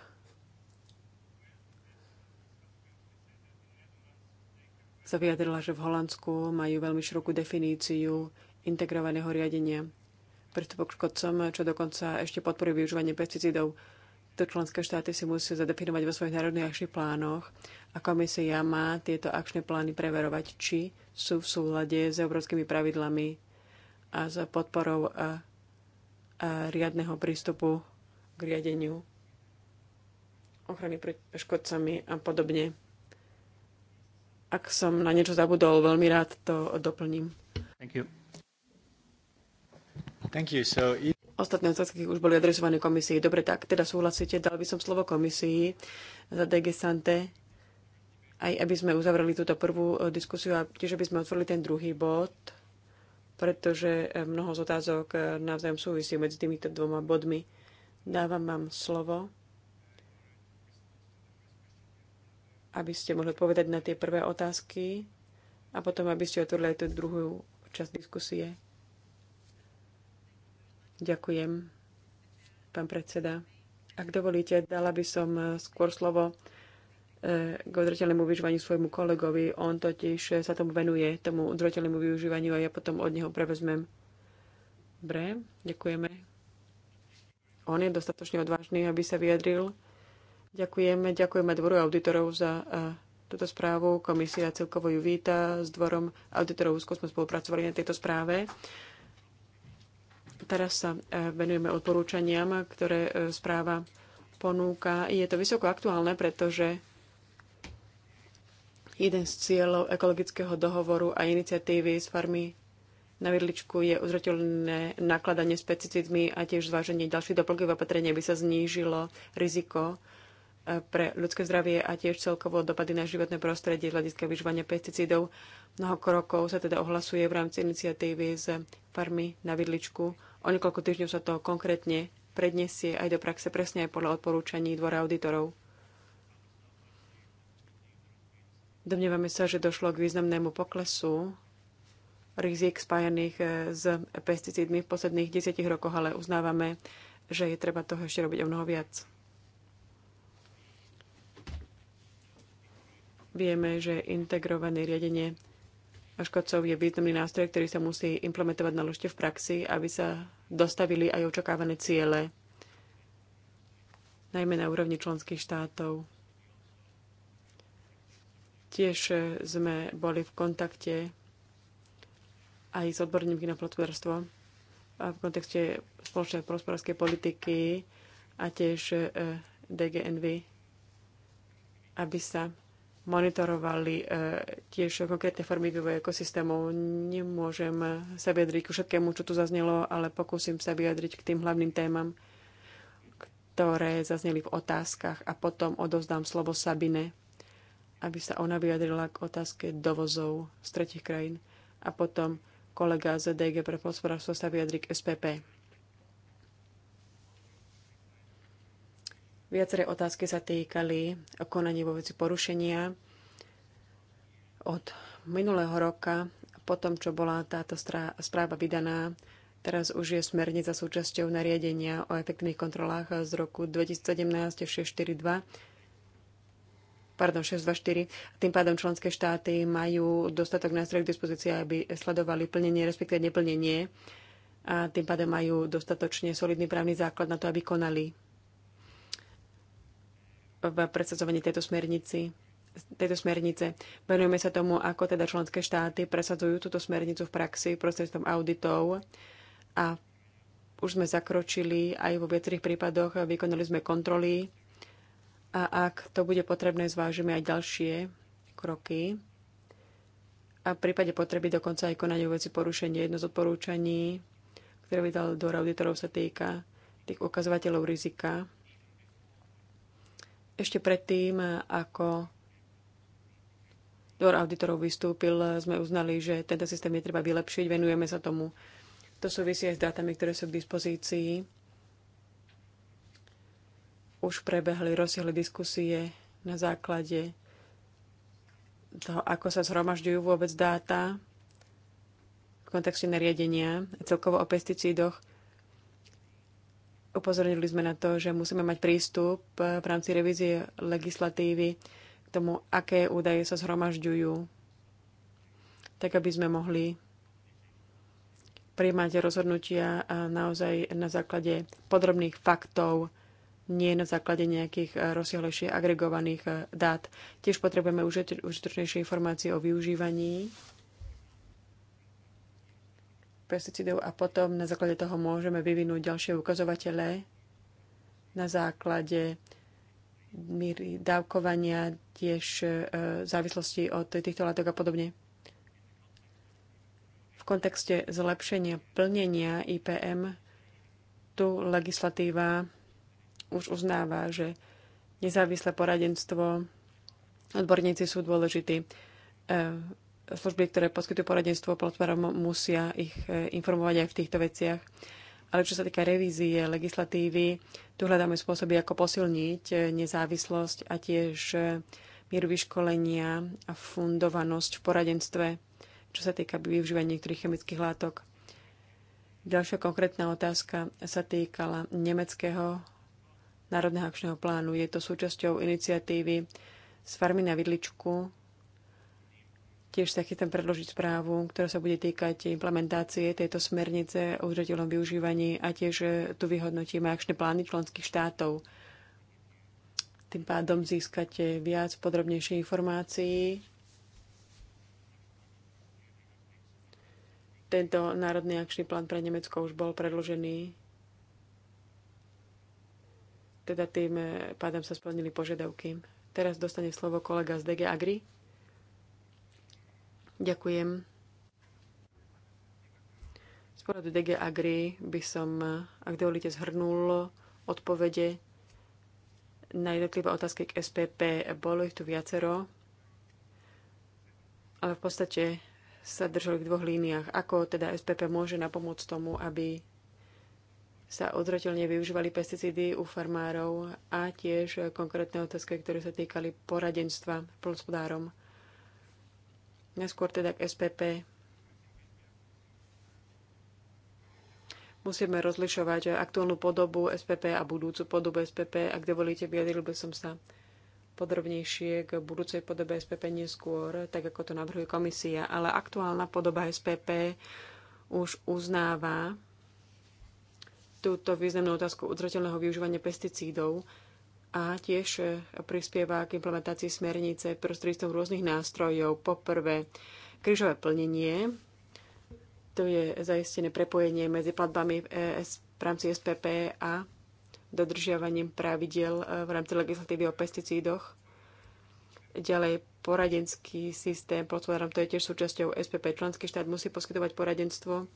sa vyjadrila, že v Holandsku majú veľmi širokú definíciu integrovaného riadenia Preto k škodcom, čo dokonca ešte podporuje využívanie pesticídov to členské štáty si musia zadefinovať vo svojich národných akčných plánoch a komisia má tieto akčné plány preverovať, či sú v súlade s európskymi pravidlami a s podporou a, a riadneho prístupu k riadeniu ochrany pred škodcami a podobne. Ak som na niečo zabudol, veľmi rád to doplním. Thank you. Thank you. So... Ostatné otázky už boli adresované komisii. Dobre, tak teda súhlasíte, dal by som slovo komisii za DG Sante, aj aby sme uzavreli túto prvú eh, diskusiu a tiež aby sme otvorili ten druhý bod, pretože eh, mnoho z otázok eh, navzájom súvisí medzi týmito dvoma bodmi. Dávam vám slovo, aby ste mohli odpovedať na tie prvé otázky a potom, aby ste otvorili aj tú druhú časť diskusie. Ďakujem, pán predseda. Ak dovolíte, dala by som eh, skôr slovo eh, k udržateľnému využívaniu svojmu kolegovi. On totiž eh, sa tomu venuje, tomu udržateľnému využívaniu a ja potom od neho prevezmem. Dobre, ďakujeme. On je dostatočne odvážny, aby sa vyjadril. Ďakujeme, ďakujeme dvoru auditorov za túto správu. Komisia celkovo ju víta. S dvorom auditorov úzko sme spolupracovali na tejto správe. Teraz sa e, venujeme odporúčaniam, ktoré e, správa ponúka. Je to vysoko aktuálne, pretože jeden z cieľov ekologického dohovoru a iniciatívy z farmy na vidličku je uzrateľné nakladanie s pesticidmi a tiež zváženie ďalších doplnkových opatrení, aby sa znížilo riziko e, pre ľudské zdravie a tiež celkovo dopady na životné prostredie z hľadiska vyžívania pesticídov. Mnoho krokov sa teda ohlasuje v rámci iniciatívy z farmy na vidličku O niekoľko týždňov sa to konkrétne predniesie aj do praxe presne aj podľa odporúčaní Dvora auditorov. Domnievame sa, že došlo k významnému poklesu rizik spájaných e, s pesticídmi v posledných desiatich rokoch, ale uznávame, že je treba toho ešte robiť o mnoho viac. Vieme, že integrované riadenie škodcov je významný nástroj, ktorý sa musí implementovať na ložte v praxi, aby sa dostavili aj očakávané ciele, najmä na úrovni členských štátov. Tiež sme boli v kontakte aj s odborníkmi na plotvorstvo v kontexte spoločnej prosporovskej politiky a tiež eh, DGNV, aby sa monitorovali e, tiež konkrétne formy vývoja ekosystémov. Nemôžem sa vyjadriť ku všetkému, čo tu zaznelo, ale pokúsim sa vyjadriť k tým hlavným témam, ktoré zazneli v otázkach a potom odozdám slovo Sabine, aby sa ona vyjadrila k otázke dovozov z tretich krajín a potom kolega z DG pre hospodárstvo sa vyjadri k SPP. Viaceré otázky sa týkali konaní vo veci porušenia od minulého roka, po tom, čo bola táto správa vydaná. Teraz už je smernica súčasťou nariadenia o efektných kontrolách z roku 2017 642 pardon, 624. Tým pádom členské štáty majú dostatok nástrojov k dispozícii, aby sledovali plnenie, respektíve neplnenie. A tým pádom majú dostatočne solidný právny základ na to, aby konali v predsadzovaní tejto smernici tejto smernice. Venujeme sa tomu, ako teda členské štáty presadzujú túto smernicu v praxi prostredstvom auditov a už sme zakročili aj vo viacerých prípadoch, vykonali sme kontroly a ak to bude potrebné, zvážime aj ďalšie kroky a v prípade potreby dokonca aj konanie veci porušenie. Jedno z odporúčaní, ktoré vydal do auditorov, sa týka tých ukazovateľov rizika. Ešte predtým, ako dvor auditorov vystúpil, sme uznali, že tento systém je treba vylepšiť, venujeme sa tomu. To súvisí aj s dátami, ktoré sú k dispozícii. Už prebehli rozsiahle diskusie na základe toho, ako sa zhromažďujú vôbec dáta v kontexte nariadenia celkovo o pesticídoch. Upozornili sme na to, že musíme mať prístup eh, v rámci revízie legislatívy k tomu, aké údaje sa zhromažďujú, tak aby sme mohli príjmať rozhodnutia eh, naozaj na základe podrobných faktov, nie na základe nejakých eh, rozsiahlejších agregovaných dát. Tiež potrebujeme užitočnejšie informácie o využívaní pesticídov a potom na základe toho môžeme vyvinúť ďalšie ukazovatele na základe míry dávkovania, tiež v e, závislosti od týchto látok a podobne. V kontexte zlepšenia plnenia IPM tu legislatíva už uznáva, že nezávislé poradenstvo, odborníci sú dôležití e, služby, ktoré poskytujú poradenstvo platformám, musia ich e, informovať aj v týchto veciach. Ale čo sa týka revízie legislatívy, tu hľadáme spôsoby, ako posilniť e, nezávislosť a tiež e, mieru vyškolenia a fundovanosť v poradenstve, čo sa týka využívania niektorých chemických látok. Ďalšia konkrétna otázka sa týkala nemeckého národného akčného plánu. Je to súčasťou iniciatívy z farmy na vidličku Tiež sa chytám predložiť správu, ktorá sa bude týkať implementácie tejto smernice o udržateľnom využívaní a tiež e, tu vyhodnotíme akčné plány členských štátov. Tým pádom získate viac podrobnejších informácií. Tento národný akčný plán pre Nemecko už bol predložený. Teda tým e, pádom sa splnili požiadavky. Teraz dostane slovo kolega z DG Agri. Ďakujem. Z pohľadu DG Agri by som, ak dovolíte, zhrnul odpovede na jednotlivé otázky k SPP. Bolo ich tu viacero, ale v podstate sa držali v dvoch líniách. Ako teda SPP môže napomôcť tomu, aby sa odrateľne využívali pesticídy u farmárov a tiež konkrétne otázky, ktoré sa týkali poradenstva plnospodárom neskôr teda k SPP. Musíme rozlišovať aktuálnu podobu SPP a budúcu podobu SPP. Ak dovolíte, vyjadril by som sa podrobnejšie k budúcej podobe SPP neskôr, tak ako to navrhuje komisia, ale aktuálna podoba SPP už uznáva túto významnú otázku udržateľného využívania pesticídov a tiež e, prispieva k implementácii smernice prostredstvom rôznych nástrojov. Poprvé, krížové plnenie, to je zaistené prepojenie medzi platbami v, ES, v rámci SPP a dodržiavaním pravidel e, v rámci legislatívy o pesticídoch. Ďalej, poradenský systém podporom, to je tiež súčasťou SPP. Členský štát musí poskytovať poradenstvo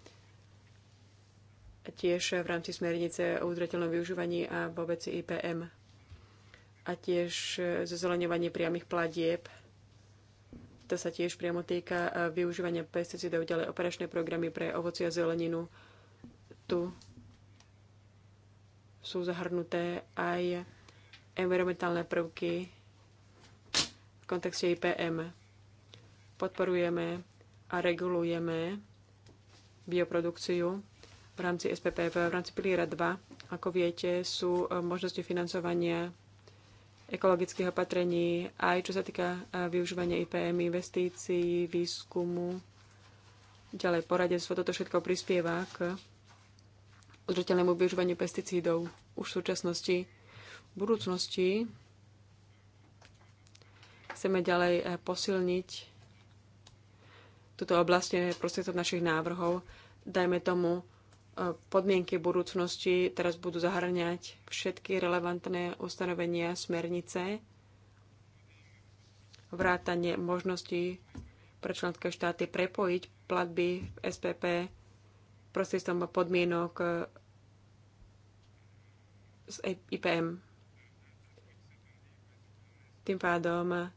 tiež v rámci smernice o udržateľnom využívaní a vo veci IPM a tiež e, zozeleňovanie priamých platieb. To sa tiež priamo týka e, využívania pesticidov, ďalej operačné programy pre ovoci a zeleninu. Tu sú zahrnuté aj environmentálne prvky v kontexte IPM. Podporujeme a regulujeme bioprodukciu v rámci SPP, v rámci piliera 2. Ako viete, sú e, možnosti financovania ekologických opatrení, aj čo sa týka e, využívania IPM, investícií, výskumu, ďalej poradenstvo. Toto všetko prispieva k udržateľnému využívaniu pesticídov už v súčasnosti. V budúcnosti chceme ďalej e, posilniť túto oblasť e, prostredstvom našich návrhov. Dajme tomu, E, podmienky budúcnosti teraz budú zahrňať všetky relevantné ustanovenia smernice, vrátanie možností pre členské štáty prepojiť platby v SPP prostredstvom podmienok e, s IPM. Tým pádom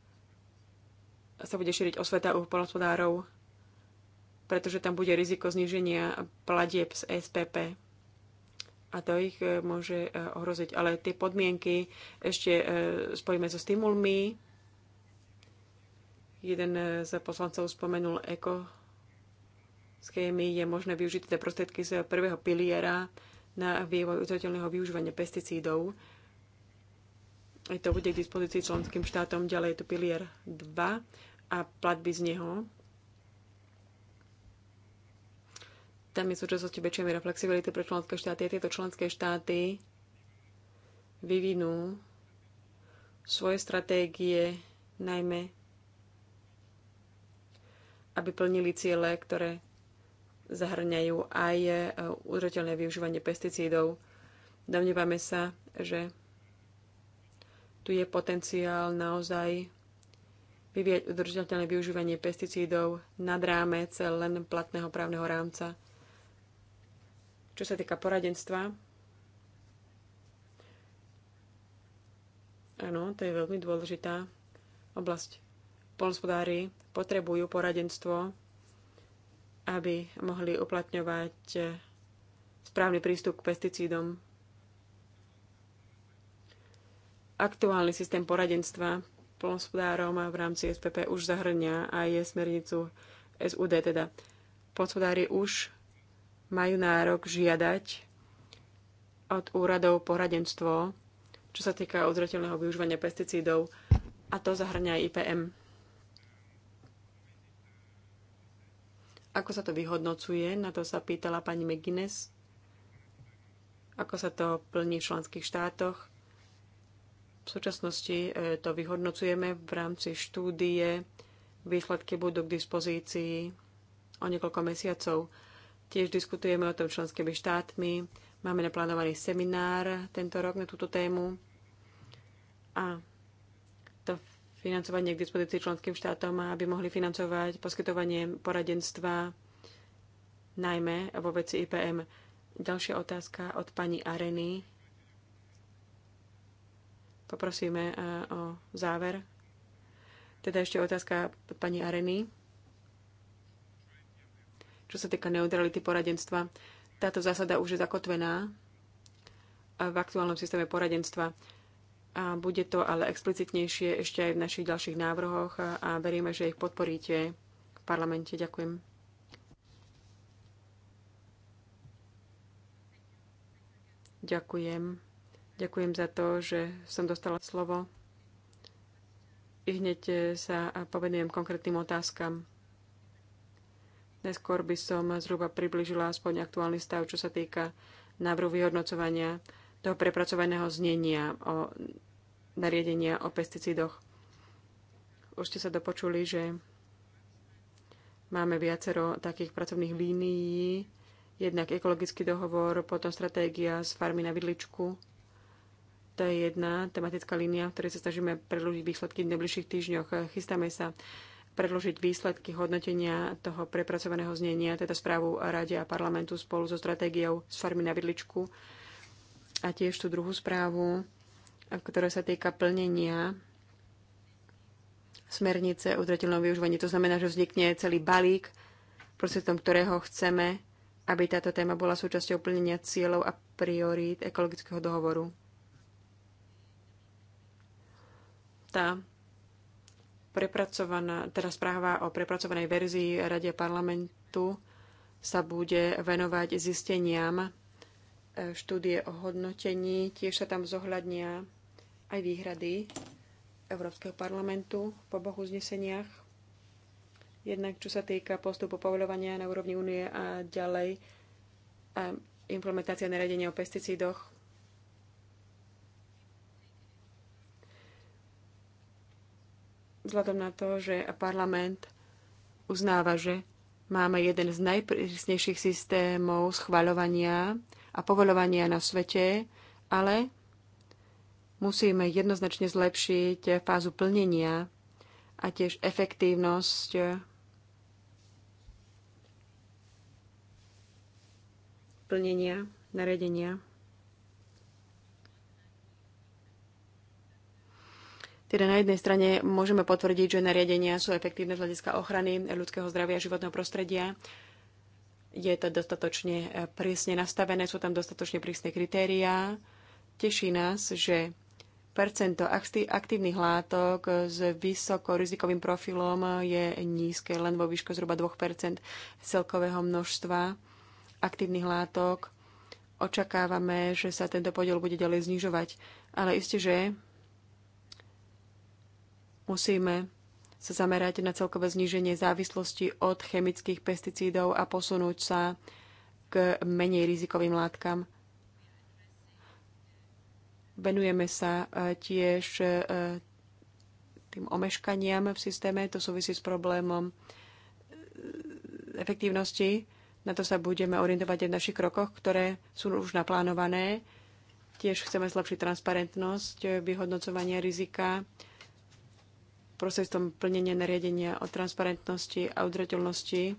sa bude šíriť osveta u polnospodárov pretože tam bude riziko zníženia platieb z SPP a to ich e, môže e, ohroziť. Ale tie podmienky ešte e, spojíme so stimulmi. Jeden z poslancov spomenul eko schémy. Je možné využiť teda prostriedky z prvého piliera na vývoj udržateľného využívania pesticídov. To bude k dispozícii členským štátom. Ďalej je tu pilier 2 a platby z neho Tam je súčasnosti väčšia miera flexibility pre členské štáty. A tieto členské štáty vyvinú svoje stratégie, najmä aby plnili ciele, ktoré zahrňajú aj e, udržateľné využívanie pesticídov. Domnievame sa, že tu je potenciál naozaj vyvíjať udržateľné využívanie pesticídov nad rámec len platného právneho rámca. Čo sa týka poradenstva, áno, to je veľmi dôležitá oblasť. Polnospodári potrebujú poradenstvo, aby mohli uplatňovať správny prístup k pesticídom. Aktuálny systém poradenstva polnospodárom v rámci SPP už zahrňa aj smernicu SUD, teda polnospodári už majú nárok žiadať od úradov poradenstvo, čo sa týka odzretelného využívania pesticídov, a to zahrňa aj IPM. Ako sa to vyhodnocuje? Na to sa pýtala pani McGuinness. Ako sa to plní v členských štátoch? V súčasnosti e, to vyhodnocujeme v rámci štúdie. Výsledky budú k dispozícii o niekoľko mesiacov. Tiež diskutujeme o tom členskými štátmi. Máme naplánovaný seminár tento rok na túto tému. A to financovanie k dispozícii členským štátom, aby mohli financovať poskytovanie poradenstva najmä vo veci IPM. Ďalšia otázka od pani Areny. Poprosíme eh, o záver. Teda ešte otázka od pani Areny čo sa týka neutrality poradenstva. Táto zásada už je zakotvená v aktuálnom systéme poradenstva a bude to ale explicitnejšie ešte aj v našich ďalších návrhoch a veríme, že ich podporíte v parlamente. Ďakujem. Ďakujem. Ďakujem za to, že som dostala slovo. I hneď sa povedujem konkrétnym otázkam. Neskôr by som zhruba približila aspoň aktuálny stav, čo sa týka návrhu vyhodnocovania toho prepracovaného znenia o nariadenia o pesticídoch. Už ste sa dopočuli, že máme viacero takých pracovných línií, jednak ekologický dohovor, potom stratégia z farmy na vidličku. To je jedna tematická línia, v ktorej sa snažíme predľúdiť výsledky v najbližších týždňoch. Chystáme sa predložiť výsledky hodnotenia toho prepracovaného znenia, teda správu Rade a parlamentu spolu so stratégiou z farmy na vidličku a tiež tú druhú správu, ktorá sa týka plnenia smernice o zretelnom využívaní. To znamená, že vznikne celý balík, prostredom ktorého chceme, aby táto téma bola súčasťou plnenia cieľov a priorít ekologického dohovoru. Tá Prepracovaná, teda správa o prepracovanej verzii Rade parlamentu sa bude venovať zisteniam e, štúdie o hodnotení. Tiež sa tam zohľadnia aj výhrady Európskeho parlamentu po oboch uzneseniach. Jednak čo sa týka postupu povoľovania na úrovni únie a ďalej a implementácia nariadenia o pesticídoch vzhľadom na to, že parlament uznáva, že máme jeden z najprísnejších systémov schvaľovania a povolovania na svete, ale musíme jednoznačne zlepšiť fázu plnenia a tiež efektívnosť plnenia, naredenia. Teda na jednej strane môžeme potvrdiť, že nariadenia sú efektívne z hľadiska ochrany ľudského zdravia a životného prostredia. Je to dostatočne eh, prísne nastavené, sú tam dostatočne prísne kritériá. Teší nás, že percento aktívnych látok s vysokorizikovým profilom je nízke, len vo výške zhruba 2 celkového množstva aktívnych látok. Očakávame, že sa tento podiel bude ďalej znižovať. Ale isté, že Musíme sa zamerať na celkové zníženie závislosti od chemických pesticídov a posunúť sa k menej rizikovým látkam. Venujeme sa e, tiež e, tým omeškaniam v systéme. To súvisí s problémom e, efektívnosti. Na to sa budeme orientovať aj v našich krokoch, ktoré sú už naplánované. Tiež chceme zlepšiť transparentnosť vyhodnocovania rizika prostredstvom plnenia nariadenia o transparentnosti a udržateľnosti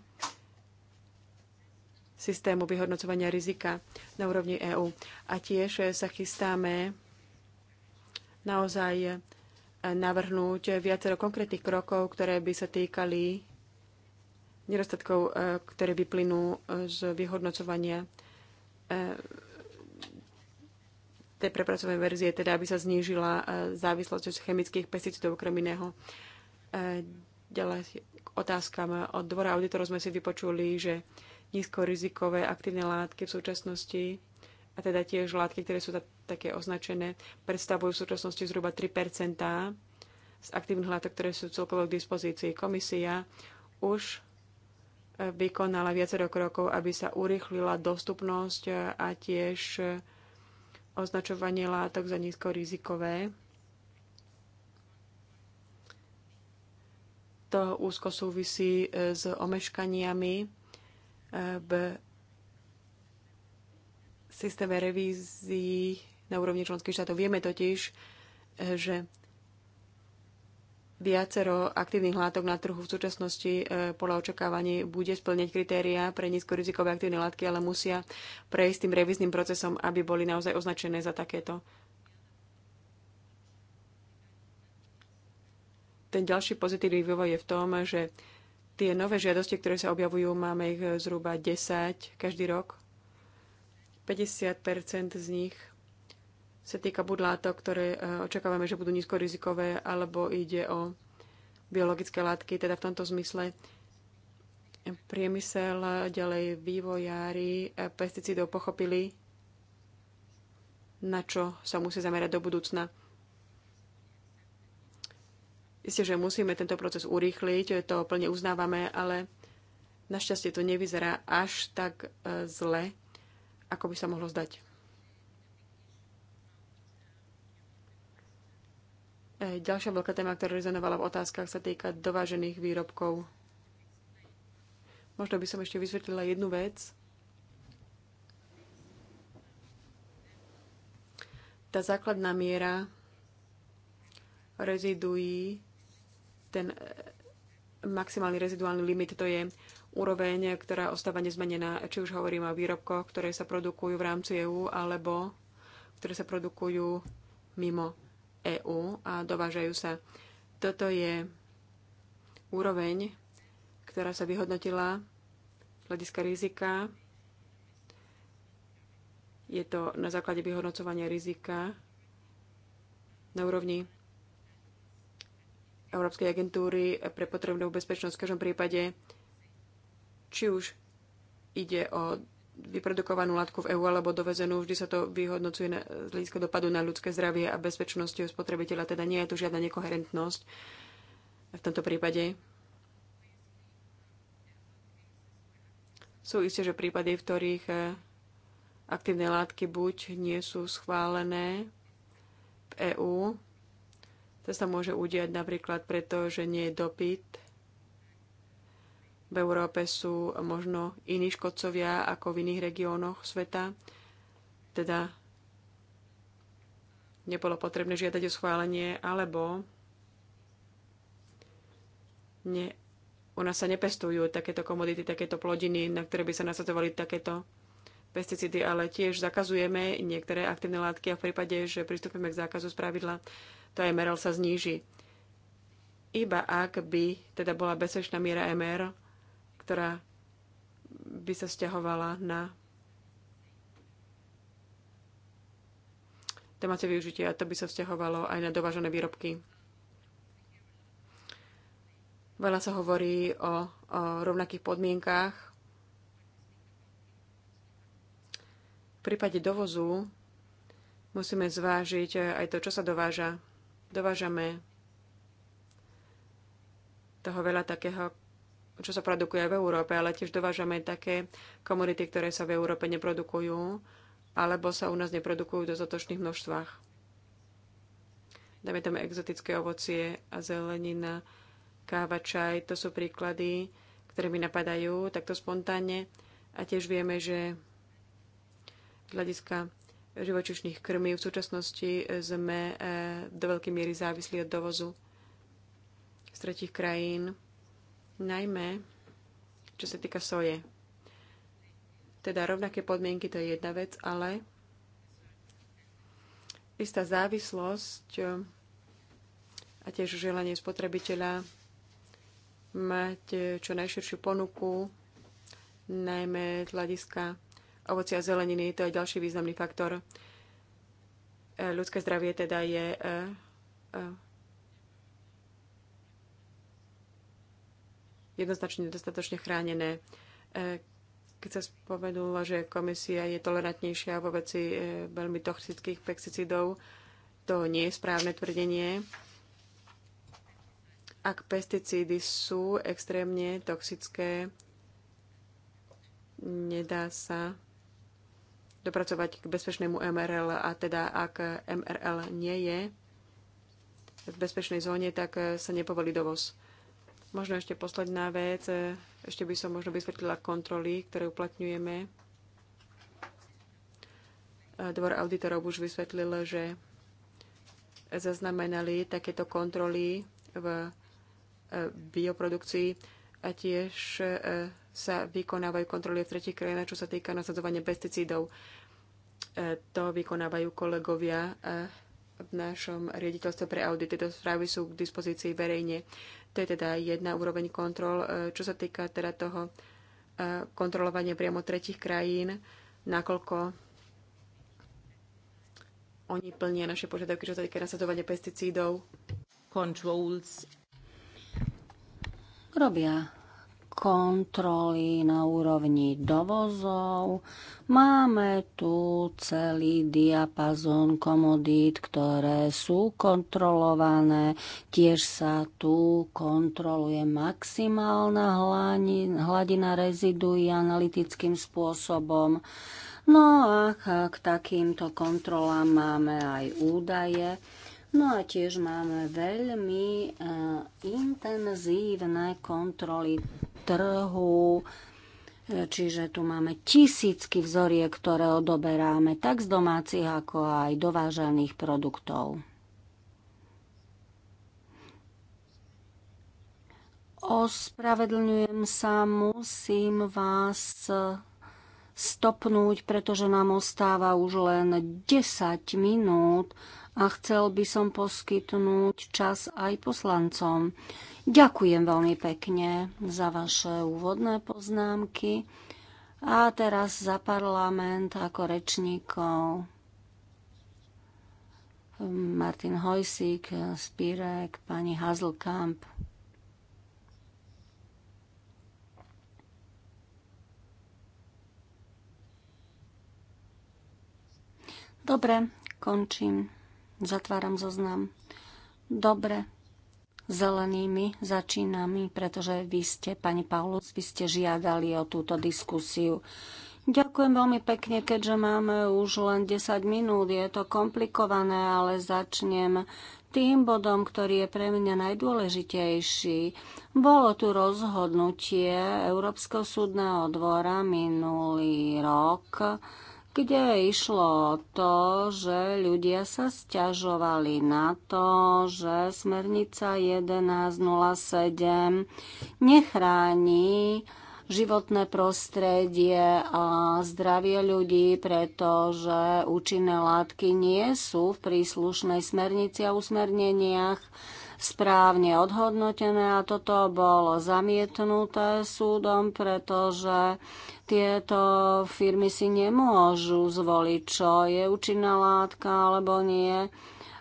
systému vyhodnocovania rizika na úrovni EÚ. A tiež sa chystáme naozaj navrhnúť viacero konkrétnych krokov, ktoré by sa týkali nedostatkov, eh, ktoré vyplynú z vyhodnocovania eh, tej prepracovanej verzie, teda aby sa znížila e, závislosť od chemických pesticidov okrem iného. E, ďalej k otázkam. Od dvora auditorov sme si vypočuli, že nízkorizikové aktívne látky v súčasnosti a teda tiež látky, ktoré sú také označené, predstavujú v súčasnosti zhruba 3 z aktívnych látok, ktoré sú celkovo k dispozícii. Komisia už e, vykonala viacero krokov, aby sa urýchlila dostupnosť a tiež označovanie látok za nízkorizikové. To úzko súvisí e, s omeškaniami e, v systéme revízií na úrovni členských štátov. Vieme totiž, e, že viacero aktívnych látok na trhu v súčasnosti e, podľa očakávaní bude splňať kritéria pre nízkorizikové aktívne látky, ale musia prejsť tým revizným procesom, aby boli naozaj označené za takéto. Ten ďalší pozitívny vývoj je v tom, že tie nové žiadosti, ktoré sa objavujú, máme ich zhruba 10 každý rok. 50 z nich sa týka budlátok, ktoré e, očakávame, že budú nízkorizikové, alebo ide o biologické látky, teda v tomto zmysle priemysel, ďalej vývojári e, pesticídov pochopili, na čo sa musí zamerať do budúcna. Isté, že musíme tento proces urýchliť, to plne uznávame, ale našťastie to nevyzerá až tak e, zle, ako by sa mohlo zdať. Ďalšia veľká téma, ktorá rezonovala v otázkach, sa týka dovážených výrobkov. Možno by som ešte vysvetlila jednu vec. Tá základná miera reziduí, ten e, maximálny reziduálny limit, to je úroveň, ktorá ostáva nezmenená, či už hovorím o výrobkoch, ktoré sa produkujú v rámci EÚ alebo ktoré sa produkujú mimo. EÚ a dovážajú sa. Toto je úroveň, ktorá sa vyhodnotila z hľadiska rizika. Je to na základe vyhodnocovania rizika na úrovni Európskej agentúry pre potrebnú bezpečnosť. V každom prípade, či už ide o vyprodukovanú látku v EÚ alebo dovezenú, vždy sa to vyhodnocuje na, z hľadiska dopadu na ľudské zdravie a bezpečnosť spotrebiteľa, teda nie je tu žiadna nekoherentnosť v tomto prípade. Sú isté, že prípady, v ktorých e, aktívne látky buď nie sú schválené v EÚ, to sa môže udiať napríklad preto, že nie je dopyt v Európe sú možno iní škodcovia ako v iných regiónoch sveta. Teda nebolo potrebné žiadať o schválenie, alebo ne, u nás sa nepestujú takéto komodity, takéto plodiny, na ktoré by sa nasadzovali takéto pesticídy, ale tiež zakazujeme niektoré aktívne látky a v prípade, že pristúpime k zákazu z pravidla, to MRL sa zníži. Iba ak by teda bola bezpečná miera MR ktorá by sa stiahovala na domáce využitie a to by sa vzťahovalo aj na dovážené výrobky. Veľa sa hovorí o, o rovnakých podmienkách. V prípade dovozu musíme zvážiť aj to, čo sa dováža. Dovážame toho veľa takého, čo sa produkuje v Európe, ale tiež dovážame také komodity, ktoré sa v Európe neprodukujú alebo sa u nás neprodukujú v dostatočných množstvách. Dáme tam exotické ovocie a zelenina, káva, čaj, to sú príklady, ktoré mi napadajú takto spontánne. A tiež vieme, že z hľadiska živočišných krmí v súčasnosti sme eh, do veľkej miery závislí od dovozu z tretich krajín najmä čo sa týka soje. Teda rovnaké podmienky to je jedna vec, ale istá závislosť a tiež želanie spotrebiteľa mať čo najširšiu ponuku, najmä hľadiska ovocia a zeleniny, to je ďalší významný faktor. E, ľudské zdravie teda je e, e, jednoznačne dostatočne chránené. E, keď sa spomenula, že komisia je tolerantnejšia vo veci e, veľmi toxických pesticidov, to nie je správne tvrdenie. Ak pesticídy sú extrémne toxické, nedá sa dopracovať k bezpečnému MRL a teda ak MRL nie je v bezpečnej zóne, tak sa nepovolí dovoz. Možno ešte posledná vec, e, ešte by som možno vysvetlila kontroly, ktoré uplatňujeme. E, dvor auditorov už vysvetlil, že zaznamenali takéto kontroly v e, bioprodukcii a tiež sa vykonávajú kontroly v tretich krajinách, čo sa týka nasadzovania pesticídov. To vykonávajú kolegovia v našom riaditeľstve pre audity. Tieto správy sú k dispozícii verejne. To je teda jedna úroveň kontrol. E, čo sa týka teda toho e, kontrolovania priamo tretich krajín, nakoľko oni plnia naše požiadavky, čo sa týka nasadzovania pesticídov. Controls. Robia kontroly na úrovni dovozov. Máme tu celý diapazon komodít, ktoré sú kontrolované. Tiež sa tu kontroluje maximálna hladina reziduí analytickým spôsobom. No a k takýmto kontrolám máme aj údaje No a tiež máme veľmi e, intenzívne kontroly trhu, e, Čiže tu máme tisícky vzoriek, ktoré odoberáme tak z domácich, ako aj dovážaných produktov. Ospravedlňujem sa, musím vás stopnúť, pretože nám ostáva už len 10 minút a chcel by som poskytnúť čas aj poslancom. Ďakujem veľmi pekne za vaše úvodné poznámky a teraz za parlament ako rečníkov Martin Hojsík, Spírek, pani Hazelkamp. Dobre, končím. Zatváram zoznam. Dobre, zelenými začínami, pretože vy ste, pani Paulus, vy ste žiadali o túto diskusiu. Ďakujem veľmi pekne, keďže máme už len 10 minút. Je to komplikované, ale začnem tým bodom, ktorý je pre mňa najdôležitejší. Bolo tu rozhodnutie Európskeho súdneho dvora minulý rok, kde išlo o to, že ľudia sa stiažovali na to, že smernica 1107 nechráni životné prostredie a zdravie ľudí, pretože účinné látky nie sú v príslušnej smernici a usmerneniach správne odhodnotené a toto bolo zamietnuté súdom, pretože tieto firmy si nemôžu zvoliť, čo je účinná látka alebo nie.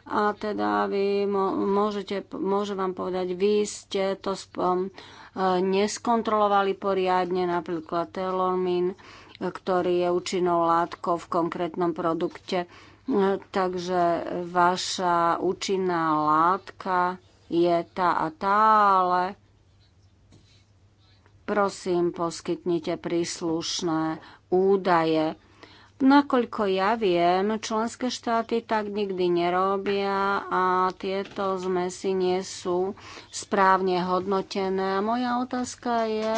A teda vy môžete, môžem vám povedať, vy ste to spom, um, neskontrolovali poriadne, napríklad telomín, ktorý je účinnou látkou v konkrétnom produkte. Takže vaša účinná látka je tá a tá, ale prosím, poskytnite príslušné údaje. Nakoľko ja viem, členské štáty tak nikdy nerobia a tieto zmesy nie sú správne hodnotené. moja otázka je,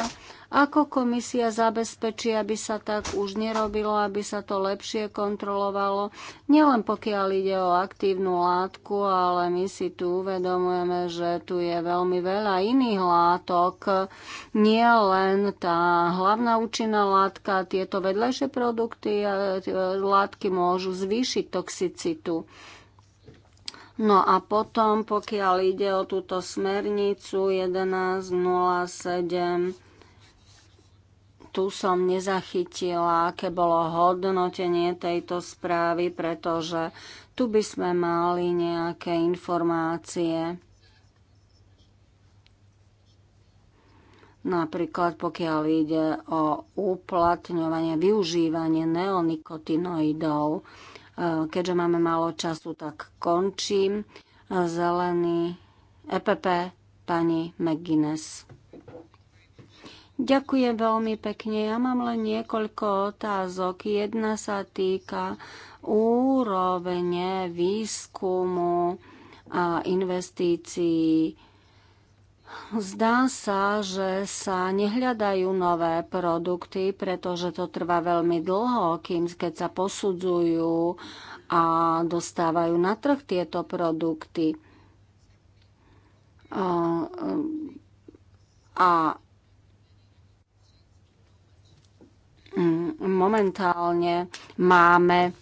ako komisia zabezpečí, aby sa tak už nerobilo, aby sa to lepšie kontrolovalo? Nielen pokiaľ ide o aktívnu látku, ale my si tu uvedomujeme, že tu je veľmi veľa iných látok. Nie len tá hlavná účinná látka, tieto vedľajšie produkty a e, látky môžu zvýšiť toxicitu. No a potom, pokiaľ ide o túto smernicu 1107, tu som nezachytila, aké bolo hodnotenie tejto správy, pretože tu by sme mali nejaké informácie. Napríklad pokiaľ ide o uplatňovanie, využívanie neonikotinoidov. E, keďže máme málo času, tak končím. E, Zelený EPP pani McGuinness. Ďakujem veľmi pekne. Ja mám len niekoľko otázok. Jedna sa týka úrovne výskumu a investícií. Zdá sa, že sa nehľadajú nové produkty, pretože to trvá veľmi dlho, kým keď sa posudzujú a dostávajú na trh tieto produkty. A, a Mm, momentálne máme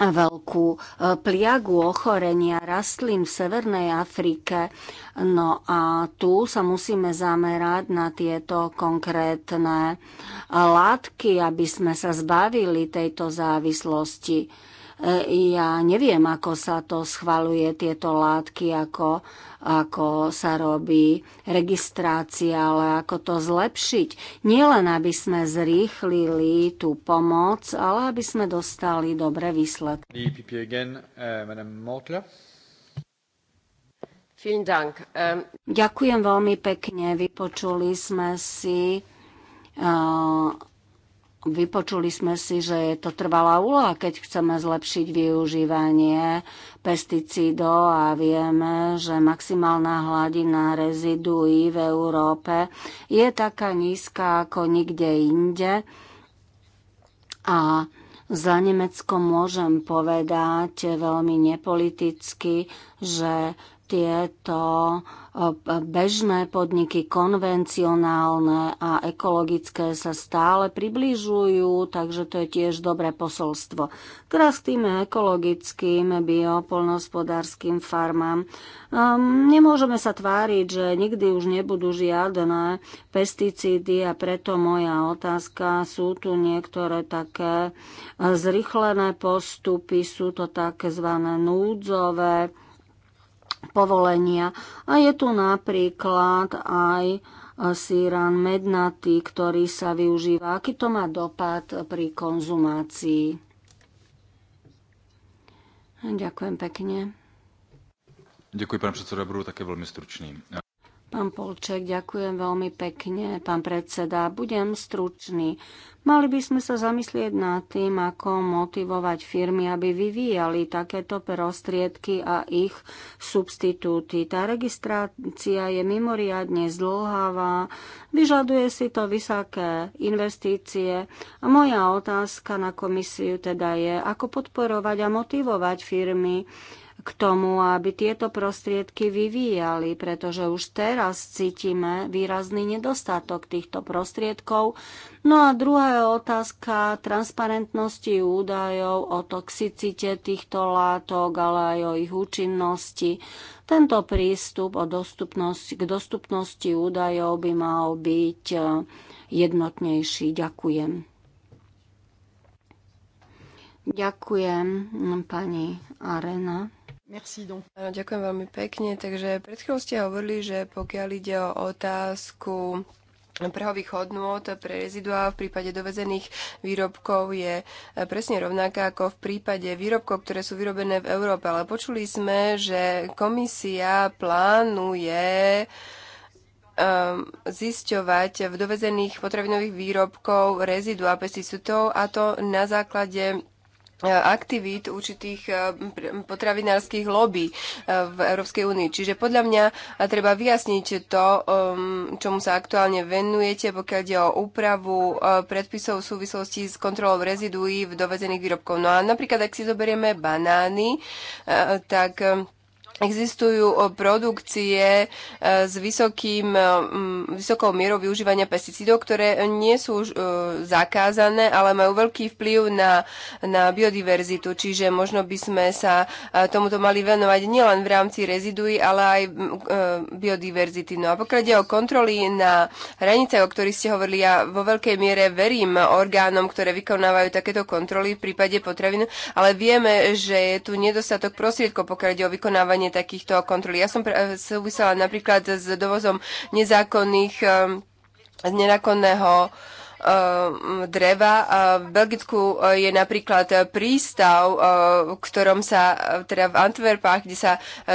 veľkú e, pliagu ochorenia rastlín v Severnej Afrike. No a tu sa musíme zamerať na tieto konkrétne látky, aby sme sa zbavili tejto závislosti E, ja neviem, ako sa to schvaluje, tieto látky, ako, ako sa robí registrácia, ale ako to zlepšiť. Nielen, aby sme zrýchlili tú pomoc, ale aby sme dostali dobré výsledky. Uh, ähm, Ďakujem veľmi pekne. Vypočuli sme si uh, Vypočuli sme si, že je to trvalá úloha, keď chceme zlepšiť využívanie pesticídov a vieme, že maximálna hladina reziduí v Európe je taká nízka ako nikde inde. A za Nemecko môžem povedať veľmi nepoliticky, že tieto bežné podniky, konvencionálne a ekologické sa stále približujú, takže to je tiež dobré posolstvo. Teraz k tým ekologickým biopolnospodárským farmám. Um, nemôžeme sa tváriť, že nikdy už nebudú žiadne pesticídy a preto moja otázka, sú tu niektoré také zrychlené postupy, sú to takzvané núdzové povolenia. A je tu napríklad aj e, síran mednatý, ktorý sa využíva. Aký to má dopad pri konzumácii? Ďakujem pekne. Ďakujem, pán predseda, budú také veľmi stručný. Pán Polček, ďakujem veľmi pekne. Pán predseda, budem stručný. Mali by sme sa zamyslieť nad tým, ako motivovať firmy, aby vyvíjali takéto prostriedky a ich substitúty. Tá registrácia je mimoriadne zdlhavá, vyžaduje si to vysoké investície a moja otázka na komisiu teda je, ako podporovať a motivovať firmy, k tomu, aby tieto prostriedky vyvíjali, pretože už teraz cítime výrazný nedostatok týchto prostriedkov. No a druhá je otázka transparentnosti údajov o toxicite týchto látok, ale aj o ich účinnosti. Tento prístup o dostupnosť, k dostupnosti údajov by mal byť eh, jednotnejší. Ďakujem. Ďakujem, pani Arena. Merci donc. ďakujem veľmi pekne. Takže pred chvíľou ste hovorili, že pokiaľ ide o otázku prehových hodnôt pre reziduá v prípade dovezených výrobkov je e, presne rovnaká ako v prípade výrobkov, ktoré sú vyrobené v Európe. Ale počuli sme, že komisia plánuje e, zisťovať v dovezených potravinových výrobkov reziduá pesticidov a to na základe E, aktivít určitých e, potravinárskych lobby e, v Európskej únii. Čiže podľa mňa treba vyjasniť to, um, čomu sa aktuálne venujete, pokiaľ ide o úpravu predpisov v súvislosti s kontrolou reziduí v dovezených výrobkov. No a napríklad, ak si zoberieme banány, tak Existujú produkcie e, s vysokým, e, vysokou mierou využívania pesticídov, ktoré nie sú už e, zakázané, ale majú veľký vplyv na, na biodiverzitu. Čiže možno by sme sa tomuto mali venovať nielen v rámci reziduí, ale aj biodiverzity. No a pokiaľ ide o kontroly na hranice, o ktorých ste hovorili, ja vo veľkej miere verím orgánom, ktoré vykonávajú takéto kontroly v prípade potravín, ale vieme, že je tu nedostatok prostriedkov, pokiaľ ide o vykonávanie zavedenie takýchto kontrol. Ja som e, súvisela napríklad s dovozom nezákonných e, z nenákonného Um, dreva. V Belgicku uh, je napríklad prístav, uh, v ktorom sa, uh, teda v Antwerpách, kde sa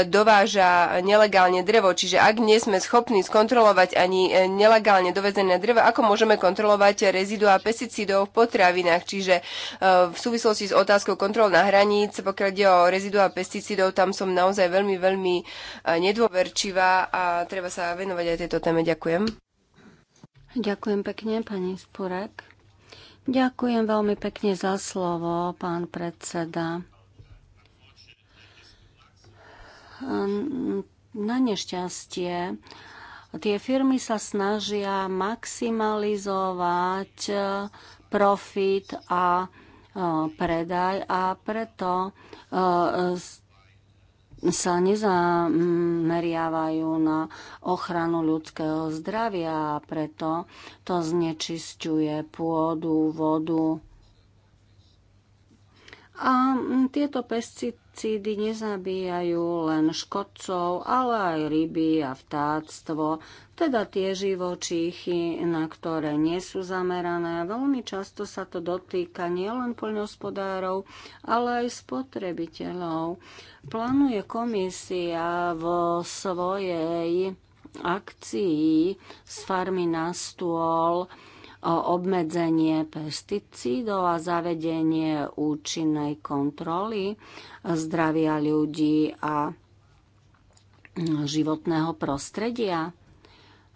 dováža nelegálne drevo. Čiže ak nie sme schopní skontrolovať ani nelegálne dovezené drevo, ako môžeme kontrolovať a pesticídov v potravinách? Čiže v súvislosti s otázkou kontrol na hraníc, pokiaľ ide o a pesticídov, tam som naozaj veľmi, veľmi nedôverčivá a treba sa venovať aj tejto téme. Ďakujem. Ďakujem pekne, pani Spurek. Ďakujem veľmi pekne za slovo, pán predseda. Ehm, na nešťastie tie firmy sa snažia maximalizovať e, profit a e, predaj a preto e, sa nezameriavajú na ochranu ľudského zdravia a preto to znečisťuje pôdu, vodu. A tieto pesticídy nezabíjajú len škodcov, ale aj ryby a vtáctvo teda tie živočíchy, na ktoré nie sú zamerané. Veľmi často sa to dotýka nielen poľnohospodárov, ale aj spotrebiteľov. Plánuje komisia vo svojej akcii z farmy na stôl o obmedzenie pesticídov a zavedenie účinnej kontroly zdravia ľudí a životného prostredia.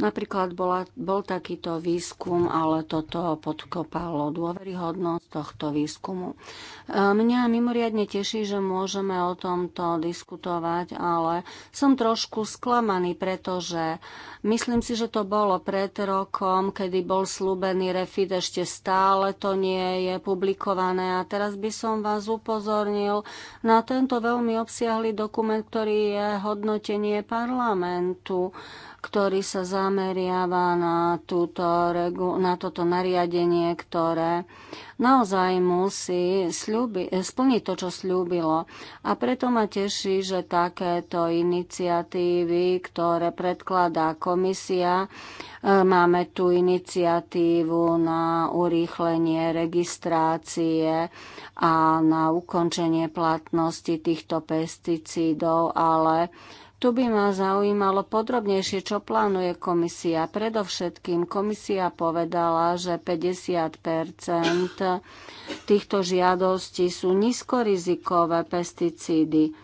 Napríklad bola, bol takýto výskum, ale toto podkopalo dôveryhodnosť tohto výskumu. E, mňa mimoriadne teší, že môžeme o tomto diskutovať, ale som trošku sklamaný, pretože myslím si, že to bolo pred rokom, kedy bol slúbený refit, ešte stále to nie je publikované a teraz by som vás upozornil na tento veľmi obsiahly dokument, ktorý je hodnotenie parlamentu ktorý sa zameriava na, túto, na toto nariadenie, ktoré naozaj musí sľubi, eh, splniť to, čo slúbilo. A preto ma teší, že takéto iniciatívy, ktoré predkladá komisia, eh, máme tu iniciatívu na urýchlenie registrácie a na ukončenie platnosti týchto pesticídov, ale tu by ma zaujímalo podrobnejšie, čo plánuje komisia. Predovšetkým komisia povedala, že 50 týchto žiadostí sú nízkorizikové pesticídy.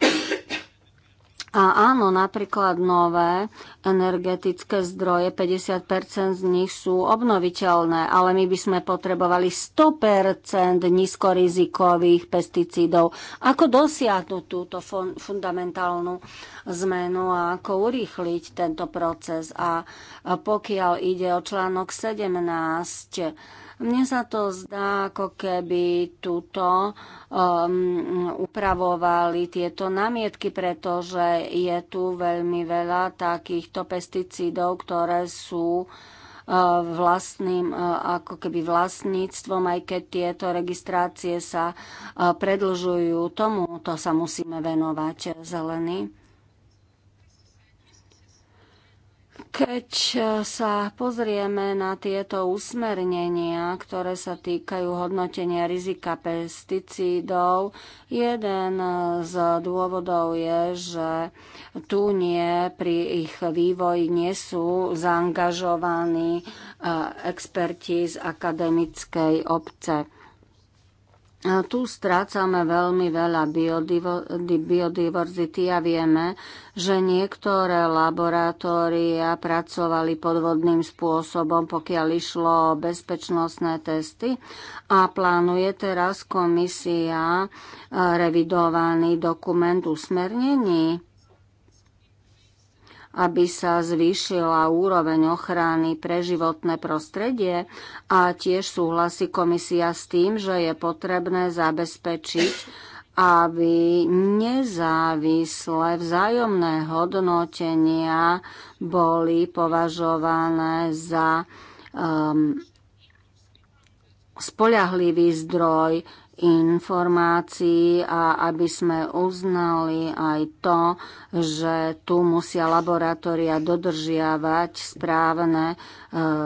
A áno, napríklad nové energetické zdroje, 50% z nich sú obnoviteľné, ale my by sme potrebovali 100% nízkorizikových pesticídov. Ako dosiahnuť túto fundamentálnu zmenu a ako urýchliť tento proces? A pokiaľ ide o článok 17, mne sa to zdá, ako keby túto um, upravovali tieto námietky, pretože je tu veľmi veľa takýchto pesticídov, ktoré sú uh, vlastným, uh, ako keby vlastníctvom, aj keď tieto registrácie sa uh, predlžujú. Tomu to sa musíme venovať, zelený. Keď sa pozrieme na tieto usmernenia, ktoré sa týkajú hodnotenia rizika pesticídov, jeden z dôvodov je, že tu nie pri ich vývoji nie sú zaangažovaní eh, experti z akademickej obce. A tu strácame veľmi veľa biodiverzity a vieme, že niektoré laboratória pracovali podvodným spôsobom, pokiaľ išlo o bezpečnostné testy a plánuje teraz komisia eh, revidovaný dokument usmernení aby sa zvýšila úroveň ochrany pre životné prostredie a tiež súhlasí komisia s tým, že je potrebné zabezpečiť aby nezávislé vzájomné hodnotenia boli považované za um, spolahlivý zdroj informácií a aby sme uznali aj to, že tu musia laboratória dodržiavať správne e,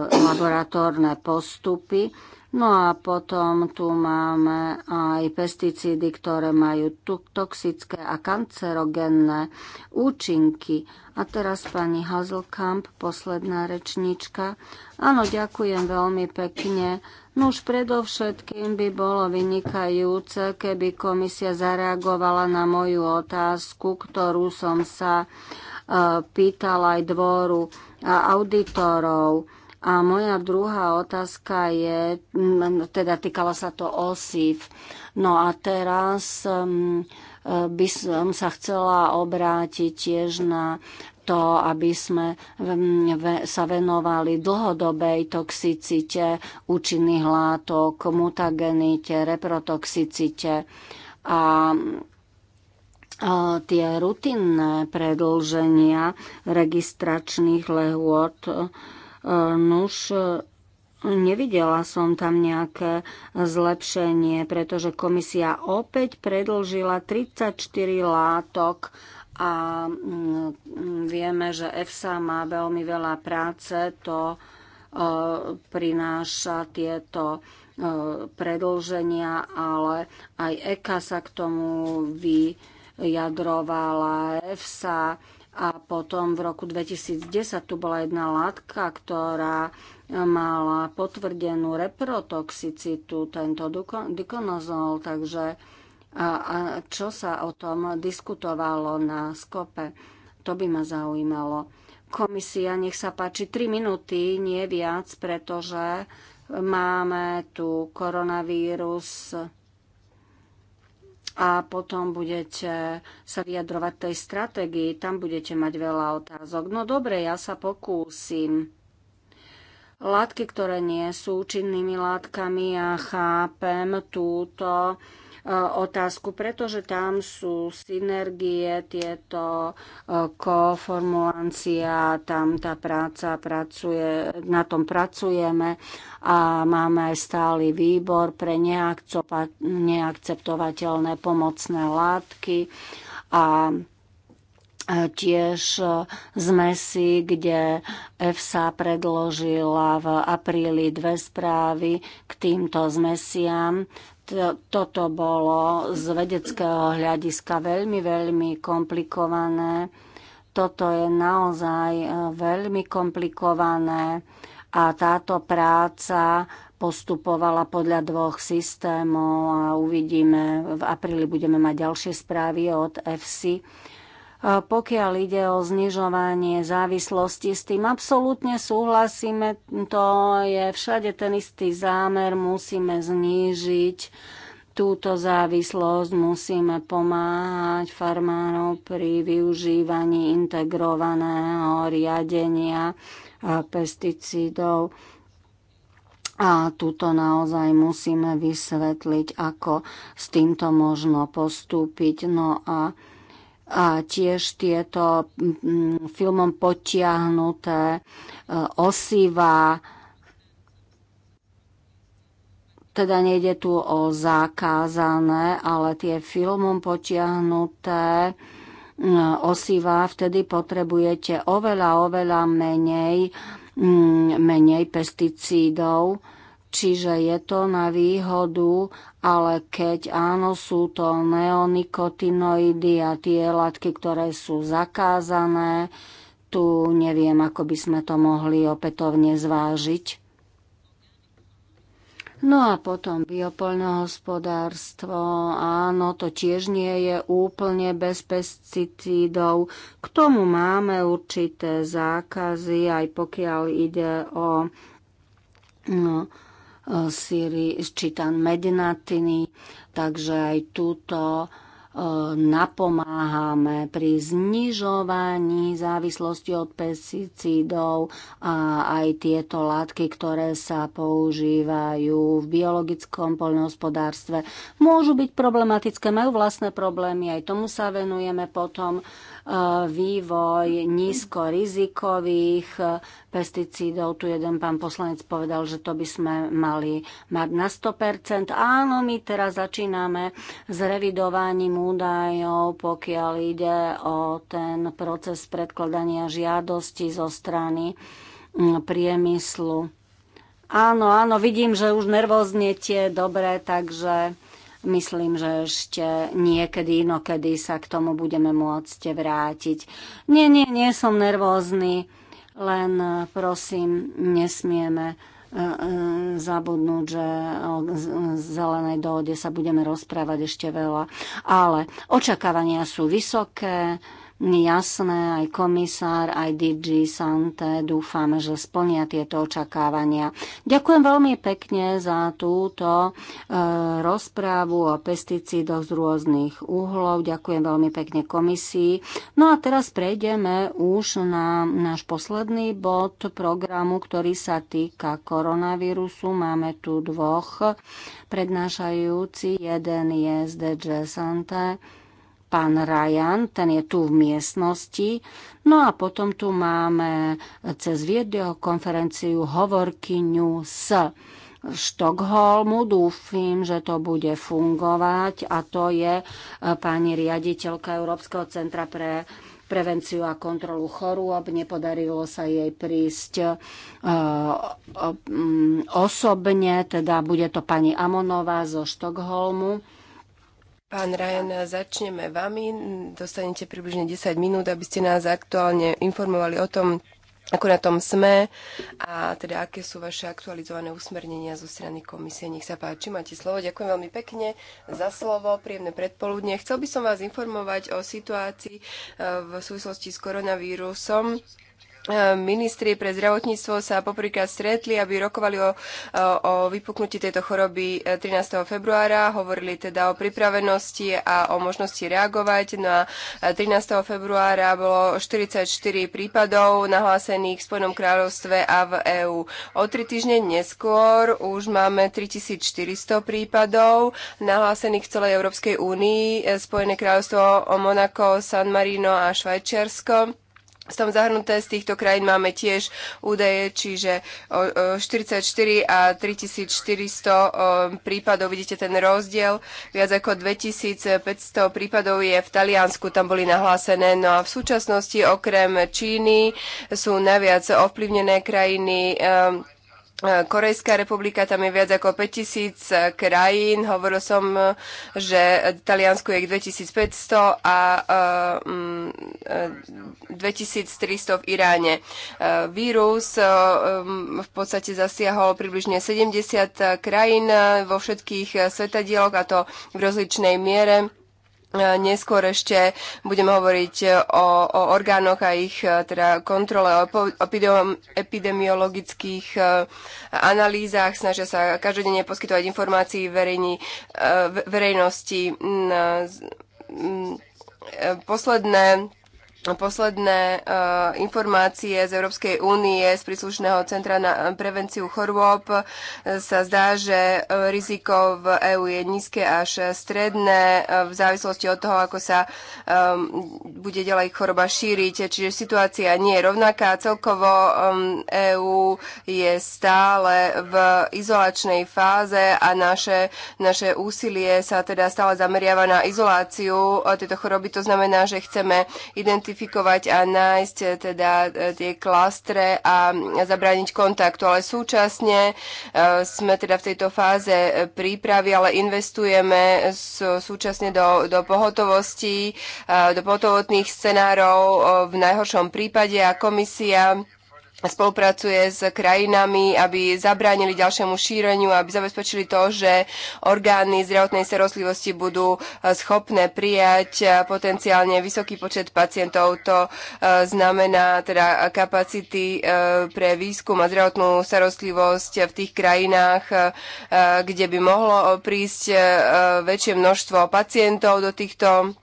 laboratórne postupy. No a potom tu máme aj pesticídy, ktoré majú toxické a kancerogenné účinky. A teraz pani Hazelkamp, posledná rečnička. Áno, ďakujem veľmi pekne No už predovšetkým by bolo vynikajúce, keby komisia zareagovala na moju otázku, ktorú som sa e, pýtala aj dvoru auditorov. A moja druhá otázka je, teda týkala sa to OSIF. No a teraz e, by som sa chcela obrátiť tiež na to, aby sme sa venovali dlhodobej toxicite účinných látok, mutagenite, reprotoxicite a tie rutinné predlženia registračných lehôd. E, nuž, e, Nevidela som tam nejaké zlepšenie, pretože komisia opäť predlžila 34 látok a mm, vieme, že EFSA má veľmi veľa práce, to e, prináša tieto e, predlženia, ale aj EKA sa k tomu vyjadrovala, EFSA a potom v roku 2010 tu bola jedna látka, ktorá e, mala potvrdenú reprotoxicitu, tento dikonozol, takže a, a čo sa o tom diskutovalo na skope. To by ma zaujímalo. Komisia, nech sa páči, 3 minúty, nie viac, pretože máme tu koronavírus a potom budete sa vyjadrovať tej stratégii, tam budete mať veľa otázok. No dobre, ja sa pokúsim. Látky, ktoré nie sú účinnými látkami, ja chápem túto Eh, otázku, pretože tam sú synergie, tieto eh, koformulancia, tam tá práca pracuje, na tom pracujeme a máme aj stály výbor pre neakceptovateľné pomocné látky a eh, tiež zmesi, kde EFSA predložila v apríli dve správy k týmto zmesiam toto bolo z vedeckého hľadiska veľmi, veľmi komplikované. Toto je naozaj e, veľmi komplikované a táto práca postupovala podľa dvoch systémov a uvidíme, v apríli budeme mať ďalšie správy od EFSI pokiaľ ide o znižovanie závislosti, s tým absolútne súhlasíme, to je všade ten istý zámer, musíme znížiť túto závislosť, musíme pomáhať farmárov pri využívaní integrovaného riadenia a pesticídov. A tuto naozaj musíme vysvetliť, ako s týmto možno postúpiť. No a a tiež tieto mm, filmom potiahnuté e, osiva. Teda nejde tu o zakázané, ale tie filmom potiahnuté mm, osiva, vtedy potrebujete oveľa, oveľa menej, mm, menej pesticídov Čiže je to na výhodu, ale keď áno, sú to neonikotinoidy a tie látky, ktoré sú zakázané, tu neviem, ako by sme to mohli opätovne zvážiť. No a potom biopoľnohospodárstvo, áno, to tiež nie je úplne bez pesticídov. K tomu máme určité zákazy, aj pokiaľ ide o no, Siri Čitan Medinatiny, takže aj túto e, napomáhame pri znižovaní závislosti od pesticídov a aj tieto látky, ktoré sa používajú v biologickom poľnohospodárstve, môžu byť problematické, majú vlastné problémy, aj tomu sa venujeme potom vývoj nízkorizikových eh, pesticídov. Tu jeden pán poslanec povedal, že to by sme mali mať na 100%. Áno, my teraz začíname s revidovaním údajov, pokiaľ ide o ten proces predkladania žiadosti zo strany mm, priemyslu. Áno, áno, vidím, že už nervóznete, dobre, takže Myslím, že ešte niekedy, inokedy sa k tomu budeme môcť vrátiť. Nie, nie, nie som nervózny, len e, prosím, nesmieme e, e, zabudnúť, že o zelenej dohode sa budeme rozprávať ešte veľa. Ale očakávania sú vysoké, jasné, aj komisár, aj DG Sante dúfam, že splnia tieto očakávania. Ďakujem veľmi pekne za túto e, rozprávu o pesticídoch z rôznych uhlov. Ďakujem veľmi pekne komisii. No a teraz prejdeme už na náš posledný bod programu, ktorý sa týka koronavírusu. Máme tu dvoch prednášajúci. Jeden je z DG Sante pán Ryan, ten je tu v miestnosti. No a potom tu máme cez videokonferenciu hovorkyňu s Štokholmu. Dúfim, že to bude fungovať a to je e, pani riaditeľka Európskeho centra pre prevenciu a kontrolu chorôb. Nepodarilo sa jej prísť e, osobne, teda bude to pani Amonová zo Štokholmu. Pán Rajan, začneme vami. Dostanete približne 10 minút, aby ste nás aktuálne informovali o tom, ako na tom sme a teda aké sú vaše aktualizované usmernenia zo strany komisie. Nech sa páči, máte slovo. Ďakujem veľmi pekne za slovo, príjemné predpoludne. Chcel by som vás informovať o situácii eh, v súvislosti s koronavírusom E, ministri pre zdravotníctvo sa poprvýkrát stretli, aby rokovali o, o vypuknutí tejto choroby 13. E, februára. Hovorili teda o pripravenosti a o možnosti reagovať. No a 13. E, februára bolo 44 prípadov nahlásených v Spojenom kráľovstve a v EÚ. O tri týždne neskôr už máme 3400 prípadov nahlásených v celej Európskej únii. Spojené kráľovstvo, Monako, San Marino a Švajčiarsko tam zahrnuté. Z týchto krajín máme tiež údaje, čiže 44 a 3400 prípadov. Vidíte ten rozdiel. Viac ako 2500 prípadov je v Taliansku, tam boli nahlásené. No a v súčasnosti okrem Číny sú najviac ovplyvnené krajiny ehm, Korejská republika, tam je viac ako 5000 eh, krajín. Hovoril som, eh, že Taliansku je 2500 a 2300 eh, mm, v Iráne. Vírus mm, v podstate zasiahol približne 70 krajín vo všetkých svetadielok a to v rozličnej miere E, neskôr ešte budeme hovoriť e, o, o orgánoch a ich e, teda kontrole, o, epidemiologických analýzach. Snažia sa každodenne poskytovať informácií verejni, verejnosti. Mm, mm, posledné posledné uh, informácie z Európskej únie, z príslušného Centra na e, prevenciu chorôb, e, sa zdá, že riziko v EÚ je nízke až stredné v závislosti od toho, ako sa um, bude ďalej choroba šíriť. Čiže situácia nie je rovnaká. Celkovo um, EÚ je stále v izolačnej fáze a naše, naše úsilie sa teda stále zameriava na izoláciu tejto choroby. To znamená, že chceme identifikovať identifikovať a nájsť e, teda e, tie klastre a zabrániť kontaktu. Ale súčasne e, sme teda v tejto fáze prípravy, ale investujeme súčasne do, do pohotovostí, do pohotovotných scenárov v najhoršom prípade a komisia spolupracuje s krajinami, aby zabránili ďalšiemu šíreniu, aby zabezpečili to, že orgány zdravotnej starostlivosti budú e, schopné prijať e, potenciálne vysoký počet pacientov. To e, znamená teda kapacity pre výskum a zdravotnú starostlivosť v tých krajinách, kde by mohlo prísť väčšie množstvo pacientov do týchto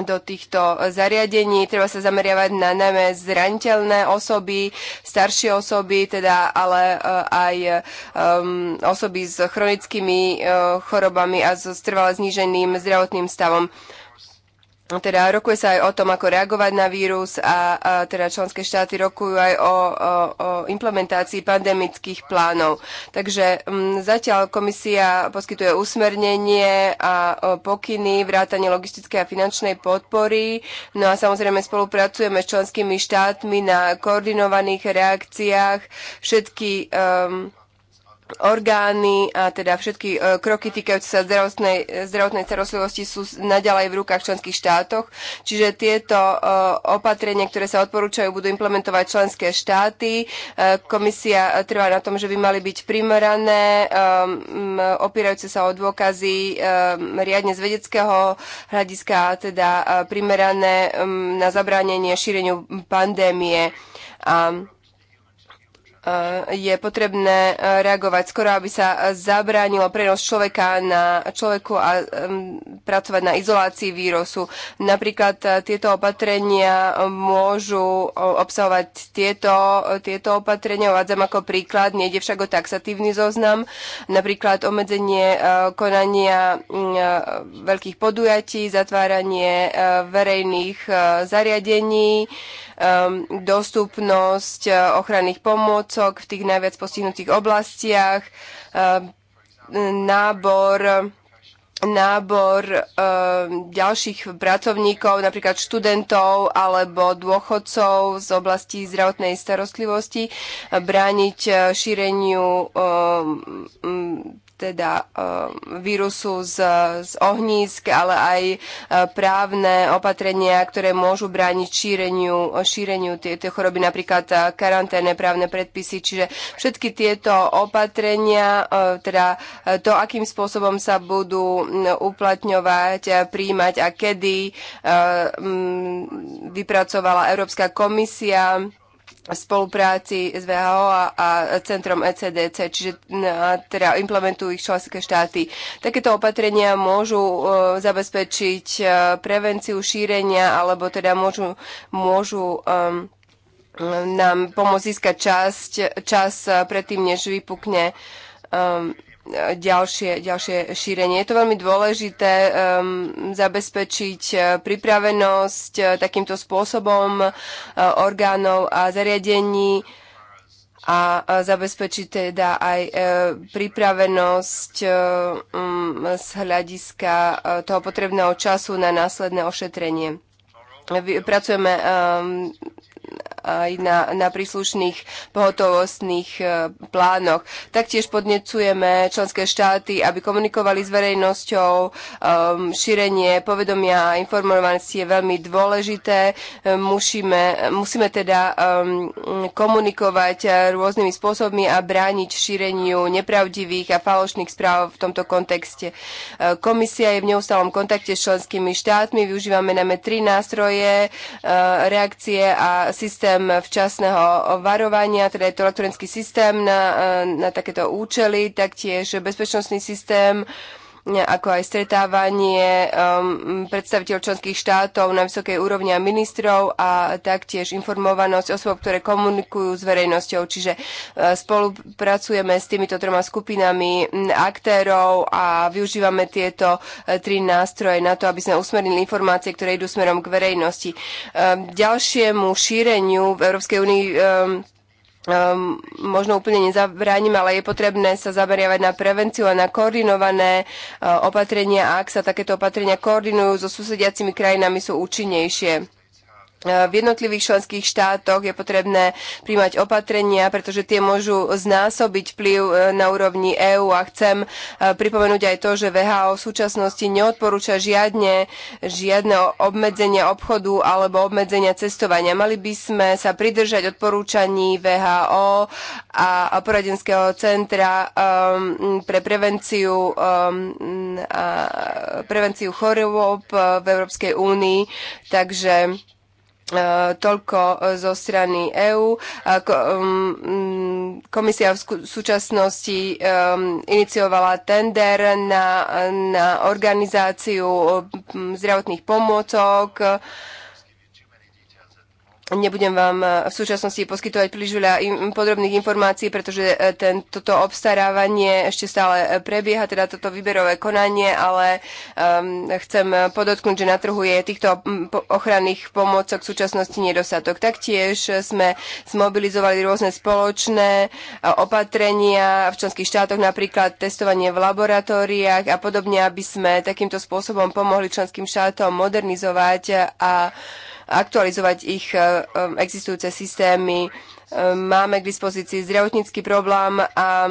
do týchto zariadení. Treba sa zameriavať na najmä zraniteľné osoby, staršie osoby, teda ale e, aj um, osoby s chronickými uh, chorobami a s trvale zníženým zdravotným stavom. Uh, teda rokuje sa aj o tom, ako reagovať na vírus a, a teda členské štáty rokujú aj o, o, o implementácii pandemických plánov. Takže m, mm, zatiaľ komisia poskytuje usmernenie a o, pokyny, vrátanie logistickej a finančnej podpory. No a samozrejme spolupracujeme s členskými štátmi na koordinovaných reakciách. Všetky um, orgány a teda všetky e, kroky týkajúce sa zdravotnej, zdravotnej starostlivosti sú naďalej v rukách členských štátoch. Čiže tieto e, opatrenia, ktoré sa odporúčajú, budú implementovať členské štáty. E, komisia trvá na tom, že by mali byť primerané, opierajúce sa o dôkazy riadne z vedeckého hľadiska, teda primerané na zabránenie šíreniu pandémie. A Eh, je potrebné eh, reagovať skoro, aby sa zabránilo prenos človeka na človeku a pracovať na izolácii vírusu. Napríklad eh, tieto opatrenia môžu obsahovať tieto, tieto opatrenia, uvádzam ako príklad, nejde však o taxatívny zoznam, napríklad obmedzenie konania mm, veľkých podujatí, zatváranie verejných zariadení, dostupnosť ochranných pomôcok, pomôcok v tých najviac postihnutých oblastiach, eh, nábor nábor e, ďalších pracovníkov, napríklad študentov alebo dôchodcov z oblasti zdravotnej starostlivosti, eh, brániť šíreniu e, teda eh, vírusu z, z ohnízk, ale aj eh, právne opatrenia, ktoré môžu brániť šíreniu, šíreniu tejto choroby, napríklad eh, karanténne právne predpisy. Čiže všetky tieto opatrenia, teda to, akým spôsobom sa budú mm, uplatňovať, príjmať a kedy mm, vypracovala Európska komisia spolupráci s VHO a, a centrom ECDC, čiže na, teda implementujú ich členské štáty. Takéto opatrenia môžu uh, zabezpečiť uh, prevenciu šírenia, alebo teda môžu, môžu um, nám pomôcť získať časť, čas predtým, než vypukne um, ďalšie, ďalšie šírenie. Je to veľmi dôležité um, zabezpečiť uh, pripravenosť uh, takýmto spôsobom uh, orgánov a zariadení a zabezpečiť teda aj e, pripravenosť e, m, um, z hľadiska e, toho potrebného času na následné ošetrenie. Pracujeme um, aj na, na príslušných pohotovostných e, plánoch. Taktiež podnecujeme členské štáty, aby komunikovali s verejnosťou. Um, šírenie povedomia a informovanosti je veľmi dôležité. E, musíme, musíme teda um, komunikovať rôznymi spôsobmi a brániť šíreniu nepravdivých a falošných správ v tomto kontexte. Komisia je v neustálom kontakte s členskými štátmi. Využívame najmä tri nástroje, reakcie a systém systém včasného varovania, teda je to elektronický systém na, eh, na takéto účely, taktiež bezpečnostný systém, ako aj stretávanie um, predstaviteľ členských štátov na vysokej úrovni a ministrov a taktiež informovanosť osôb, ktoré komunikujú s verejnosťou. Čiže uh, spolupracujeme s týmito troma skupinami aktérov a využívame tieto uh, tri nástroje na to, aby sme usmernili informácie, ktoré idú smerom k verejnosti. Um, ďalšiemu šíreniu v Európskej únii um, um, možno úplne nezabránim, ale je potrebné sa zameriavať na prevenciu a na koordinované uh, opatrenia. ak sa takéto opatrenia koordinujú so susediacimi krajinami, sú účinnejšie. E, v jednotlivých členských štátoch je potrebné príjmať opatrenia, pretože tie môžu znásobiť vplyv e, na úrovni EÚ a chcem e, pripomenúť aj to, že VHO v súčasnosti neodporúča žiadne, žiadne obmedzenia obchodu alebo obmedzenia cestovania. Mali by sme sa pridržať odporúčaní VHO a poradenského centra um, pre prevenciu, um, a prevenciu chorôb v Európskej únii, takže Eh, toľko eh, zo strany EÚ. Mm, mm, komisia v súčasnosti ehm, iniciovala tender na, na organizáciu eh, zdravotných pomôcok Nebudem vám e, v súčasnosti poskytovať príliš veľa podrobných informácií, pretože e, ten, toto obstarávanie ešte stále e, prebieha, teda toto výberové konanie, ale um, chcem podotknúť, že na trhu je týchto ochranných pomocok v súčasnosti nedostatok. Taktiež sme zmobilizovali rôzne spoločné opatrenia v členských štátoch, napríklad testovanie v laboratóriách a podobne, aby sme takýmto spôsobom pomohli členským štátom modernizovať a aktualizovať ich e, e, existujúce systémy. E, máme k dispozícii zdravotnícky problém a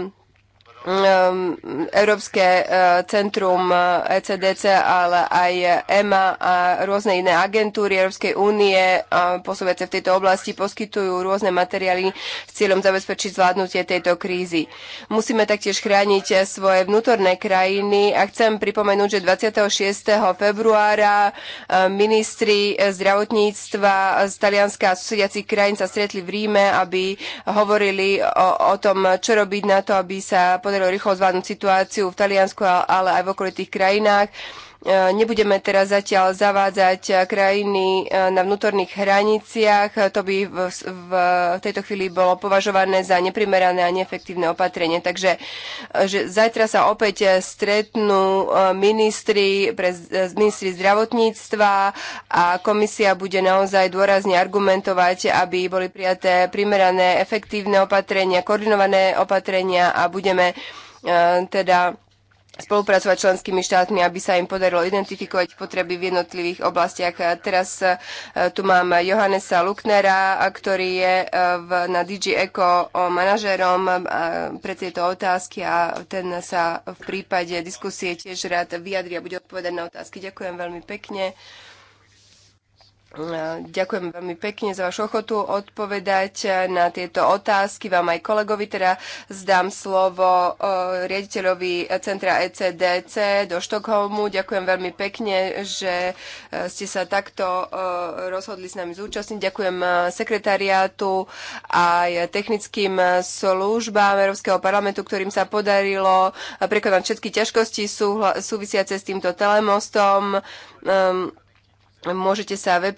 Ehm, Európske e, centrum ECDC, e ale aj EMA a rôzne iné agentúry Európskej únie e, posúbece v tejto oblasti poskytujú rôzne materiály s cieľom zabezpečiť zvládnutie tejto krízy. Musíme taktiež chrániť svoje vnútorné krajiny a chcem pripomenúť, že 26. februára ministri zdravotníctva z Talianska a susediacich krajín sa stretli v Ríme, aby hovorili o, o tom, čo robiť na to, aby sa podarilo rýchlo zvládnuť situáciu v Taliansku, ale aj v okolitých krajinách. E, nebudeme teraz zatiaľ zavádzať e, krajiny e, na vnútorných hraniciach. To by v, v tejto chvíli bolo považované za neprimerané a neefektívne opatrenie. Takže že zajtra sa opäť stretnú ministri, pre, ministri zdravotníctva a komisia bude naozaj dôrazne argumentovať, aby boli prijaté primerané efektívne opatrenia, koordinované opatrenia a budeme teda spolupracovať členskými štátmi, aby sa im podarilo identifikovať potreby v jednotlivých oblastiach. A teraz e, tu mám Johannesa Luknera, ktorý je e, v, na DG Eco manažerom e, pre tieto otázky a ten sa v prípade diskusie tiež rád vyjadri a bude odpovedať na otázky. Ďakujem veľmi pekne. Ďakujem veľmi pekne za vašu ochotu odpovedať na tieto otázky. Vám aj kolegovi teda zdám slovo e, riaditeľovi centra ECDC do Štokholmu. Ďakujem veľmi pekne, že e, ste sa takto e, rozhodli s nami zúčastniť. Ďakujem sekretariátu aj technickým službám Európskeho parlamentu, ktorým sa podarilo prekonať všetky ťažkosti súvisiace s týmto telemostom ehm, Môžete sa web,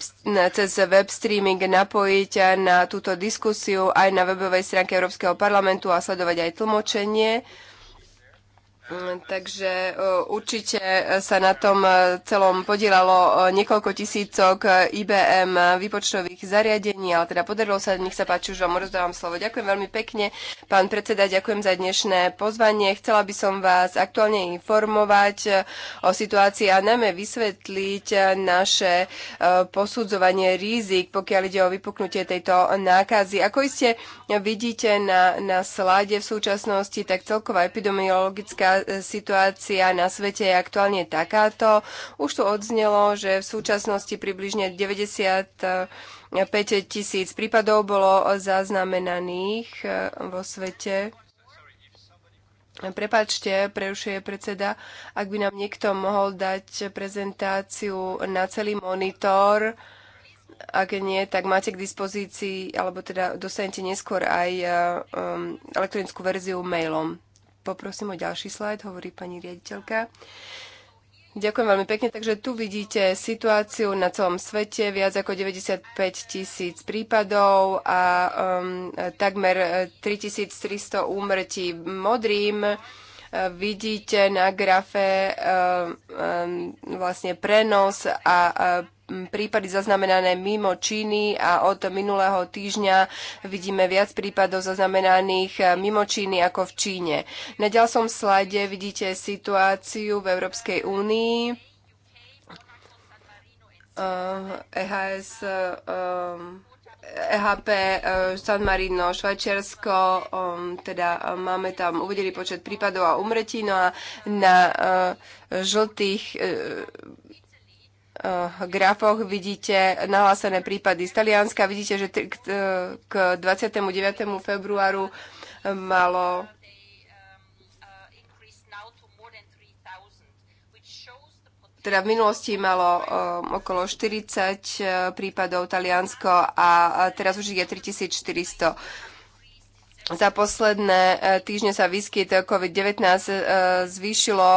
cez web streaming napojiť na túto diskusiu aj na webovej stránke Európskeho parlamentu a sledovať aj tlmočenie. Mm, takže e, určite sa na tom e, celom podielalo e, niekoľko tisícok IBM výpočtových zariadení, ale teda podarilo sa, nech sa páči, už vám rozdávam slovo. Ďakujem veľmi pekne, pán predseda, ďakujem za dnešné pozvanie. Chcela by som vás aktuálne informovať o situácii a najmä vysvetliť naše posudzovanie rizik, pokiaľ ide o vypuknutie tejto nákazy. Ako iste vidíte na, na v súčasnosti, tak celková epidemiologická situácia na svete je aktuálne takáto. Už tu odznelo, že v súčasnosti približne 90 5 tisíc prípadov bolo zaznamenaných e, vo svete. Prepačte, prerušuje predseda, ak by nám niekto mohol dať prezentáciu na celý monitor, ak nie, tak máte k dispozícii, alebo teda dostanete neskôr aj e, um, elektronickú verziu mailom poprosím o ďalší slajd, hovorí pani riaditeľka. Ďakujem veľmi pekne. Takže tu vidíte situáciu na celom svete, viac ako 95 tisíc prípadov a um, takmer 3300 eh, úmrtí modrým vidíte na grafe eh, eh, vlastne prenos a eh, prípady zaznamenané mimo Číny a od minulého týždňa vidíme viac prípadov zaznamenaných mimo Číny ako v Číne. Na ďalšom slajde vidíte situáciu v Európskej únii. EHS e EHP, e, San Marino, Švajčiarsko, e, teda e, máme tam, uvedený počet prípadov a umretí, no a na žltých grafoch vidíte nahlásené prípady z Talianska. Vidíte, že k 29. februáru malo teda v minulosti malo um, okolo 40 uh, prípadov Taliansko a teraz už je 3400. Za posledné uh, týždne sa výskyt COVID-19 uh, zvýšilo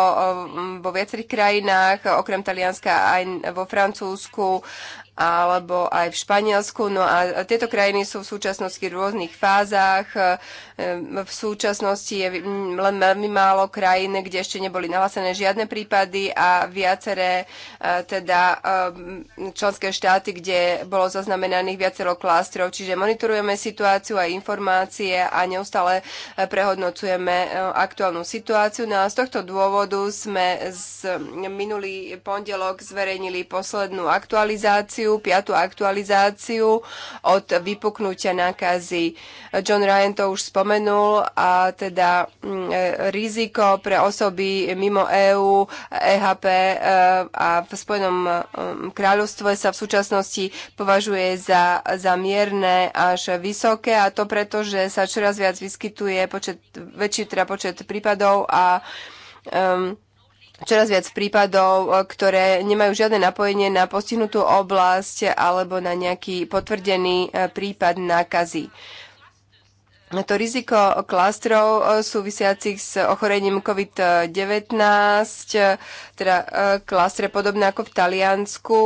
vo viacerých krajinách, okrem Talianska aj vo Francúzsku alebo aj v Španielsku. No a tieto krajiny sú v súčasnosti v rôznych fázach. E, v súčasnosti je len veľmi málo krajín, kde ešte neboli nahlásené žiadne prípady a viaceré e, teda e, členské štáty, kde bolo zaznamenaných viacero klástrov. Čiže monitorujeme situáciu a informácie a neustále prehodnocujeme aktuálnu situáciu. No a z tohto dôvodu sme z minulý pondelok zverejnili poslednú aktualizáciu aktualizáciu, piatú aktualizáciu od vypuknutia nákazy. John Ryan to už spomenul a teda mm, e, riziko pre osoby mimo EÚ, EHP e, a v Spojenom mm, kráľovstve sa v súčasnosti považuje za, za mierne až vysoké a to preto, že sa čoraz viac vyskytuje počet, väčší teda počet prípadov a um, čoraz viac prípadov, e, ktoré nemajú žiadne napojenie na postihnutú oblasť alebo na nejaký potvrdený e, prípad nákazy. To riziko klastrov e, súvisiacich s ochorením COVID-19, teda klastre podobné ako v Taliansku,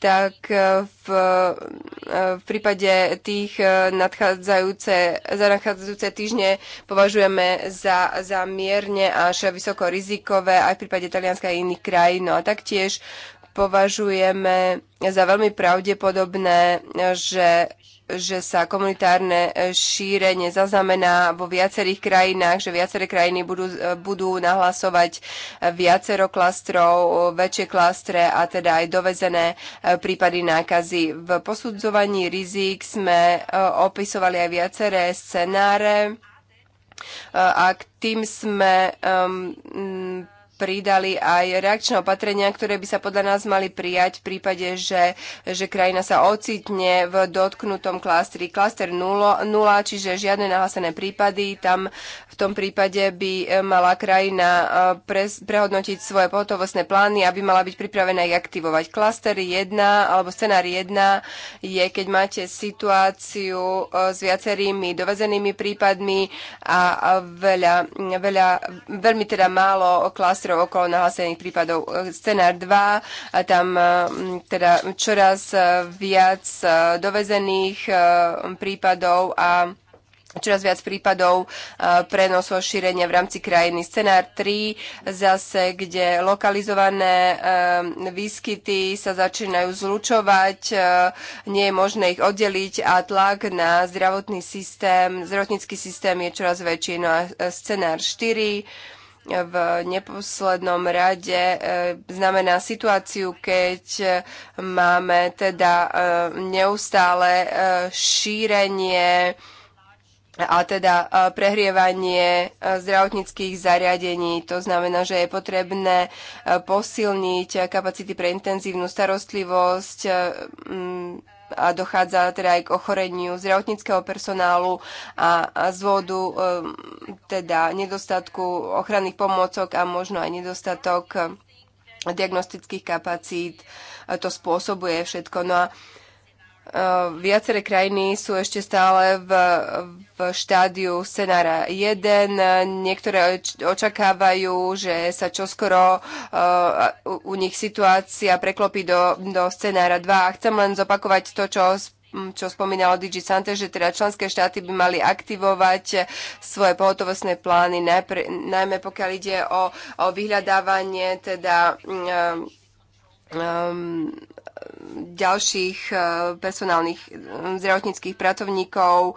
tak eh, v, eh, v prípade tých eh, nadchádzajúce, za nadchádzajúce týždne považujeme za, za mierne až vysoko rizikové aj v prípade Talianska a iných krajín. No a taktiež považujeme za veľmi pravdepodobné, že že sa komunitárne e, šírenie zaznamená vo viacerých krajinách, že viaceré krajiny budú, e, budú nahlasovať e, viacero klastrov, väčšie klastre a teda aj dovezené prípady nákazy. V posudzovaní rizik sme opisovali aj viaceré scenáre a k tým sme um, pridali aj reakčné opatrenia, ktoré by sa podľa nás mali prijať v prípade, že, že krajina sa ocitne v dotknutom klastri. Klaster 0, čiže žiadne nahlasené prípady. Tam v tom prípade by e, mala krajina e, pre, prehodnotiť svoje pohotovostné plány, aby mala byť pripravená ich aktivovať. Klaster 1 alebo scenár 1 je, keď máte situáciu e, s viacerými dovezenými prípadmi a veľa, veľa veľmi teda málo klaster ministrov okolo nahlásených prípadov. E, scenár 2, a tam e, teda čoraz e, viac dovezených prípadov a čoraz viac prípadov a šírenia v rámci krajiny. Scenár 3 zase, kde lokalizované výskyty sa začínajú zlučovať, nie je možné ich oddeliť a tlak na zdravotný systém, zdravotnícky systém je čoraz väčší. No a scenár 4 v neposlednom rade e, znamená situáciu, keď e, máme teda e, neustále šírenie a teda prehrievanie zdravotníckých zariadení. To znamená, že je potrebné posilniť kapacity pre intenzívnu starostlivosť a dochádza teda aj k ochoreniu zdravotníckého personálu a, a z vodu e, um, teda nedostatku ochranných pomôcok a možno aj nedostatok diagnostických kapacít. A to spôsobuje všetko. No a Eh, viaceré krajiny sú ešte stále v, v štádiu scenára 1. Niektoré očakávajú, že sa čoskoro uh, u, u nich situácia preklopí do, do scenára 2. A chcem len zopakovať to, čo čo spomínalo DG Sante, že teda členské štáty by mali aktivovať svoje pohotovostné plány, najpr- najmä pokiaľ ide o, o vyhľadávanie teda um, um, ďalších eh, personálnych eh, zdravotníckých pracovníkov, eh,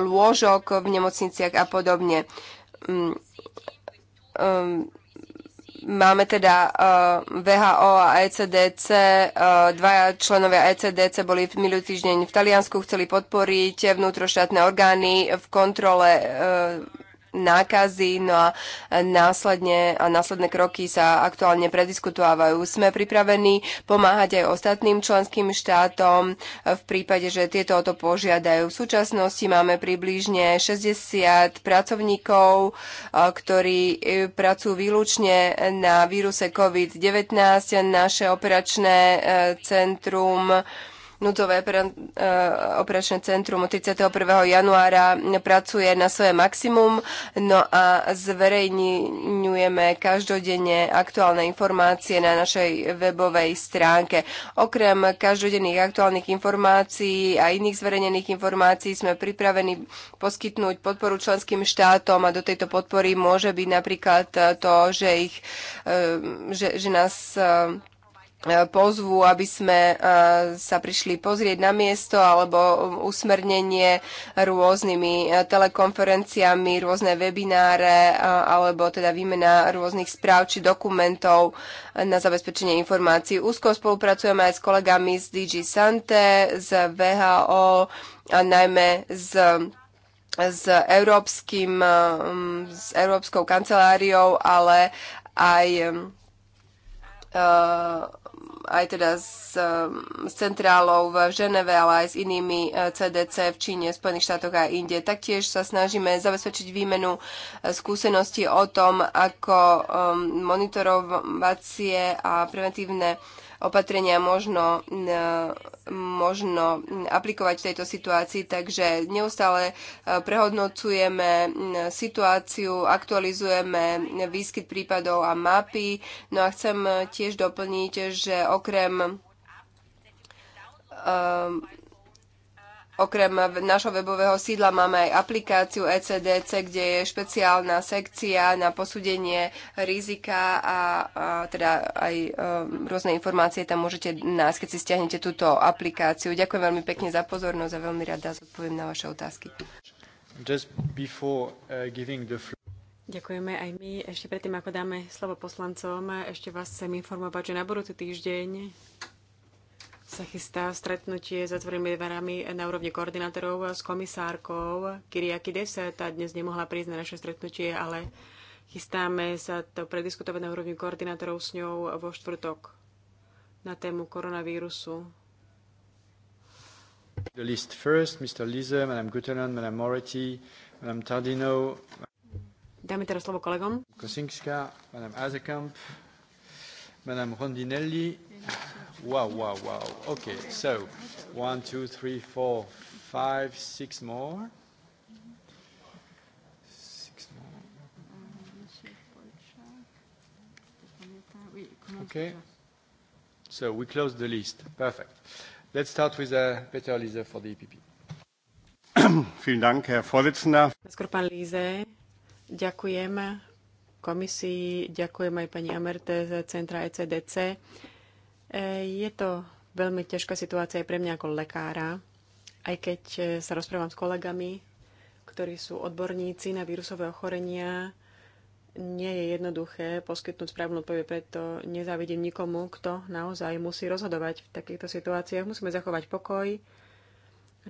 lôžok v nemocniciach a podobne. Mm, ehm, máme teda VHO a ECDC, dvaja členovia ECDC boli minulý týždeň v Taliansku, chceli podporiť vnútroštátne orgány v kontrole nákazy, no a následne a následné kroky sa aktuálne prediskutovávajú. Sme pripravení pomáhať aj ostatným členským štátom v prípade, že tieto o to požiadajú. V súčasnosti máme približne 60 pracovníkov, ktorí e, pracujú výlučne na víruse COVID-19. Naše operačné e, centrum núdzové eh, operačné centrum od 31. januára pracuje na svoje maximum, no a zverejňujeme každodenne aktuálne informácie na našej webovej stránke. Okrem každodenných aktuálnych informácií a iných zverejnených informácií sme pripravení poskytnúť podporu členským štátom a do tejto podpory môže byť napríklad eh, to, že ich eh, že, že nás E, pozvu, aby sme e, sa prišli pozrieť na miesto alebo usmernenie rôznymi e, telekonferenciami, rôzne webináre alebo teda výmena rôznych správ či dokumentov na zabezpečenie informácií. Úzko spolupracujeme aj s kolegami z DG Sante, z VHO a najmä z s, európskym, s európskou kanceláriou, ale aj uh, aj teda s, s centrálou v Ženeve, ale aj s inými CDC e, v Číne, Spojených štátoch a inde. Taktiež sa snažíme zabezpečiť výmenu e, skúseností o tom, ako e, monitorovacie a preventívne opatrenia možno, možno aplikovať v tejto situácii. Takže neustále e, prehodnocujeme situáciu, aktualizujeme výskyt prípadov a mapy. No a chcem e, tiež doplniť, že okrem um, Okrem našho webového sídla máme aj aplikáciu ECDC, kde je špeciálna sekcia na posúdenie rizika a, a teda aj um, rôzne informácie tam môžete nájsť, keď si stiahnete túto aplikáciu. Ďakujem veľmi pekne za pozornosť a veľmi rada zodpoviem na vaše otázky. Before, uh, Ďakujeme aj my. Ešte predtým, ako dáme slovo poslancom, ešte vás chcem informovať, že na budúci týždeň sa chystá stretnutie s otvorenými dverami na úrovni koordinátorov s komisárkou Kyriakides. Tá dnes nemohla prísť na naše stretnutie, ale chystáme sa to prediskutovať na úrovni koordinátorov s ňou vo štvrtok na tému koronavírusu. The list first, Mr. Lise, Madame Madame Moretti, Madame Tardino. Dáme teraz slovo kolegom. Kosinska, Madame Azekamp, Madame Rondinelli. Wow, wow, wow. Okay, so one, two, three, four, five, six more. Six more. Okay. So we close the list. Perfect. Let's start with uh, Peter Lise for the EPP. Vielen Dank, Herr Vorsitzender. Skôr pán ďakujem komisii, ďakujem aj pani Amerte z centra ECDC. E, je to veľmi ťažká situácia aj pre mňa ako lekára, aj keď e, sa rozprávam s kolegami, ktorí sú odborníci na vírusové ochorenia, nie je jednoduché poskytnúť správnu odpoveď, preto nezávidím nikomu, kto naozaj musí rozhodovať v takýchto situáciách. Musíme zachovať pokoj,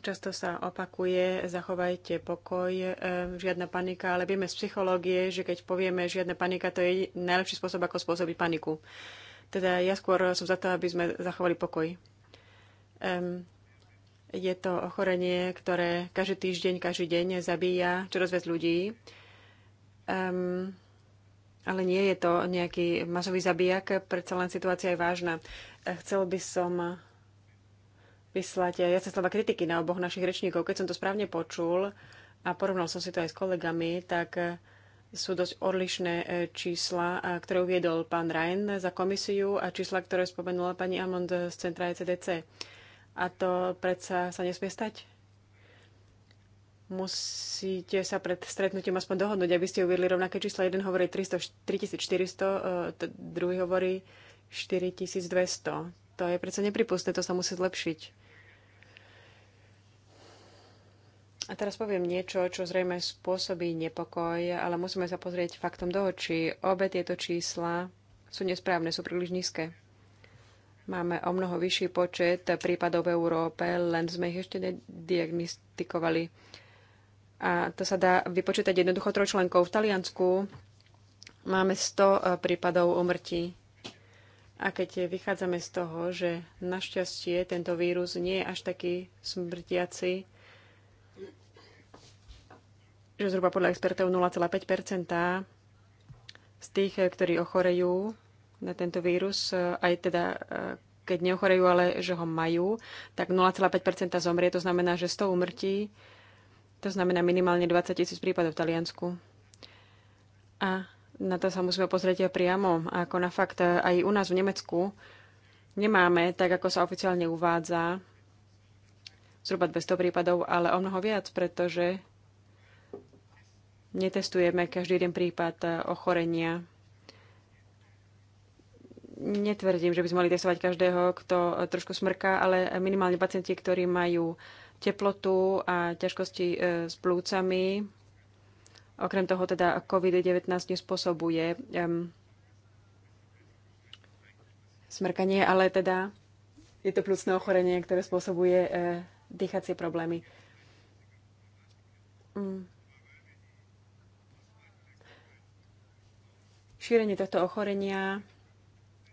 Často sa opakuje, zachovajte pokoj, e, žiadna panika, ale vieme z psychológie, že keď povieme žiadna panika, to je najlepší spôsob, ako spôsobiť paniku. Teda ja skôr som za to, aby sme zachovali pokoj. je to ochorenie, ktoré každý týždeň, každý deň zabíja čoraz viac ľudí. Um, ale nie je to nejaký masový zabijak, predsa len situácia je vážna. E, chcel by som vyslať ja sa slova kritiky na oboch našich rečníkov. Keď som to správne počul a porovnal som si to aj s kolegami, tak e, sú dosť odlišné e, čísla, e, ktoré uviedol pán Ryan za komisiu a čísla, ktoré spomenula pani Amond z centra ECDC. A to predsa sa nesmie stať? Musíte sa pred stretnutím aspoň dohodnúť, aby ste uviedli rovnaké čísla. Jeden hovorí 300, 3400, druhý hovorí 4200. To je predsa nepripustné, to sa musí zlepšiť. A teraz poviem niečo, čo zrejme spôsobí nepokoj, ale musíme sa pozrieť faktom do očí. Obe tieto čísla sú nesprávne, sú príliš nízke. Máme o mnoho vyšší počet prípadov v Európe, len sme ich ešte nediagnostikovali. A to sa dá vypočítať jednoducho trojčlenkou. V Taliansku máme 100 e, prípadov umrtí. A keď vychádzame z toho, že našťastie tento vírus nie je až taký smrtiaci, že zhruba podľa expertov 0,5 z tých, eh, ktorí ochorejú na tento vírus, eh, aj teda eh, keď neochorejú, ale že ho majú, tak 0,5 zomrie. To znamená, že 100 umrtí, to znamená minimálne 20 tisíc prípadov v Taliansku. A na to sa musíme pozrieť aj priamo, ako na fakt aj u nás v Nemecku nemáme, tak ako sa oficiálne uvádza, zhruba 200 prípadov, ale o mnoho viac, pretože netestujeme každý jeden prípad eh, ochorenia. Netvrdím, že by sme mali testovať každého, kto eh, trošku smrká, ale minimálne pacienti, ktorí majú teplotu a ťažkosti eh, s plúcami. Okrem toho teda COVID-19 nespôsobuje um, smrkanie, ale teda je to plúcne ochorenie, ktoré spôsobuje uh, dýchacie problémy. Mm šírenie tohto ochorenia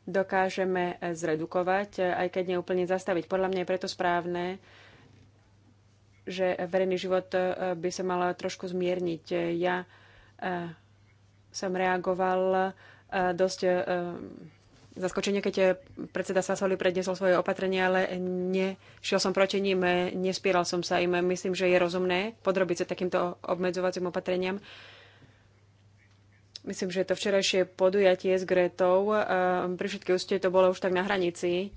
dokážeme zredukovať, aj keď neúplne zastaviť. Podľa mňa je preto správne, že verejný život eh, by sa mal trošku zmierniť. Ja eh, som reagoval eh, dosť zaskočenie, keď predseda Sasoli predniesol svoje opatrenie, ale nešiel som proti ním, nespieral som sa im. Myslím, že je rozumné podrobiť sa takýmto obmedzovacím opatreniam. Myslím, že to včerajšie podujatie s Gretou, eh, pri všetkej úste to bolo už tak na hranici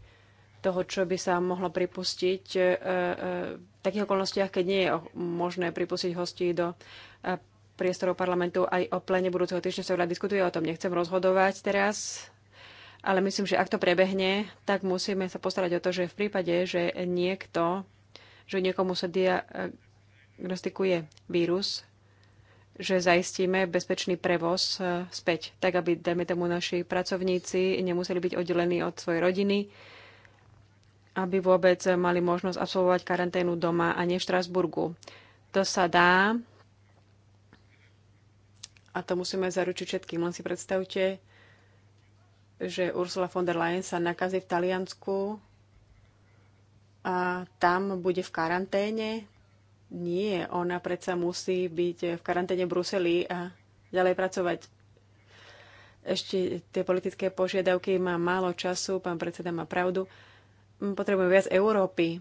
toho, čo by sa mohlo pripustiť eh, eh, v takých okolnostiach, keď nie je možné pripustiť hostí do priestorov parlamentu. Aj o plene budúceho týždňa sa veľa diskutuje, o tom nechcem rozhodovať teraz, ale myslím, že ak to prebehne, tak musíme sa postarať o to, že v prípade, že niekto, že niekomu sa diagnostikuje vírus, že zaistíme bezpečný prevoz e, späť, tak aby, dajme tomu, naši pracovníci nemuseli byť oddelení od svojej rodiny, aby vôbec mali možnosť absolvovať karanténu doma a nie v Štrasburgu. To sa dá a to musíme zaručiť všetkým. Len si predstavte, že Ursula von der Leyen sa nakazí v Taliansku a tam bude v karanténe, nie, ona predsa musí byť v karanténe v Bruseli a ďalej pracovať. Ešte tie politické požiadavky má málo času, pán predseda má pravdu. Mm, potrebujeme viac Európy.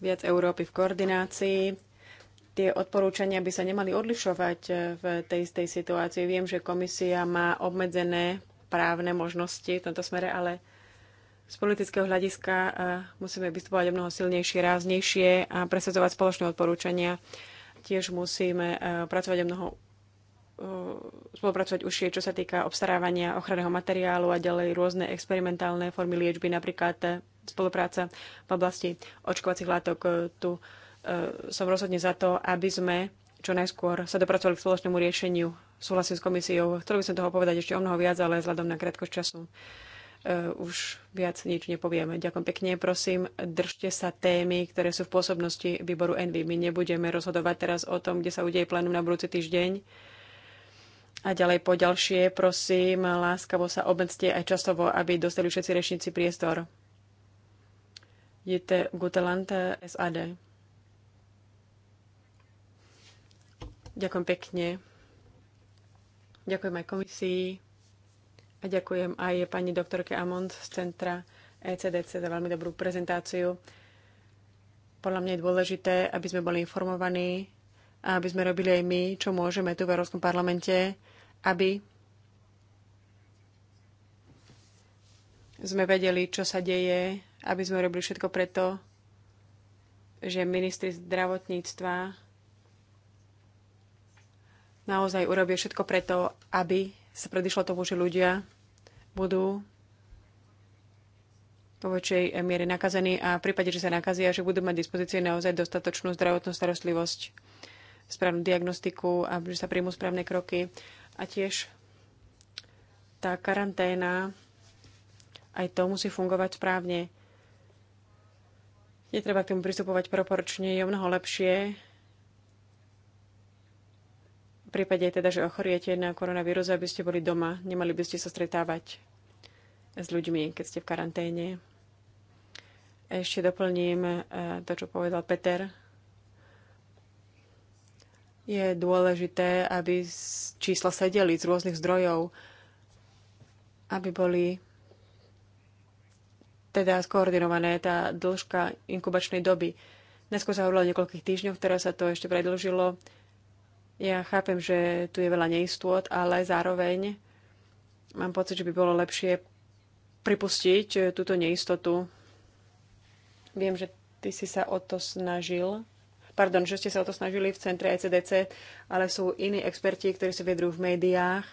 Viac Európy v koordinácii. Tie odporúčania by sa nemali odlišovať eh, v tej istej situácii. Viem, že komisia má obmedzené právne možnosti v tomto smere, ale z politického hľadiska e, musíme vystupovať o mnoho silnejšie, ráznejšie a presadzovať spoločné odporúčania. Tiež musíme e, pracovať o mnoho e, spolupracovať užšie, čo sa týka obstarávania ochranného materiálu a ďalej rôzne experimentálne formy liečby, napríklad spolupráca v oblasti očkovacích látok. Tu som rozhodne za to, aby sme čo najskôr sa dopracovali k spoločnému riešeniu. Súhlasím s komisiou. Chcel by som toho povedať ešte o mnoho viac, ale vzhľadom na krátkosť času Eh, už viac nič nepovieme. Ďakujem pekne. Prosím, držte sa témy, ktoré sú v pôsobnosti výboru Envy. My nebudeme rozhodovať teraz o tom, kde sa udeje plénum na budúci týždeň. A ďalej po ďalšie, prosím, láskavo sa obmedzte aj časovo, aby dostali všetci rečníci priestor. Jete Gutelante SAD. Ďakujem pekne. Ďakujem aj komisii. A ďakujem aj pani doktorke Amond z Centra ECDC za veľmi dobrú prezentáciu. Podľa mňa je dôležité, aby sme boli informovaní a aby sme robili aj my, čo môžeme tu v Európskom parlamente, aby sme vedeli, čo sa deje, aby sme robili všetko preto, že ministri zdravotníctva naozaj urobia všetko preto, aby sa predišlo tomu, že ľudia budú vo väčšej miere nakazení a v prípade, že sa nakazia, že budú mať dispozície naozaj dostatočnú zdravotnú starostlivosť, správnu diagnostiku a že sa príjmu správne kroky. A tiež tá karanténa, aj to musí fungovať správne. Netreba k tomu pristupovať proporčne, je mnoho lepšie v prípade teda, že ochoriete na koronavírus, aby ste boli doma, nemali by ste sa stretávať s ľuďmi, keď ste v karanténe. Ešte doplním eh, to, čo povedal Peter. Je dôležité, aby čísla sedeli z rôznych zdrojov, aby boli teda skoordinované tá dĺžka inkubačnej doby. Dnes sa hovorilo o niekoľkých týždňoch, teraz sa to ešte predlžilo ja chápem, že tu je veľa neistôt, ale zároveň mám pocit, že by bolo lepšie pripustiť eh, túto neistotu. Viem, že ty si sa o to snažil. Pardon, že ste sa o to snažili v centre ECDC, ale sú iní experti, ktorí sa vedrú v médiách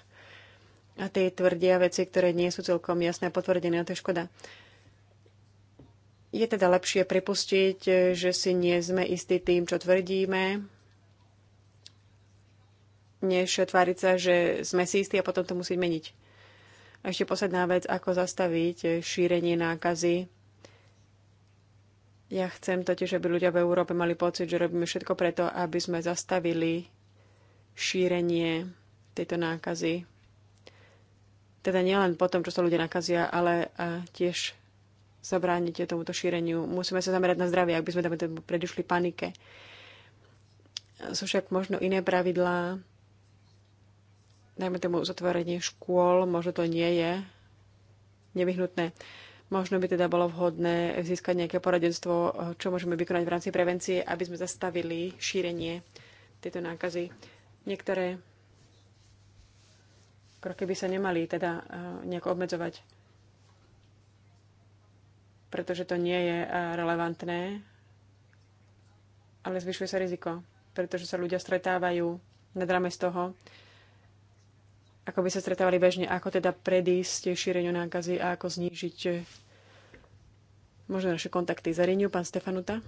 a tie tvrdia veci, ktoré nie sú celkom jasné a potvrdené, a to je škoda. Je teda lepšie pripustiť, eh, že si nie sme istí tým, čo tvrdíme, než tváriť sa, že sme si istí a potom to musí meniť. A ešte posledná vec, ako zastaviť šírenie nákazy. Ja chcem totiž, aby ľudia v Európe mali pocit, že robíme všetko preto, aby sme zastavili šírenie tejto nákazy. Teda nielen po tom, čo sa ľudia nakazia, ale tiež zabránite tomuto šíreniu. Musíme sa zamerať na zdravie, aby sme tam predišli panike sú však možno iné pravidlá, najmä tomu uzatvorenie škôl, možno to nie je nevyhnutné. Možno by teda bolo vhodné získať nejaké poradenstvo, čo môžeme vykonať v rámci prevencie, aby sme zastavili šírenie tejto nákazy. Niektoré kroky by sa nemali teda eh, nejako obmedzovať, pretože to nie je eh, relevantné, ale zvyšuje sa riziko, pretože sa ľudia stretávajú nad rámec toho, ako by sa stretávali bežne, ako teda predísť šíreniu nákazy a ako znížiť eh, možno naše kontakty. Zariňu, pán Stefanuta.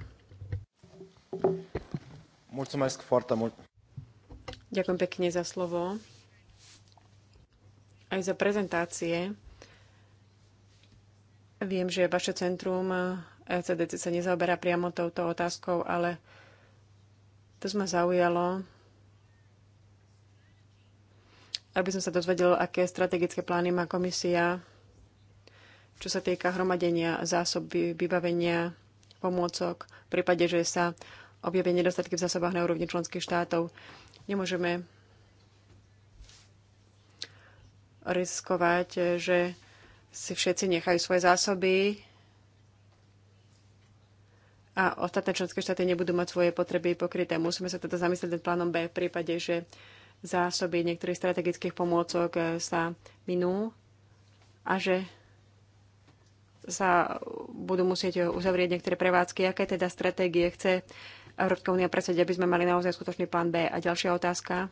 Ďakujem pekne za slovo. Aj za prezentácie. Viem, že vaše centrum ECDC eh, e sa nezaoberá priamo touto otázkou, ale to sme zaujalo aby som sa dozvedel, aké strategické plány má komisia, čo sa týka hromadenia zásob, vybavenia, pomôcok, v prípade, že sa objavia nedostatky v zásobách na úrovni členských štátov. Nemôžeme riskovať, že si všetci nechajú svoje zásoby a ostatné členské štáty nebudú mať svoje potreby pokryté. Musíme sa teda zamyslieť nad plánom B v prípade, že zásoby niektorých strategických pomôcok eh, sa minú a že sa budú musieť eh, uzavrieť niektoré prevádzky. Aké teda stratégie chce Európska únia presadiť, aby sme mali naozaj skutočný plán B? A ďalšia otázka.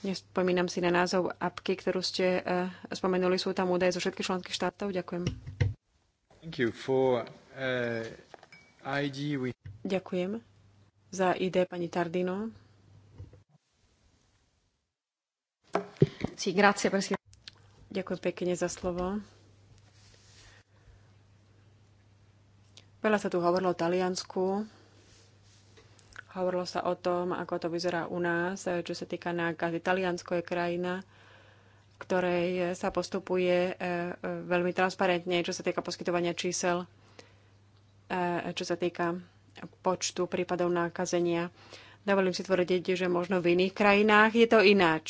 Nespomínam si na názov apky, ktorú ste uh, spomenuli. Sú tam údaje zo všetkých členských štátov. Ďakujem. Thank you for, uh, ID we... Ďakujem za ID pani Tardino. grazie, presidente. Ďakujem pekne za slovo. Veľa sa tu hovorilo o Taliansku. Hovorilo sa o tom, ako to vyzerá u nás, čo sa týka nákazy. Taliansko je krajina, ktorej sa postupuje e, e, veľmi transparentne, čo sa týka poskytovania čísel, e, čo sa týka počtu prípadov nákazenia. Dovolím si tvrdiť, že možno v iných krajinách je to ináč.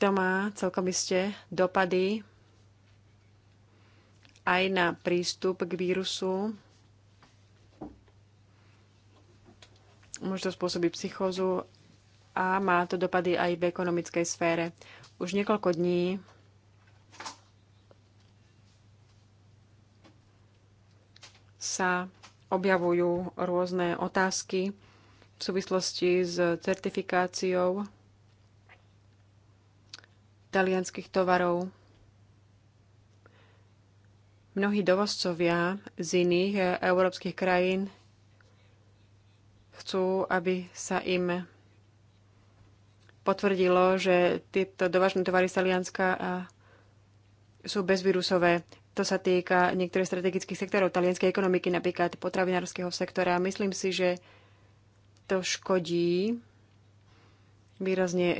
To má celkom iste dopady aj na prístup k vírusu. Môže to spôsobiť psychózu a má to dopady aj v ekonomickej sfére. Už niekoľko dní sa objavujú rôzne otázky v súvislosti s certifikáciou talianských tovarov. Mnohí dovozcovia z iných eh, európskych krajín chcú, aby sa im potvrdilo, že tieto dovážne tovary z Talianska eh, sú bezvírusové. To sa týka niektorých strategických sektorov talianskej ekonomiky, napríklad potravinárskeho sektora. Myslím si, že to škodí výrazne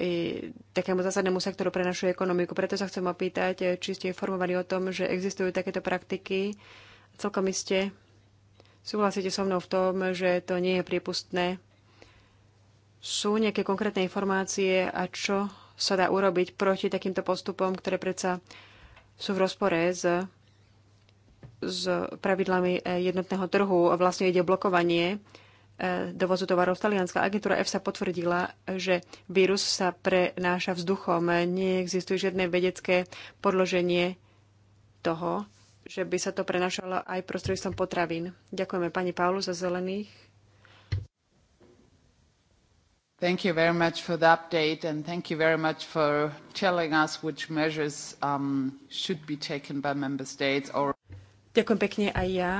takému zásadnému sektoru pre našu ekonomiku. Preto sa chcem opýtať, či ste informovali o tom, že existujú takéto praktiky. Celkom iste súhlasíte so mnou v tom, že to nie je priepustné. Sú nejaké konkrétne informácie a čo sa dá urobiť proti takýmto postupom, ktoré predsa sú v rozpore s, s pravidlami jednotného trhu. Vlastne ide o blokovanie dovozu tovarov z Talianska. Agentúra EFSA potvrdila, že vírus sa prenáša vzduchom. Neexistuje žiadne vedecké podloženie toho, že by sa to prenášalo aj prostredstvom potravín. Ďakujeme pani Paulu za zelených. Thank you very much for the update and thank you very much for telling us which measures um, should be taken by member states or Ďakujem pekne aj ja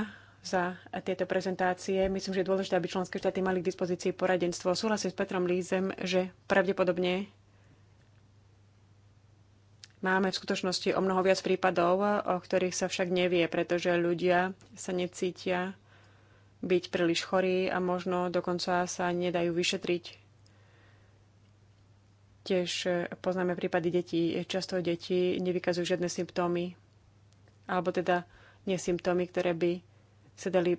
za tieto prezentácie. Myslím, že je dôležité, aby členské štáty mali k dispozícii poradenstvo. Súhlasím s Petrom Lízem, že pravdepodobne máme v skutočnosti o mnoho viac prípadov, o ktorých sa však nevie, pretože ľudia sa necítia byť príliš chorí a možno dokonca sa nedajú vyšetriť. Tiež poznáme prípady detí. Často deti nevykazujú žiadne symptómy, alebo teda nie symptómy, ktoré by sa dali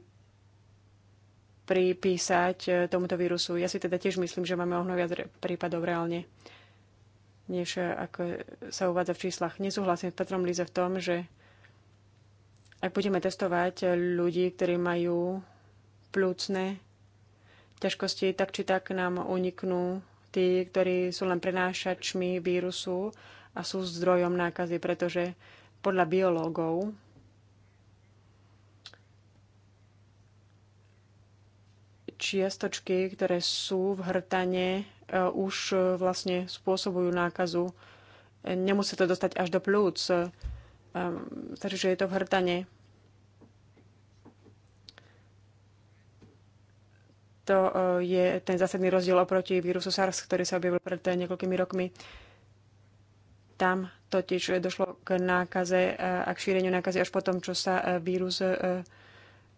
pripísať e, tomuto vírusu. Ja si teda tiež myslím, že máme o mnoho viac prípadov reálne, než e, ako sa uvádza v číslach. Nesúhlasím s Petrom Líze v tom, že ak budeme testovať e, ľudí, ktorí majú plúcne ťažkosti, tak či tak nám uniknú tí, ktorí sú len prenášačmi vírusu a sú zdrojom nákazy, pretože podľa biológov čiastočky, ktoré sú v hrtane, e, už e, vlastne spôsobujú nákazu. E, Nemusí to dostať až do plúc, takže je to v hrtane. To je ten zásadný rozdiel oproti vírusu SARS, ktorý sa objavil pred niekoľkými rokmi. Tam totiž došlo k nákaze a k šíreniu nákazy až potom, čo sa vírus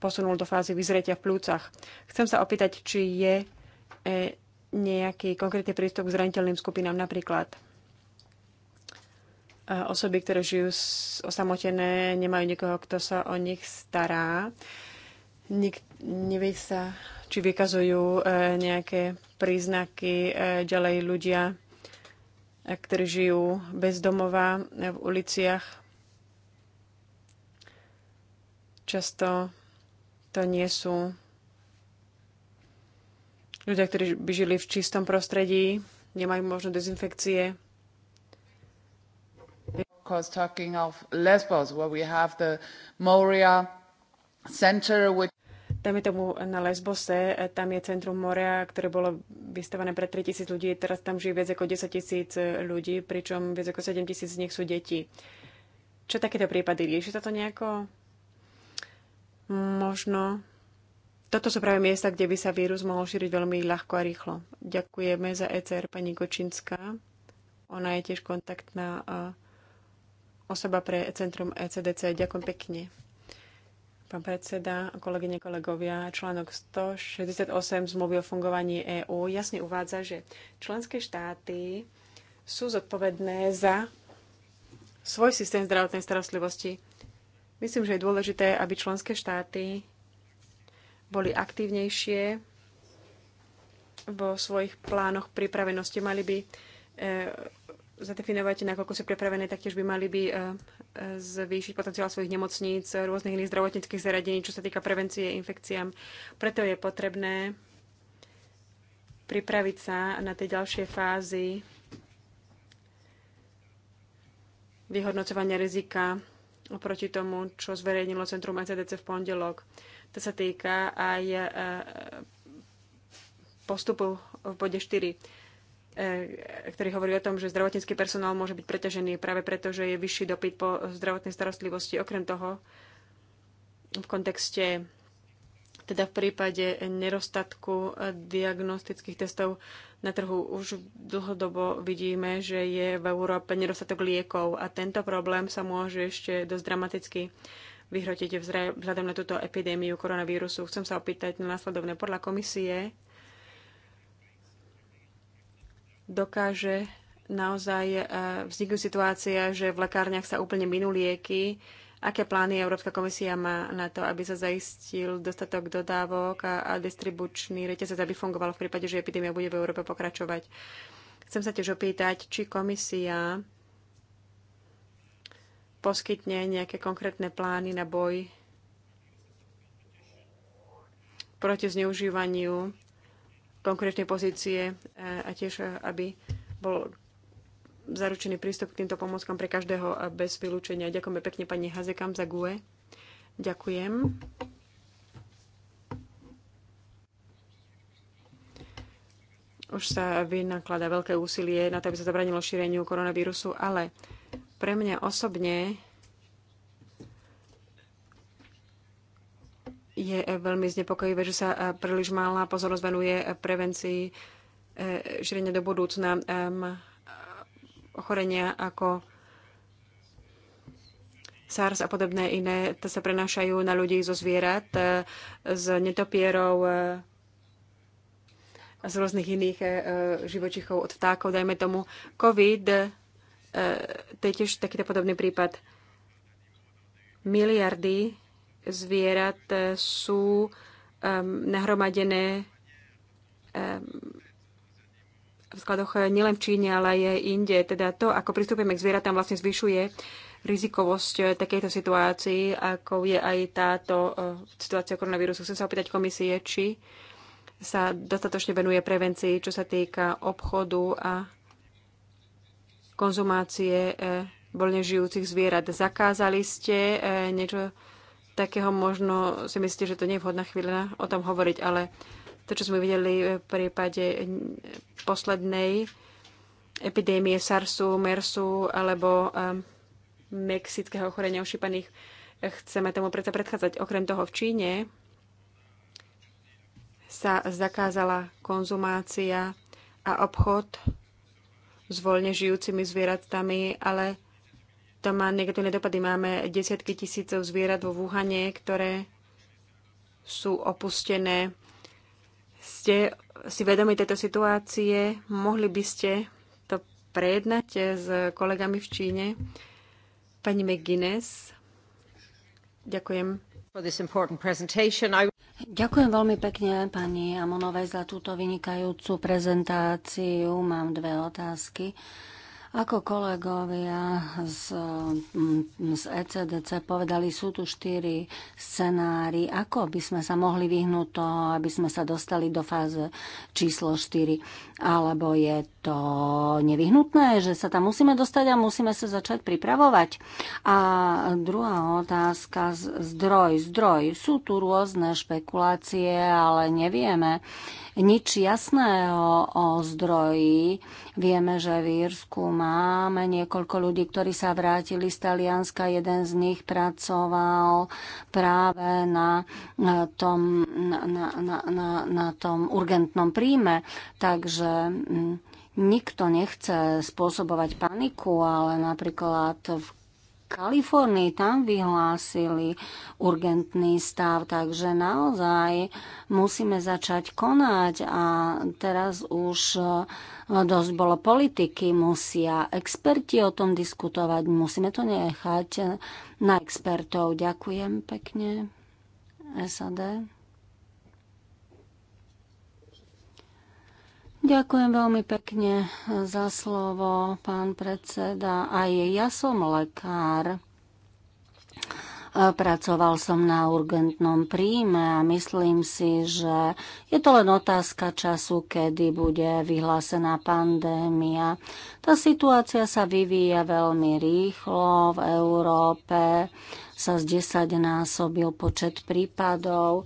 posunul do fázy vyzretia v plúcach. Chcem sa opýtať, či je e, nejaký konkrétny prístup k zraniteľným skupinám, napríklad e, osoby, ktoré žijú osamotené, nemajú nikoho, kto sa o nich stará. Nik, nevie sa, či vykazujú e, nejaké príznaky ďalej ľudia, ktorí žijú bez domova v uliciach. Často to nie sú ľudia, ktorí by žili v čistom prostredí, nemajú možno dezinfekcie. Of talking of Lesbos, where we have the Moria Center, which tomu na Lesbose, tam je centrum moria, ktoré bolo vystavané pre 3000 ľudí, teraz tam žije viac ako 10 tisíc ľudí, pričom viac ako 7 tisíc z nich sú deti. Čo takéto prípady? Rieši sa to nejako? Možno toto sú práve miesta, kde by sa vírus mohol šíriť veľmi ľahko a rýchlo. Ďakujeme za ECR pani Kočinská. Ona je tiež kontaktná osoba pre Centrum ECDC. Ďakujem pekne. Pán predseda, kolegyne, kolegovia, článok 168 zmluvy o fungovaní EÚ jasne uvádza, že členské štáty sú zodpovedné za svoj systém zdravotnej starostlivosti Myslím, že je dôležité, aby členské štáty boli aktívnejšie vo svojich plánoch pripravenosti. Mali by e, zadefinovať, nakoľko sú pripravené, taktiež by mali by e, e, zvýšiť potenciál svojich nemocníc, rôznych iných zdravotníckých zariadení, čo sa týka prevencie infekciám. Preto je potrebné pripraviť sa na tie ďalšie fázy vyhodnocovania rizika oproti tomu, čo zverejnilo Centrum ECDC v pondelok. To sa týka aj e, postupu v bode 4, e, ktorý hovorí o tom, že zdravotnícky personál môže byť preťažený práve preto, že je vyšší dopyt po zdravotnej starostlivosti. Okrem toho, v kontexte teda v prípade nerostatku diagnostických testov na trhu už dlhodobo vidíme, že je v Európe nedostatok liekov a tento problém sa môže ešte dosť dramaticky vyhrotiť vzhľadom na túto epidémiu koronavírusu. Chcem sa opýtať na následovné. Podľa komisie dokáže naozaj eh, vzniknú situácia, že v lekárniach sa úplne minú lieky, Aké plány Európska komisia má na to, aby sa zaistil dostatok dodávok a, a distribučný reťazec, aby fungoval v prípade, že epidémia bude v Európe pokračovať? Chcem sa tiež opýtať, či komisia poskytne nejaké konkrétne plány na boj proti zneužívaniu konkrétnej pozície a tiež, aby bol zaručený prístup k týmto pomôckam pre každého bez vylúčenia. Ďakujeme pekne pani Hazekam za GUE. Ďakujem. Už sa vynaklada veľké úsilie na to, aby sa zabranilo šíreniu koronavírusu, ale pre mňa osobne je veľmi znepokojivé, že sa príliš malá pozornosť venuje prevencii eh, šírenia do budúcna ehm, ochorenia ako SARS a podobné iné, to sa prenášajú na ľudí zo zvierat, e, z netopierov, e, z rôznych iných e, živočichov od vtákov, dajme tomu COVID, to je tiež takýto podobný prípad. Miliardy zvierat sú nahromadené v skladoch eh, nielen v Číne, ale aj inde. Teda to, ako pristupujeme k zvieratám, vlastne zvyšuje rizikovosť eh, takejto situácii, ako je aj táto eh, situácia koronavírusu. Chcem sa opýtať komisie, či sa dostatočne venuje prevencii, čo sa týka obchodu a konzumácie voľne žijúcich zvierat. Zakázali ste niečo takého, možno si myslíte, že to nie je vhodná chvíľa o tom hovoriť, ale to, čo sme videli v prípade poslednej epidémie SARSu, MERSu alebo ehm, mexického ochorenia ošípaných, chceme tomu predsa predchádzať. Okrem toho v Číne sa zakázala konzumácia a obchod s voľne žijúcimi zvieratami, ale to má negatívne dopady. Máme desiatky tisícov zvierat vo Vúhane, ktoré sú opustené ste si vedomi tejto situácie, mohli by ste to prejednať s kolegami v Číne. Pani McGuinness, ďakujem. Ďakujem veľmi pekne pani Amonovej za túto vynikajúcu prezentáciu. Mám dve otázky. Ako kolegovia z, mm, z ECDC povedali, sú tu štyri scenári, ako by sme sa mohli vyhnúť to, aby sme sa dostali do fáze číslo 4. Alebo je to nevyhnutné, že sa tam musíme dostať a musíme sa začať pripravovať. A druhá otázka, zdroj, zdroj. Sú tu rôzne špekulácie, ale nevieme, nič jasného o zdroji. Vieme, že v Írsku máme niekoľko ľudí, ktorí sa vrátili z Talianska. Jeden z nich pracoval práve na tom, na, na, na, na tom urgentnom príjme. Takže mm, nikto nechce spôsobovať paniku, ale napríklad v Kalifornii, tam vyhlásili urgentný stav, takže naozaj musíme začať konať a teraz už eh, dosť bolo politiky, musia experti o tom diskutovať, musíme to nechať eh, na expertov. Ďakujem pekne. SAD. Ďakujem veľmi pekne za slovo, pán predseda. Aj ja som lekár. Pracoval som na urgentnom príjme a myslím si, že je to len otázka času, kedy bude vyhlásená pandémia. Tá situácia sa vyvíja veľmi rýchlo. V Európe sa z 10 násobil počet prípadov.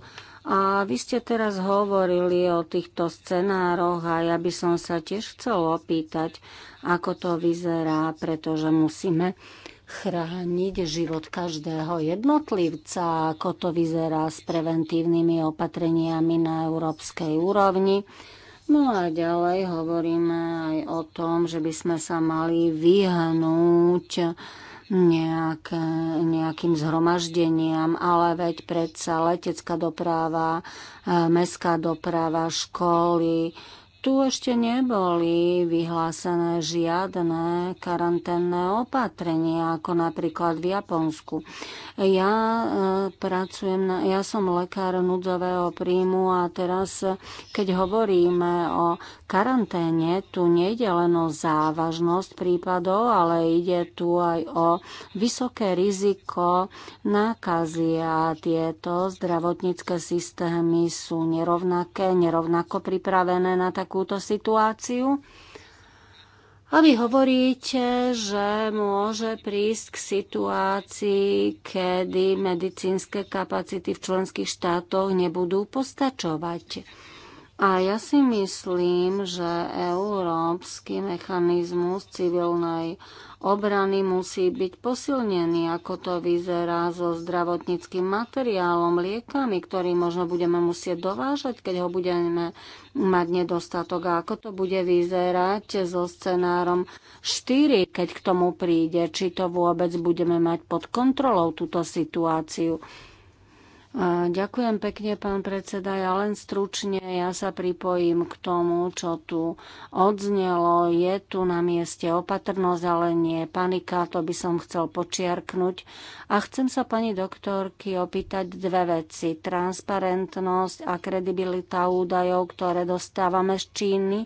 A vy ste teraz hovorili o týchto scenároch a ja by som sa tiež chcel opýtať, ako to vyzerá, pretože musíme chrániť život každého jednotlivca, ako to vyzerá s preventívnymi opatreniami na európskej úrovni. No a ďalej hovoríme aj o tom, že by sme sa mali vyhnúť nejak, nejakým zhromaždeniam, ale veď predsa letecká doprava, eh, mestská doprava, školy, tu ešte neboli vyhlásené žiadne karanténne opatrenia, ako napríklad v Japonsku. Ja e, pracujem, na, ja som lekár núdzového príjmu a teraz, e, keď hovoríme o karanténe, tu nejde len o závažnosť prípadov, ale ide tu aj o vysoké riziko nákazy a tieto zdravotnícke systémy sú nerovnaké, nerovnako pripravené na tak takúto situáciu. A vy hovoríte, že môže prísť k situácii, kedy medicínske kapacity v členských štátoch nebudú postačovať. A ja si myslím, že európsky mechanizmus civilnej obrany musí byť posilnený, ako to vyzerá so zdravotníckým materiálom, liekami, ktorý možno budeme musieť dovážať, keď ho budeme mať nedostatok. A ako to bude vyzerať so scenárom 4, keď k tomu príde, či to vôbec budeme mať pod kontrolou túto situáciu. Ďakujem pekne, pán predseda. Ja len stručne, ja sa pripojím k tomu, čo tu odznelo. Je tu na mieste opatrnosť, ale nie panika, to by som chcel počiarknúť. A chcem sa pani doktorky opýtať dve veci. Transparentnosť a kredibilita údajov, ktoré dostávame z Číny.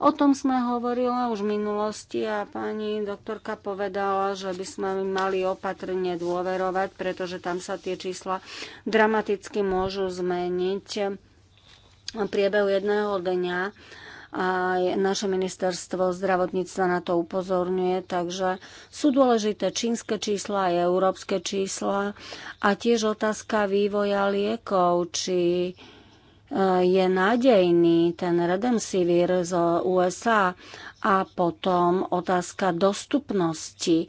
O tom sme hovorila už v minulosti a pani doktorka povedala, že by sme mali opatrne dôverovať, pretože tam sa tie čísla dramaticky dramaticky môžu zmeniť priebehu jedného dňa. A naše ministerstvo zdravotníctva na to upozorňuje, takže sú dôležité čínske čísla aj európske čísla a tiež otázka vývoja liekov, či e, je nádejný ten Redemsivir z USA a potom otázka dostupnosti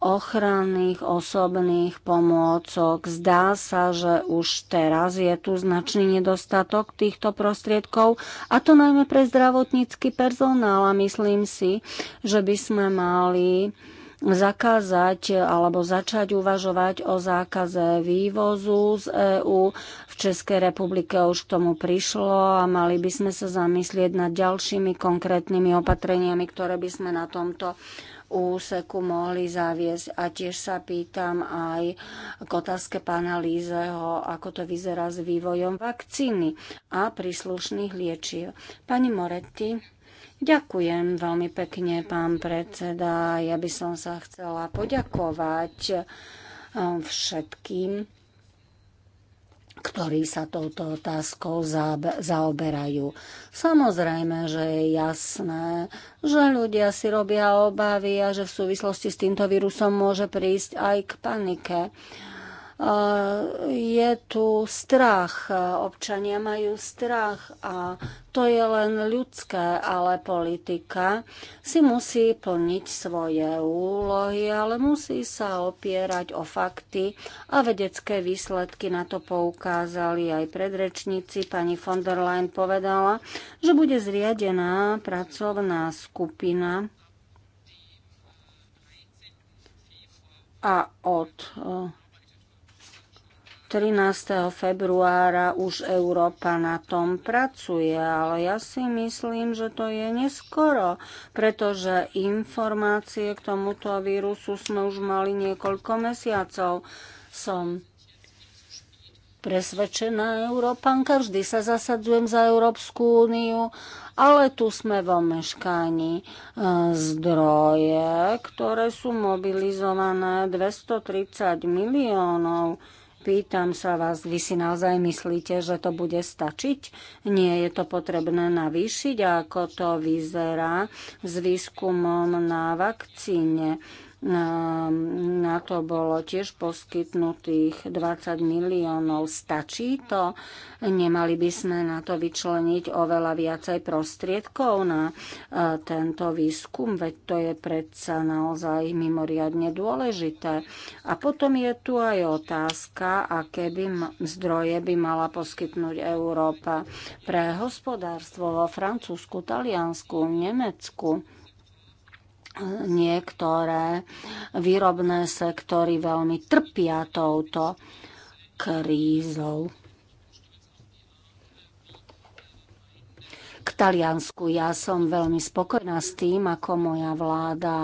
ochranných osobných pomôcok. Zdá sa, že už teraz je tu značný nedostatok týchto prostriedkov a to najmä pre zdravotnícky personál a myslím si, že by sme mali zakázať alebo začať uvažovať o zákaze vývozu z EÚ. V Českej republike už k tomu prišlo a mali by sme sa zamyslieť nad ďalšími konkrétnymi opatreniami, ktoré by sme na tomto úseku mohli zaviesť. A tiež sa pýtam aj k otázke pána Lízeho, ako to vyzerá s vývojom vakcíny a príslušných liečiv. Pani Moretti. Ďakujem veľmi pekne, pán predseda. Ja by som sa chcela poďakovať um, všetkým ktorí sa touto otázkou zaoberajú. Samozrejme, že je jasné, že ľudia si robia obavy a že v súvislosti s týmto vírusom môže prísť aj k panike. Eh, je tu strach. Občania majú strach a to je len ľudské, ale politika si musí plniť svoje úlohy, ale musí sa opierať o fakty a vedecké výsledky na to poukázali aj predrečníci. Pani von der Leyen povedala, že bude zriadená pracovná skupina a od eh, 13. februára už Európa na tom pracuje, ale ja si myslím, že to je neskoro, pretože informácie k tomuto vírusu sme už mali niekoľko mesiacov. Som presvedčená Európanka, vždy sa zasadzujem za Európsku úniu, ale tu sme vo meškaní. E, zdroje, ktoré sú mobilizované, 230 miliónov, Pýtam sa vás, vy si naozaj myslíte, že to bude stačiť? Nie je to potrebné navýšiť? ako to vyzerá s výskumom na vakcíne? Na, na to bolo tiež poskytnutých 20 miliónov. Stačí to? Nemali by sme na to vyčleniť oveľa viacej prostriedkov na e, tento výskum, veď to je predsa naozaj mimoriadne dôležité. A potom je tu aj otázka, aké by zdroje by mala poskytnúť Európa pre hospodárstvo vo Francúzsku, Taliansku, Nemecku niektoré výrobné sektory veľmi trpia touto krízou. K Taliansku ja som veľmi spokojná s tým, ako moja vláda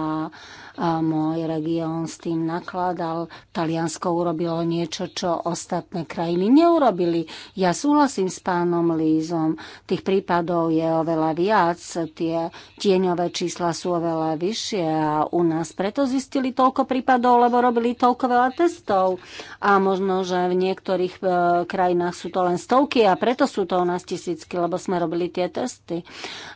a môj región s tým nakladal. Taliansko urobilo niečo, čo ostatné krajiny neurobili. Ja súhlasím s pánom Lízom. Tých prípadov je oveľa viac. Tie tieňové čísla sú oveľa vyššie a u nás preto zistili toľko prípadov, lebo robili toľko veľa testov. A možno, že v niektorých e, krajinách sú to len stovky a preto sú to u nás tisícky, lebo sme robili tie testy.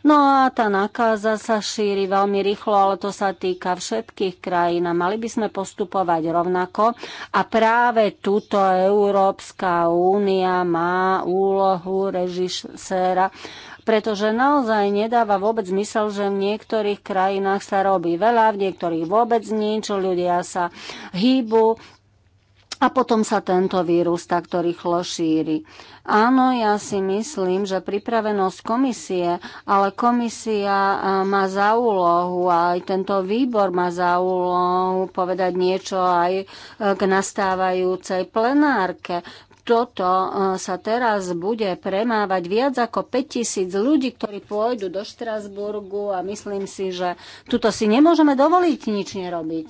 No a tá nákaza sa šíri veľmi rýchlo, ale to sa týka všetkých všetkých krajín a mali by sme postupovať rovnako. A práve túto Európska únia má úlohu režiséra pretože naozaj nedáva vôbec zmysel, že v niektorých krajinách sa robí veľa, v niektorých vôbec nič, ľudia sa hýbu a potom sa tento vírus takto rýchlo šíri. Áno, ja si myslím, že pripravenosť komisie, ale komisia má za úlohu, aj tento výbor má za úlohu povedať niečo aj e, k nastávajúcej plenárke toto e, sa teraz bude premávať viac ako 5000 ľudí, ktorí pôjdu do Štrasburgu a myslím si, že tuto si nemôžeme dovoliť nič nerobiť.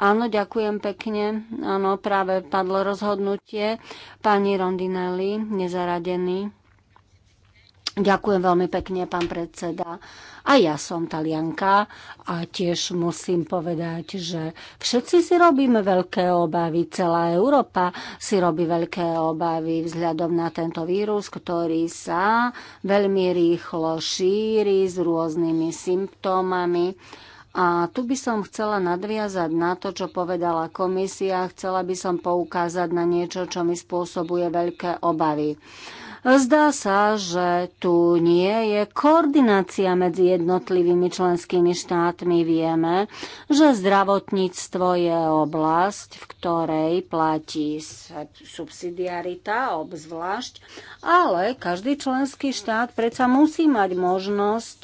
Áno, ďakujem pekne. Áno, práve padlo rozhodnutie. Pani Rondinelli, nezaradený. Ďakujem veľmi pekne, pán predseda. A ja som talianka a tiež musím povedať, že všetci si robíme veľké obavy, celá Európa si robí veľké obavy vzhľadom na tento vírus, ktorý sa veľmi rýchlo šíri s rôznymi symptómami. A tu by som chcela nadviazať na to, čo povedala komisia. Chcela by som poukázať na niečo, čo mi spôsobuje veľké obavy. Zdá sa, že tu nie je koordinácia medzi jednotlivými členskými štátmi. Vieme, že zdravotníctvo je oblasť, v ktorej platí subsidiarita obzvlášť, ale každý členský štát predsa musí mať možnosť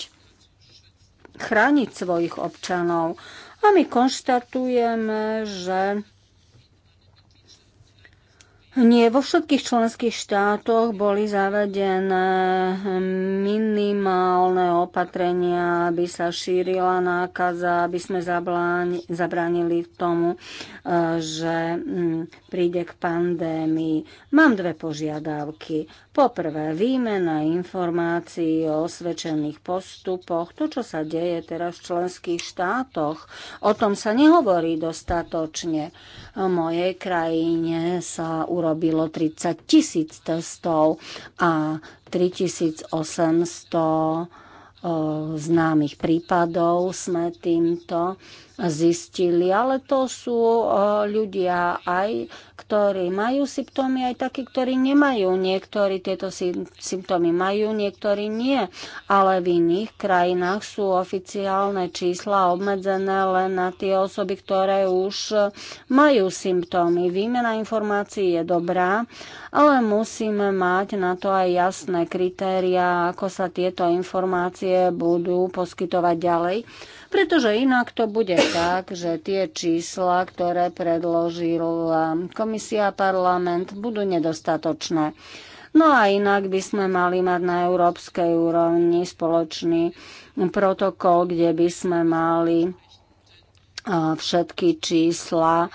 chrániť svojich občanov. A my konštatujeme, že nie, vo všetkých členských štátoch boli zavedené minimálne opatrenia, aby sa šírila nákaza, aby sme zabránili tomu, e, že mm, príde k pandémii. Mám dve požiadavky. Poprvé, výmena informácií o osvedčených postupoch, to, čo sa deje teraz v členských štátoch, o tom sa nehovorí dostatočne. V mojej krajine sa urobí urobilo 30 tisíc testov a 3800 eh, známych prípadov sme týmto zistili, ale to sú eh, ľudia aj, ktorí majú symptómy, aj takí, ktorí nemajú. Niektorí tieto symptómy majú, niektorí nie. Ale v iných krajinách sú oficiálne čísla obmedzené len na tie osoby, ktoré už eh, majú symptómy. Výmena informácií je dobrá, ale musíme mať na to aj jasné kritéria, ako sa tieto informácie budú poskytovať ďalej pretože inak to bude tak, že tie čísla, ktoré predložila komisia a parlament, budú nedostatočné. No a inak by sme mali mať na európskej úrovni spoločný protokol, kde by sme mali všetky čísla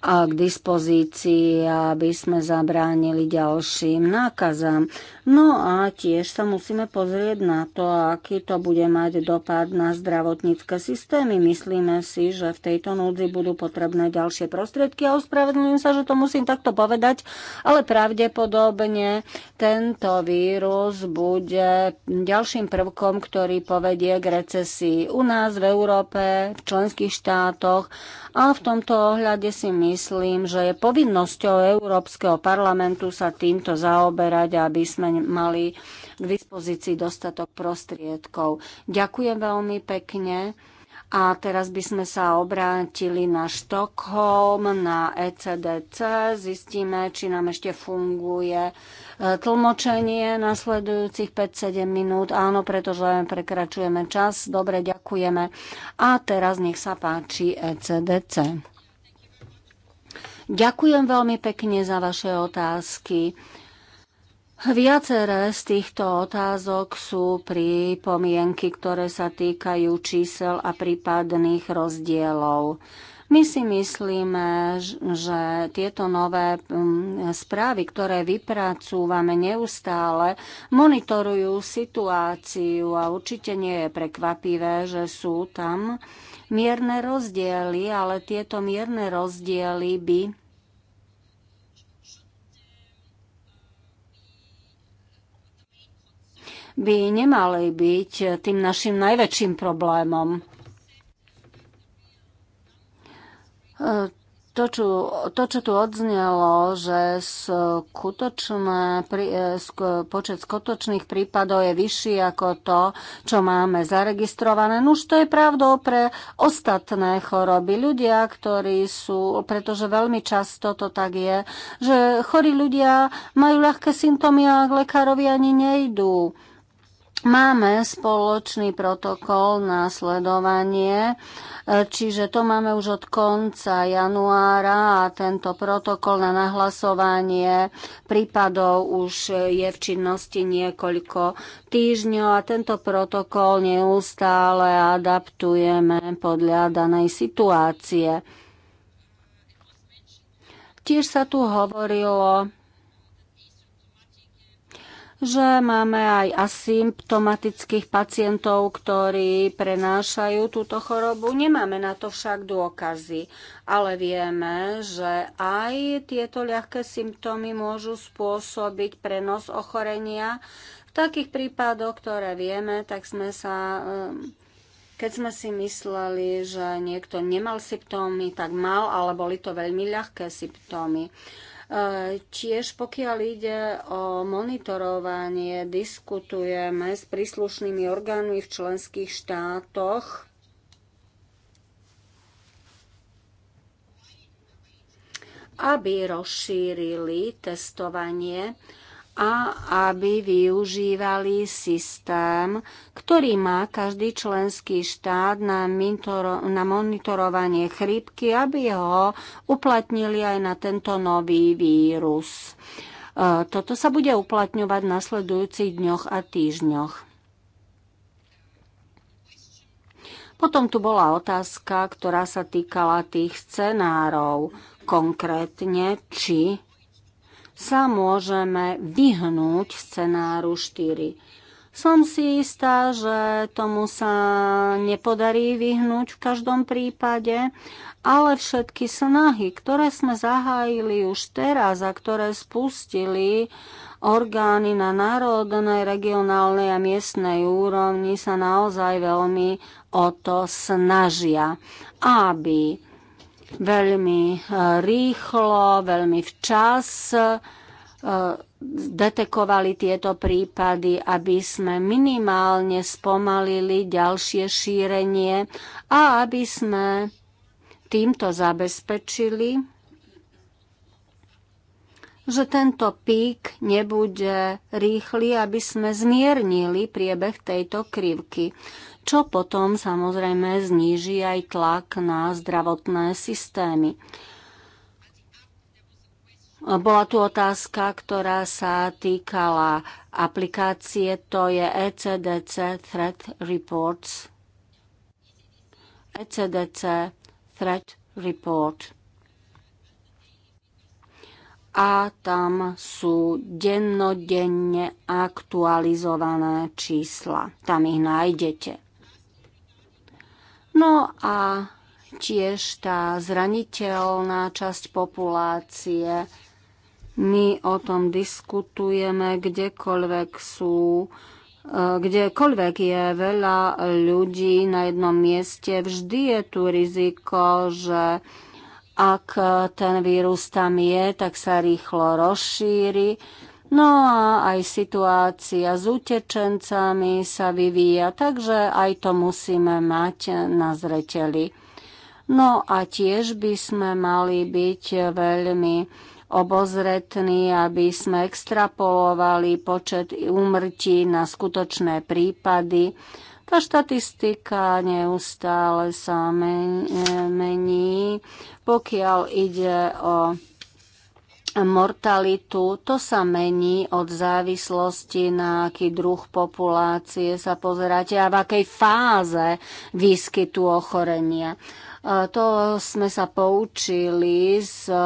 k dispozícii, aby sme zabránili ďalším nákazám. No a tiež sa musíme pozrieť na to, aký to bude mať dopad na zdravotnícke systémy. Myslíme si, že v tejto núdzi budú potrebné ďalšie prostriedky a ospravedlňujem sa, že to musím takto povedať, ale pravdepodobne tento vírus bude ďalším prvkom, ktorý povedie k recesii u nás v Európe, v členských štátoch a v tomto ohľade si myslím, že je povinnosťou Európskeho parlamentu sa týmto zaoberať, aby sme mali k dispozícii dostatok prostriedkov. Ďakujem veľmi pekne. A teraz by sme sa obrátili na Štokholm, na ECDC. Zistíme, či nám ešte funguje e, tlmočenie nasledujúcich 5-7 minút. Áno, pretože prekračujeme čas. Dobre, ďakujeme. A teraz nech sa páči ECDC. Ďakujem veľmi pekne za vaše otázky. Viaceré z týchto otázok sú pripomienky, ktoré sa týkajú čísel a prípadných rozdielov. My si myslíme, že tieto nové mm, správy, ktoré vypracúvame neustále, monitorujú situáciu a určite nie je prekvapivé, že sú tam mierne rozdiely, ale tieto mierne rozdiely by by nemali byť tým našim najväčším problémom. E, to čo, to, čo tu odznelo, že skutočné, e, počet skutočných prípadov je vyšší ako to, čo máme zaregistrované. No už to je pravdou pre ostatné choroby. Ľudia, ktorí sú, pretože veľmi často to tak je, že chorí ľudia majú ľahké symptómy a k lekárovi ani nejdú. Máme spoločný protokol na sledovanie, e, čiže to máme už od konca januára a tento protokol na nahlasovanie prípadov už je v činnosti niekoľko týždňov a tento protokol neustále adaptujeme podľa danej situácie. Tiež sa tu hovorilo že máme aj asymptomatických pacientov, ktorí prenášajú túto chorobu. Nemáme na to však dôkazy, ale vieme, že aj tieto ľahké symptómy môžu spôsobiť prenos ochorenia. V takých prípadoch, ktoré vieme, tak sme sa ehm, keď sme si mysleli, že niekto nemal symptómy, tak mal, ale boli to veľmi ľahké symptómy. Tiež pokiaľ ide o monitorovanie, diskutujeme s príslušnými orgánmi v členských štátoch aby rozšírili testovanie a aby využívali systém, ktorý má každý členský štát na, monitorovanie chrípky, aby ho uplatnili aj na tento nový vírus. E, toto sa bude uplatňovať v nasledujúcich dňoch a týždňoch. Potom tu bola otázka, ktorá sa týkala tých scenárov, konkrétne či sa môžeme vyhnúť scenáru 4. Som si istá, že tomu sa nepodarí vyhnúť v každom prípade, ale všetky snahy, ktoré sme zahájili už teraz a ktoré spustili orgány na národnej, regionálnej a miestnej úrovni, sa naozaj veľmi o to snažia, aby veľmi e, rýchlo, veľmi včas e, detekovali tieto prípady, aby sme minimálne spomalili ďalšie šírenie a aby sme týmto zabezpečili, že tento pík nebude rýchly, aby sme zmiernili priebeh tejto krivky čo potom samozrejme zníži aj tlak na zdravotné systémy. Bola tu otázka, ktorá sa týkala aplikácie, to je ECDC Threat Reports. ECDC Threat Report. A tam sú dennodenne aktualizované čísla. Tam ich nájdete. No a tiež tá zraniteľná časť populácie. My o tom diskutujeme, kdekoľvek sú, e, kdekoľvek je veľa ľudí na jednom mieste, vždy je tu riziko, že ak ten vírus tam je, tak sa rýchlo rozšíri No a aj situácia s utečencami sa vyvíja, takže aj to musíme mať na zreteli. No a tiež by sme mali byť veľmi obozretní, aby sme extrapolovali počet úmrtí na skutočné prípady. Tá štatistika neustále sa mení, pokiaľ ide o mortalitu, to sa mení od závislosti na aký druh populácie sa pozeráte a v akej fáze výskytu ochorenia. E, to sme sa poučili z e,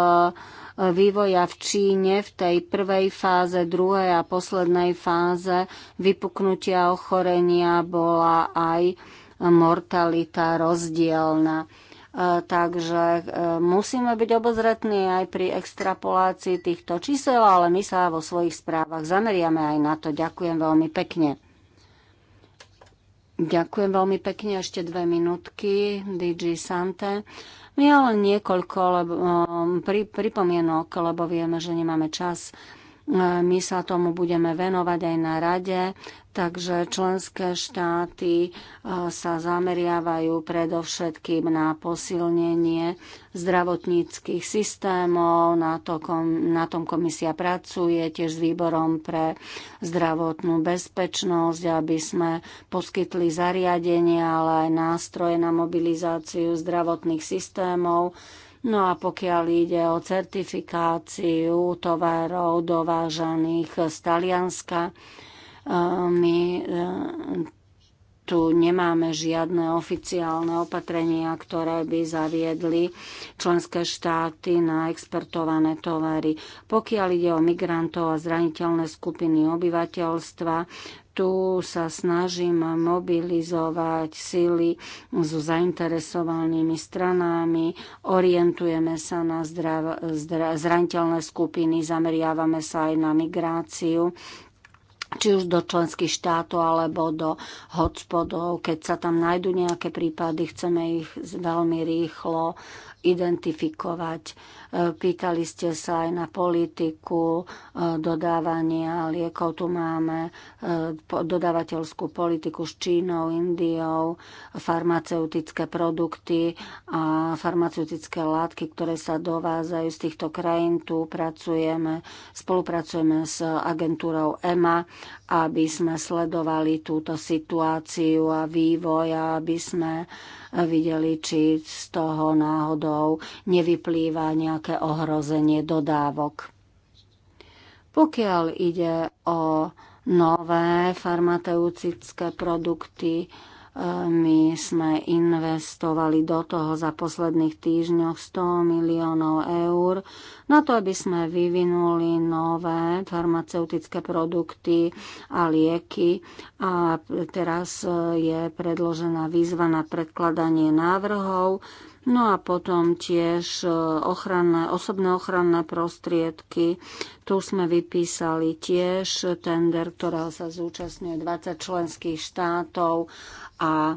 vývoja v Číne v tej prvej fáze, druhej a poslednej fáze vypuknutia ochorenia bola aj mortalita rozdielna takže e, musíme byť obozretní aj pri extrapolácii týchto čísel, ale my sa vo svojich správach zameriame aj na to. Ďakujem veľmi pekne. Ďakujem veľmi pekne, ešte dve minútky, DG Sante. My len niekoľko lebo, e, pri, pripomienok, lebo vieme, že nemáme čas. Uh, E, my sa tomu budeme venovať aj na rade, takže členské štáty e, sa zameriavajú predovšetkým na posilnenie zdravotníckých systémov, na, to, na tom komisia pracuje tiež s výborom pre zdravotnú bezpečnosť, aby sme poskytli zariadenie, ale aj nástroje na mobilizáciu zdravotných systémov No a pokiaľ ide o certifikáciu tovarov dovážaných z Talianska, e, my e, tu nemáme žiadne oficiálne opatrenia, ktoré by zaviedli členské štáty na exportované tovary. Pokiaľ ide o migrantov a zraniteľné skupiny obyvateľstva, tu sa snažím mobilizovať sily so zainteresovanými stranami, orientujeme sa na zdrav, zdra, zraniteľné skupiny, zameriavame sa aj na migráciu či už do členských štátov alebo do hotspodov. Keď sa tam nájdú nejaké prípady, chceme ich veľmi rýchlo identifikovať Pýtali ste sa aj na politiku e, dodávania liekov. Tu máme e, dodávateľskú politiku s Čínou, Indiou, farmaceutické produkty a farmaceutické látky, ktoré sa dovázajú z týchto krajín. Tu pracujeme, spolupracujeme s agentúrou EMA, aby sme sledovali túto situáciu a vývoj, aby sme videli, či z toho náhodou nevyplýva nejaká veľké ohrozenie dodávok. Pokiaľ ide o nové farmaceutické produkty, e, my sme investovali do toho za posledných týždňoch 100 miliónov eur na to, aby sme vyvinuli nové farmaceutické produkty a lieky. A teraz e, je predložená výzva na predkladanie návrhov No a potom tiež e, ochranné, osobné ochranné prostriedky. Tu sme vypísali tiež tender, ktorého sa zúčastňuje 20 členských štátov a e,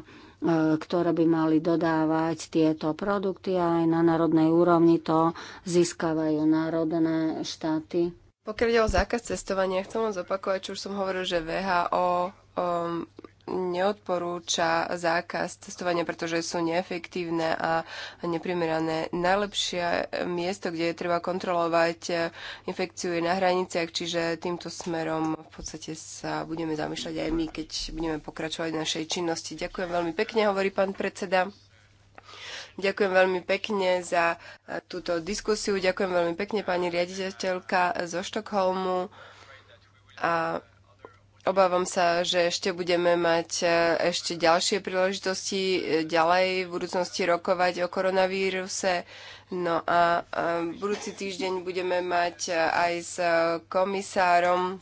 ktoré by mali dodávať tieto produkty a aj na národnej úrovni to získavajú národné štáty. Pokiaľ ide o zákaz cestovania, chcem len zopakovať, čo už som hovoril, že VHO um, neodporúča zákaz cestovania, pretože sú neefektívne a neprimerané. Najlepšie miesto, kde je treba kontrolovať infekciu je na hraniciach, čiže týmto smerom v podstate sa budeme zamýšľať aj my, keď budeme pokračovať v našej činnosti. Ďakujem veľmi pekne, hovorí pán predseda. Ďakujem veľmi pekne za túto diskusiu. Ďakujem veľmi pekne pani riaditeľka zo Štokholmu. A Obávam sa, že ešte budeme mať e, ešte ďalšie príležitosti e, ďalej v budúcnosti rokovať o koronavíruse. No a v e, budúci týždeň budeme mať aj s komisárom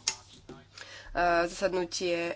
zasadnutie